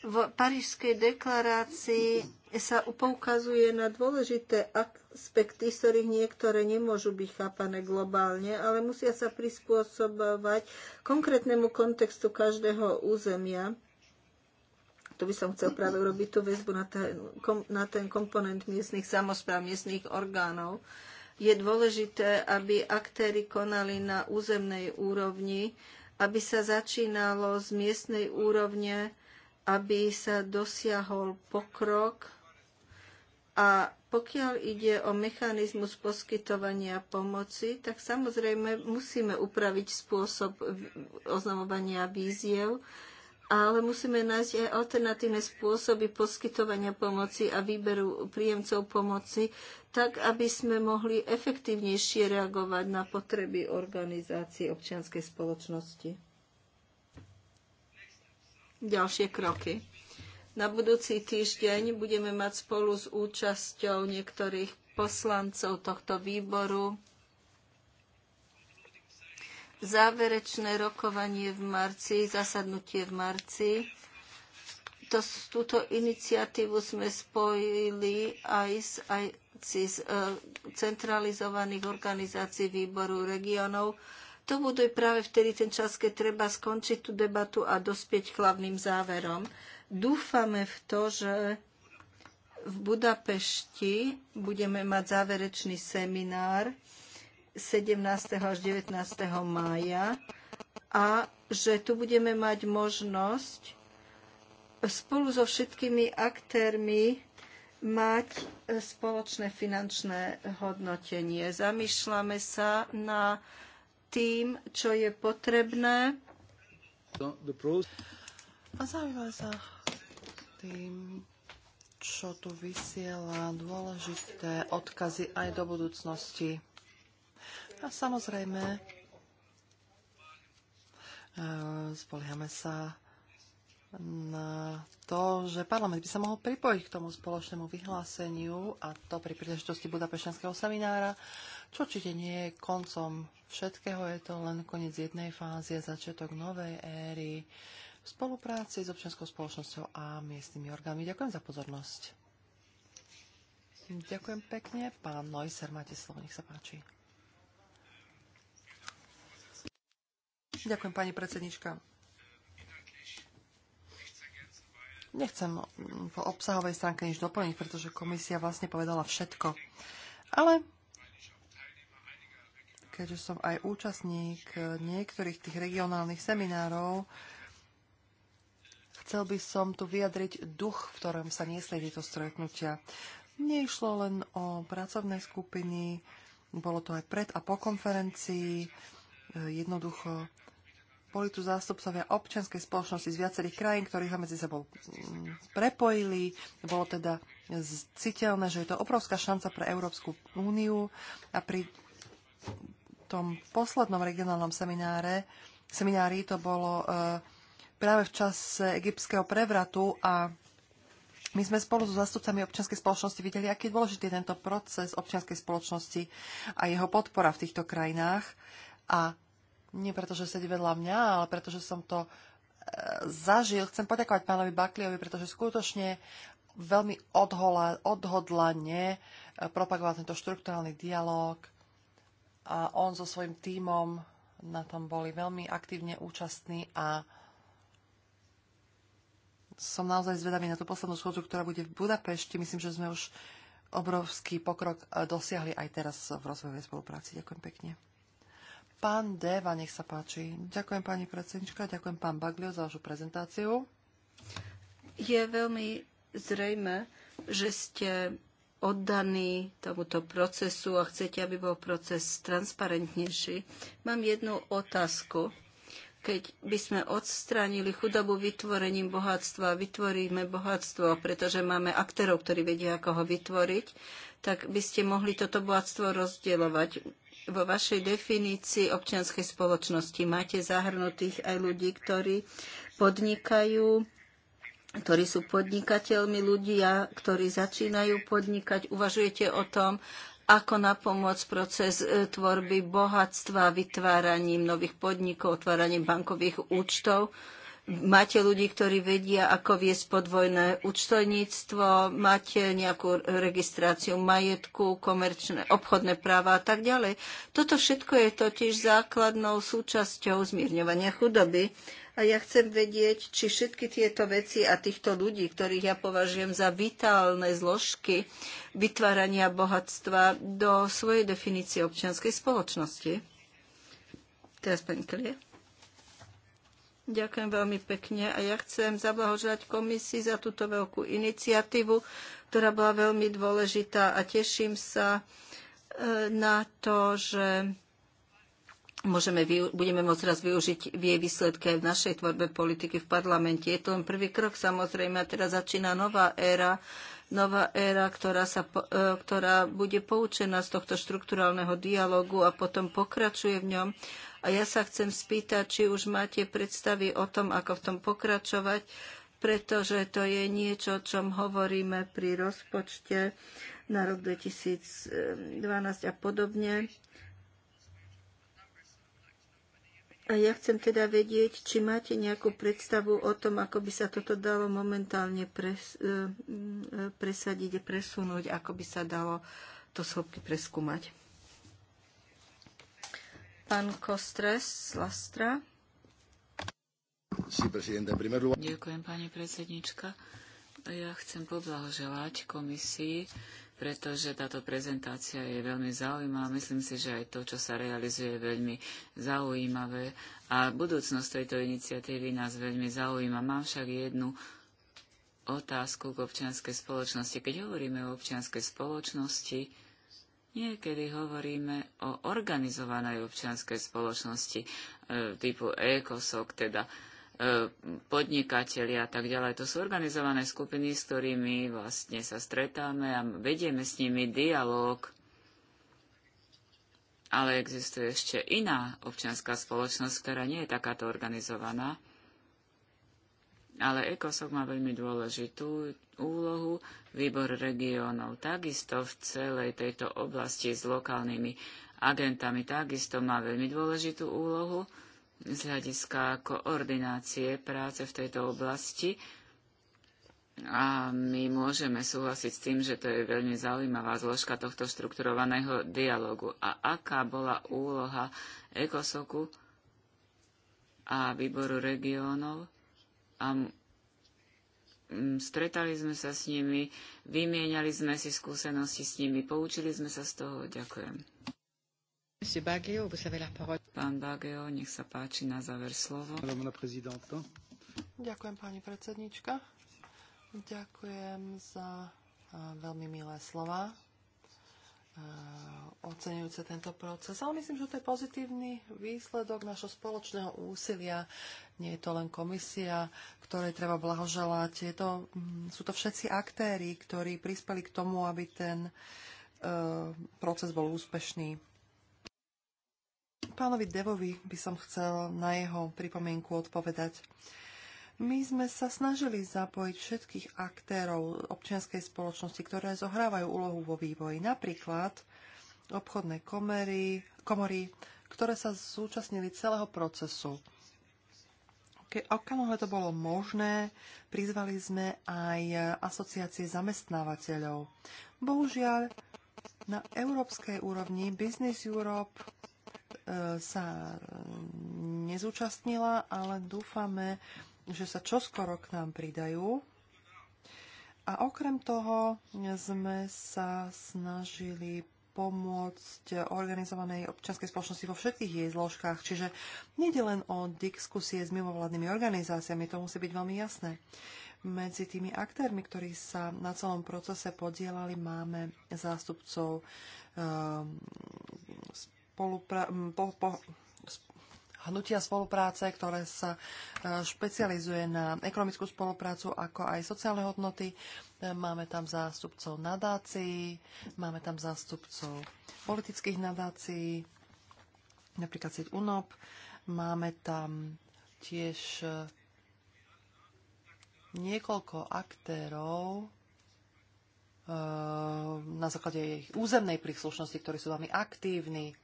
V Parížskej deklarácii sa poukazuje na dôležité aspekty, z ktorých niektoré nemôžu byť chápané globálne, ale musia sa prispôsobovať konkrétnemu kontextu každého územia. Tu by som chcel práve urobiť tú väzbu na ten, kom, na ten komponent miestnych samozpráv, miestnych orgánov. Je dôležité, aby aktéry konali na územnej úrovni, aby sa začínalo z miestnej úrovne, aby sa dosiahol pokrok a pokiaľ ide o mechanizmus poskytovania pomoci, tak samozrejme musíme upraviť spôsob oznamovania víziev, ale musíme nájsť aj alternatívne spôsoby poskytovania pomoci a výberu príjemcov pomoci, tak aby sme mohli efektívnejšie reagovať na potreby organizácií občianskej spoločnosti. Ďalšie kroky. Na budúci týždeň budeme mať spolu s účasťou niektorých poslancov tohto výboru záverečné rokovanie v marci, zasadnutie v marci. To, túto iniciatívu sme spojili aj s, aj z e, centralizovaných organizácií výboru regionov. To bude práve vtedy ten čas, keď treba skončiť tú debatu a dospieť k hlavným záverom. Dúfame v to, že v Budapešti budeme mať záverečný seminár 17. až 19. mája a že tu budeme mať možnosť spolu so všetkými aktérmi mať e, spoločné finančné hodnotenie. Zamýšľame sa na tým, čo je potrebné. A zaujímavé sa tým, čo tu vysiela dôležité odkazy aj do budúcnosti. A samozrejme, e, spoliehame sa na to, že parlament by sa mohol pripojiť k tomu spoločnému vyhláseniu a to pri príležitosti Budapešťanského seminára, čo určite nie je koncom všetkého, je to len koniec jednej fázy a začiatok novej éry v spolupráci s občianskou spoločnosťou a miestnymi orgánmi. Ďakujem za pozornosť. Ďakujem pekne. Pán Neusser, máte slovo, nech sa páči. Ďakujem, pani predsednička. Nechcem po obsahovej stránke nič doplniť, pretože komisia vlastne povedala všetko. Ale keďže som aj účastník niektorých tých regionálnych seminárov, chcel by som tu vyjadriť duch, v ktorom sa niesli tieto stretnutia. Neišlo len o pracovné skupiny, bolo to aj pred a po konferencii. Jednoducho boli tu zástupcovia občianskej spoločnosti z viacerých krajín, ktorí ho medzi sebou mm, prepojili. Bolo teda citeľné, že je to obrovská šanca pre Európsku úniu a pri tom poslednom regionálnom semináre, seminári to bolo e, práve v čase egyptského prevratu a my sme spolu so zastupcami občianskej spoločnosti videli, aký je dôležitý tento proces občianskej spoločnosti a jeho podpora v týchto krajinách. A nie preto, že sedí vedľa mňa, ale preto, že som to e, zažil. Chcem poďakovať pánovi Bakliovi, pretože skutočne veľmi odhola, odhodlane e, propagoval tento štrukturálny dialog a on so svojím tímom na tom boli veľmi aktívne účastní a som naozaj zvedavý na tú poslednú schôdzu, ktorá bude v Budapešti. Myslím, že sme už obrovský pokrok e, dosiahli aj teraz v rozvojovej spolupráci. Ďakujem pekne. Pán Deva, nech sa páči. Ďakujem pani predsednička, ďakujem pán Baglio za vašu prezentáciu. Je veľmi zrejme, že ste oddaní tomuto procesu a chcete, aby bol proces transparentnejší. Mám jednu otázku. Keď by sme odstránili chudobu vytvorením bohatstva, vytvoríme bohatstvo, pretože máme aktérov, ktorí vedia, ako ho vytvoriť, tak by ste mohli toto bohatstvo rozdielovať vo vašej definícii občianskej spoločnosti máte zahrnutých aj ľudí, ktorí podnikajú, ktorí sú podnikateľmi, ľudia, ktorí začínajú podnikať. Uvažujete o tom, ako napomôcť proces e, tvorby bohatstva, vytváraním nových podnikov, otváraním bankových účtov. Máte ľudí, ktorí vedia, ako viesť podvojné účtovníctvo, máte nejakú registráciu majetku, komerčné, obchodné práva a tak ďalej. Toto všetko je totiž základnou súčasťou zmierňovania chudoby. A ja chcem vedieť, či všetky tieto veci a týchto ľudí, ktorých ja považujem za vitálne zložky vytvárania bohatstva do svojej definície občianskej spoločnosti. Teraz pani Klie. Ďakujem veľmi pekne a ja chcem zablahoželať komisii za túto veľkú iniciatívu, ktorá bola veľmi dôležitá a teším sa e, na to, že môžeme, budeme môcť raz využiť v jej výsledky aj v našej tvorbe politiky v parlamente. Je to len prvý krok samozrejme a teraz začína nová éra, nová éra, ktorá, sa, e, ktorá bude poučená z tohto štrukturálneho dialogu a potom pokračuje v ňom a ja sa chcem spýtať, či už máte predstavy o tom, ako v tom pokračovať, pretože to je niečo, o čom hovoríme pri rozpočte na rok 2012 a podobne. A ja chcem teda vedieť, či máte nejakú predstavu o tom, ako by sa toto dalo momentálne pres, e, e, presadiť, presunúť, ako by sa dalo to schopky preskúmať. Pán Kostres Lastra. Ďakujem, pani predsednička. Ja chcem poblahoželať komisii, pretože táto prezentácia je veľmi zaujímavá. Myslím si, že aj to, čo sa realizuje, je veľmi zaujímavé. A budúcnosť tejto iniciatívy nás veľmi zaujíma. Mám však jednu otázku k občianskej spoločnosti. Keď hovoríme o občianskej spoločnosti, Niekedy hovoríme o organizovanej občianskej spoločnosti e, typu ECOSOC, teda e, podnikateľi a tak ďalej. To sú organizované skupiny, s ktorými vlastne sa stretáme a vedieme s nimi dialog. Ale existuje ešte iná občianská spoločnosť, ktorá nie je takáto organizovaná ale ECOSOC má veľmi dôležitú úlohu, výbor regiónov takisto v celej tejto oblasti s lokálnymi agentami takisto má veľmi dôležitú úlohu z hľadiska koordinácie práce v tejto oblasti. A my môžeme súhlasiť s tým, že to je veľmi zaujímavá zložka tohto štrukturovaného dialogu. A aká bola úloha ECOSOCu a výboru regiónov? a stretali sme sa s nimi, vymieniali sme si skúsenosti s nimi, poučili sme sa z toho. Ďakujem. Pán Bageo, nech sa páči na záver slovo. Ďakujem, pani predsednička. Ďakujem za veľmi milé slova Eh, oceňujúce tento proces. Ale myslím, že to je pozitívny výsledok našho spoločného úsilia. Nie je to len komisia, ktorej treba blahoželať. Je to, mm, sú to všetci aktéry, ktorí prispeli k tomu, aby ten eh, proces bol úspešný. Pánovi Devovi by som chcel na jeho pripomienku odpovedať. My sme sa snažili zapojiť všetkých aktérov občianskej spoločnosti, ktoré zohrávajú úlohu vo vývoji. Napríklad obchodné komery, komory, ktoré sa zúčastnili celého procesu. Ke, okamžite to bolo možné, prizvali sme aj asociácie zamestnávateľov. Bohužiaľ, na európskej úrovni Business Europe e, sa nezúčastnila, ale dúfame, že sa čoskoro k nám pridajú. A okrem toho sme sa snažili pomôcť organizovanej občianskej spoločnosti vo všetkých jej zložkách. Čiže nejde len o diskusie s mimovládnymi organizáciami, to musí byť veľmi jasné. Medzi tými aktérmi, ktorí sa na celom procese podielali, máme zástupcov um, spolupra- po, po, hnutia spolupráce, ktoré sa e, špecializuje na ekonomickú spoluprácu ako aj sociálne hodnoty. E, máme tam zástupcov nadácií, máme tam zástupcov politických nadácií, napríklad sieť UNOP. Máme tam tiež e, niekoľko aktérov, na základe ich územnej príslušnosti, ktorí sú veľmi aktívni.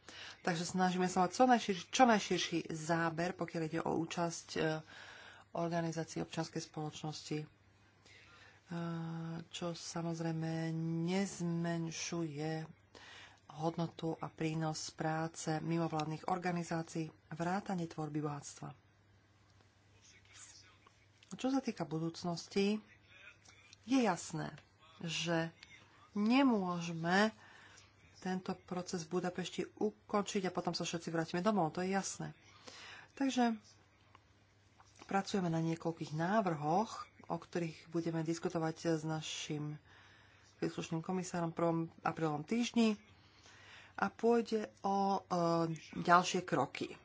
Takže snažíme sa mať čo najširší, čo najširší záber, pokiaľ ide o účasť e, organizácií občianskej spoločnosti. E, čo samozrejme nezmenšuje hodnotu a prínos práce mimovládnych organizácií vrátane tvorby bohatstva. Čo sa týka budúcnosti, je jasné, že Nemôžeme tento proces v Budapešti ukončiť a potom sa všetci vrátime domov, to je jasné. Takže pracujeme na niekoľkých návrhoch, o ktorých budeme diskutovať s našim príslušným komisárom 1. aprílom týždni a pôjde o e, ďalšie kroky.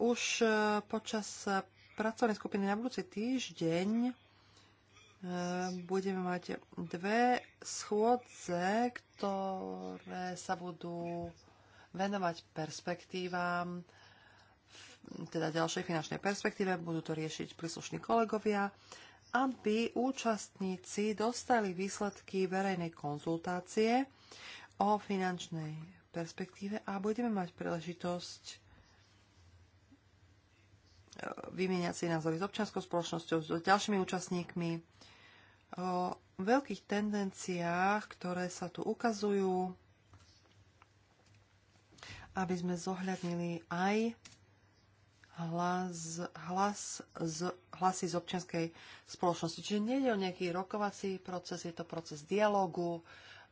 Už e, počas e, pracovnej skupiny na budúci týždeň Ehm, budeme mať dve schôdze, ktoré sa budú venovať perspektívam, teda ďalšej finančnej perspektíve, budú to riešiť príslušní kolegovia, aby účastníci dostali výsledky verejnej konzultácie o finančnej perspektíve a budeme mať príležitosť e, vymieňať si názory s občianskou spoločnosťou, s ďalšími účastníkmi o veľkých tendenciách, ktoré sa tu ukazujú, aby sme zohľadnili aj hlas, hlas z, hlasy z občianskej spoločnosti. Čiže nie je o nejaký rokovací proces, je to proces dialogu.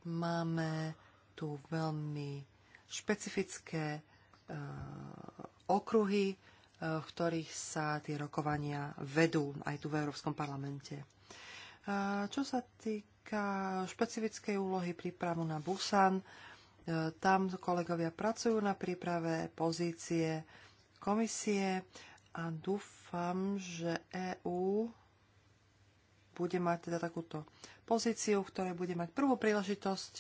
Máme tu veľmi špecifické e, okruhy, e, v ktorých sa tie rokovania vedú aj tu v Európskom parlamente. Čo sa týka špecifickej úlohy prípravu na Busan, e, tam kolegovia pracujú na príprave pozície komisie a dúfam, že EÚ bude mať teda takúto pozíciu, v bude mať prvú príležitosť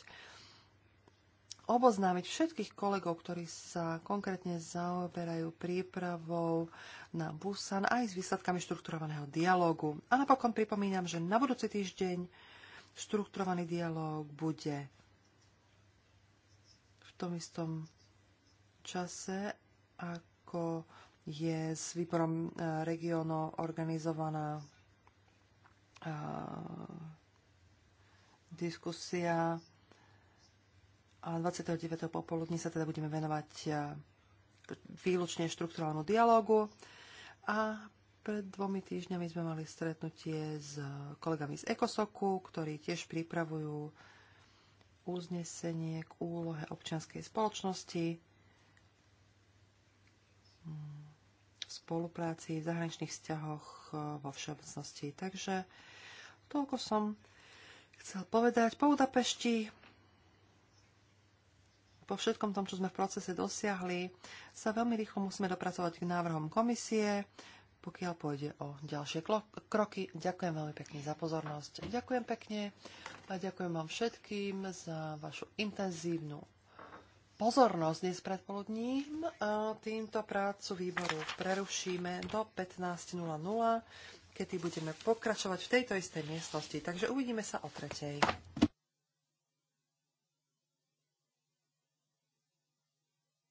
oboznámiť všetkých kolegov, ktorí sa konkrétne zaoberajú prípravou na Busan aj s výsledkami štrukturovaného dialógu. A napokon pripomínam, že na budúci týždeň štrukturovaný dialóg bude v tom istom čase, ako je s výborom e, regiónu organizovaná e, diskusia a 29. popoludní sa teda budeme venovať e, výlučne štruktúrálnu dialogu. A pred dvomi týždňami sme mali stretnutie s kolegami z Ekosoku, ktorí tiež pripravujú uznesenie k úlohe občianskej spoločnosti v spolupráci v zahraničných vzťahoch e, vo všeobecnosti. Takže toľko som chcel povedať. Po Udapešti po všetkom tom, čo sme v procese dosiahli, sa veľmi rýchlo musíme dopracovať k návrhom komisie, pokiaľ pôjde o ďalšie kroky. Ďakujem veľmi pekne za pozornosť. Ďakujem pekne a ďakujem vám všetkým za vašu intenzívnu pozornosť dnes predpoludním. No týmto prácu výboru prerušíme do 15.00, kedy budeme pokračovať v tejto istej miestnosti. Takže uvidíme sa o tretej.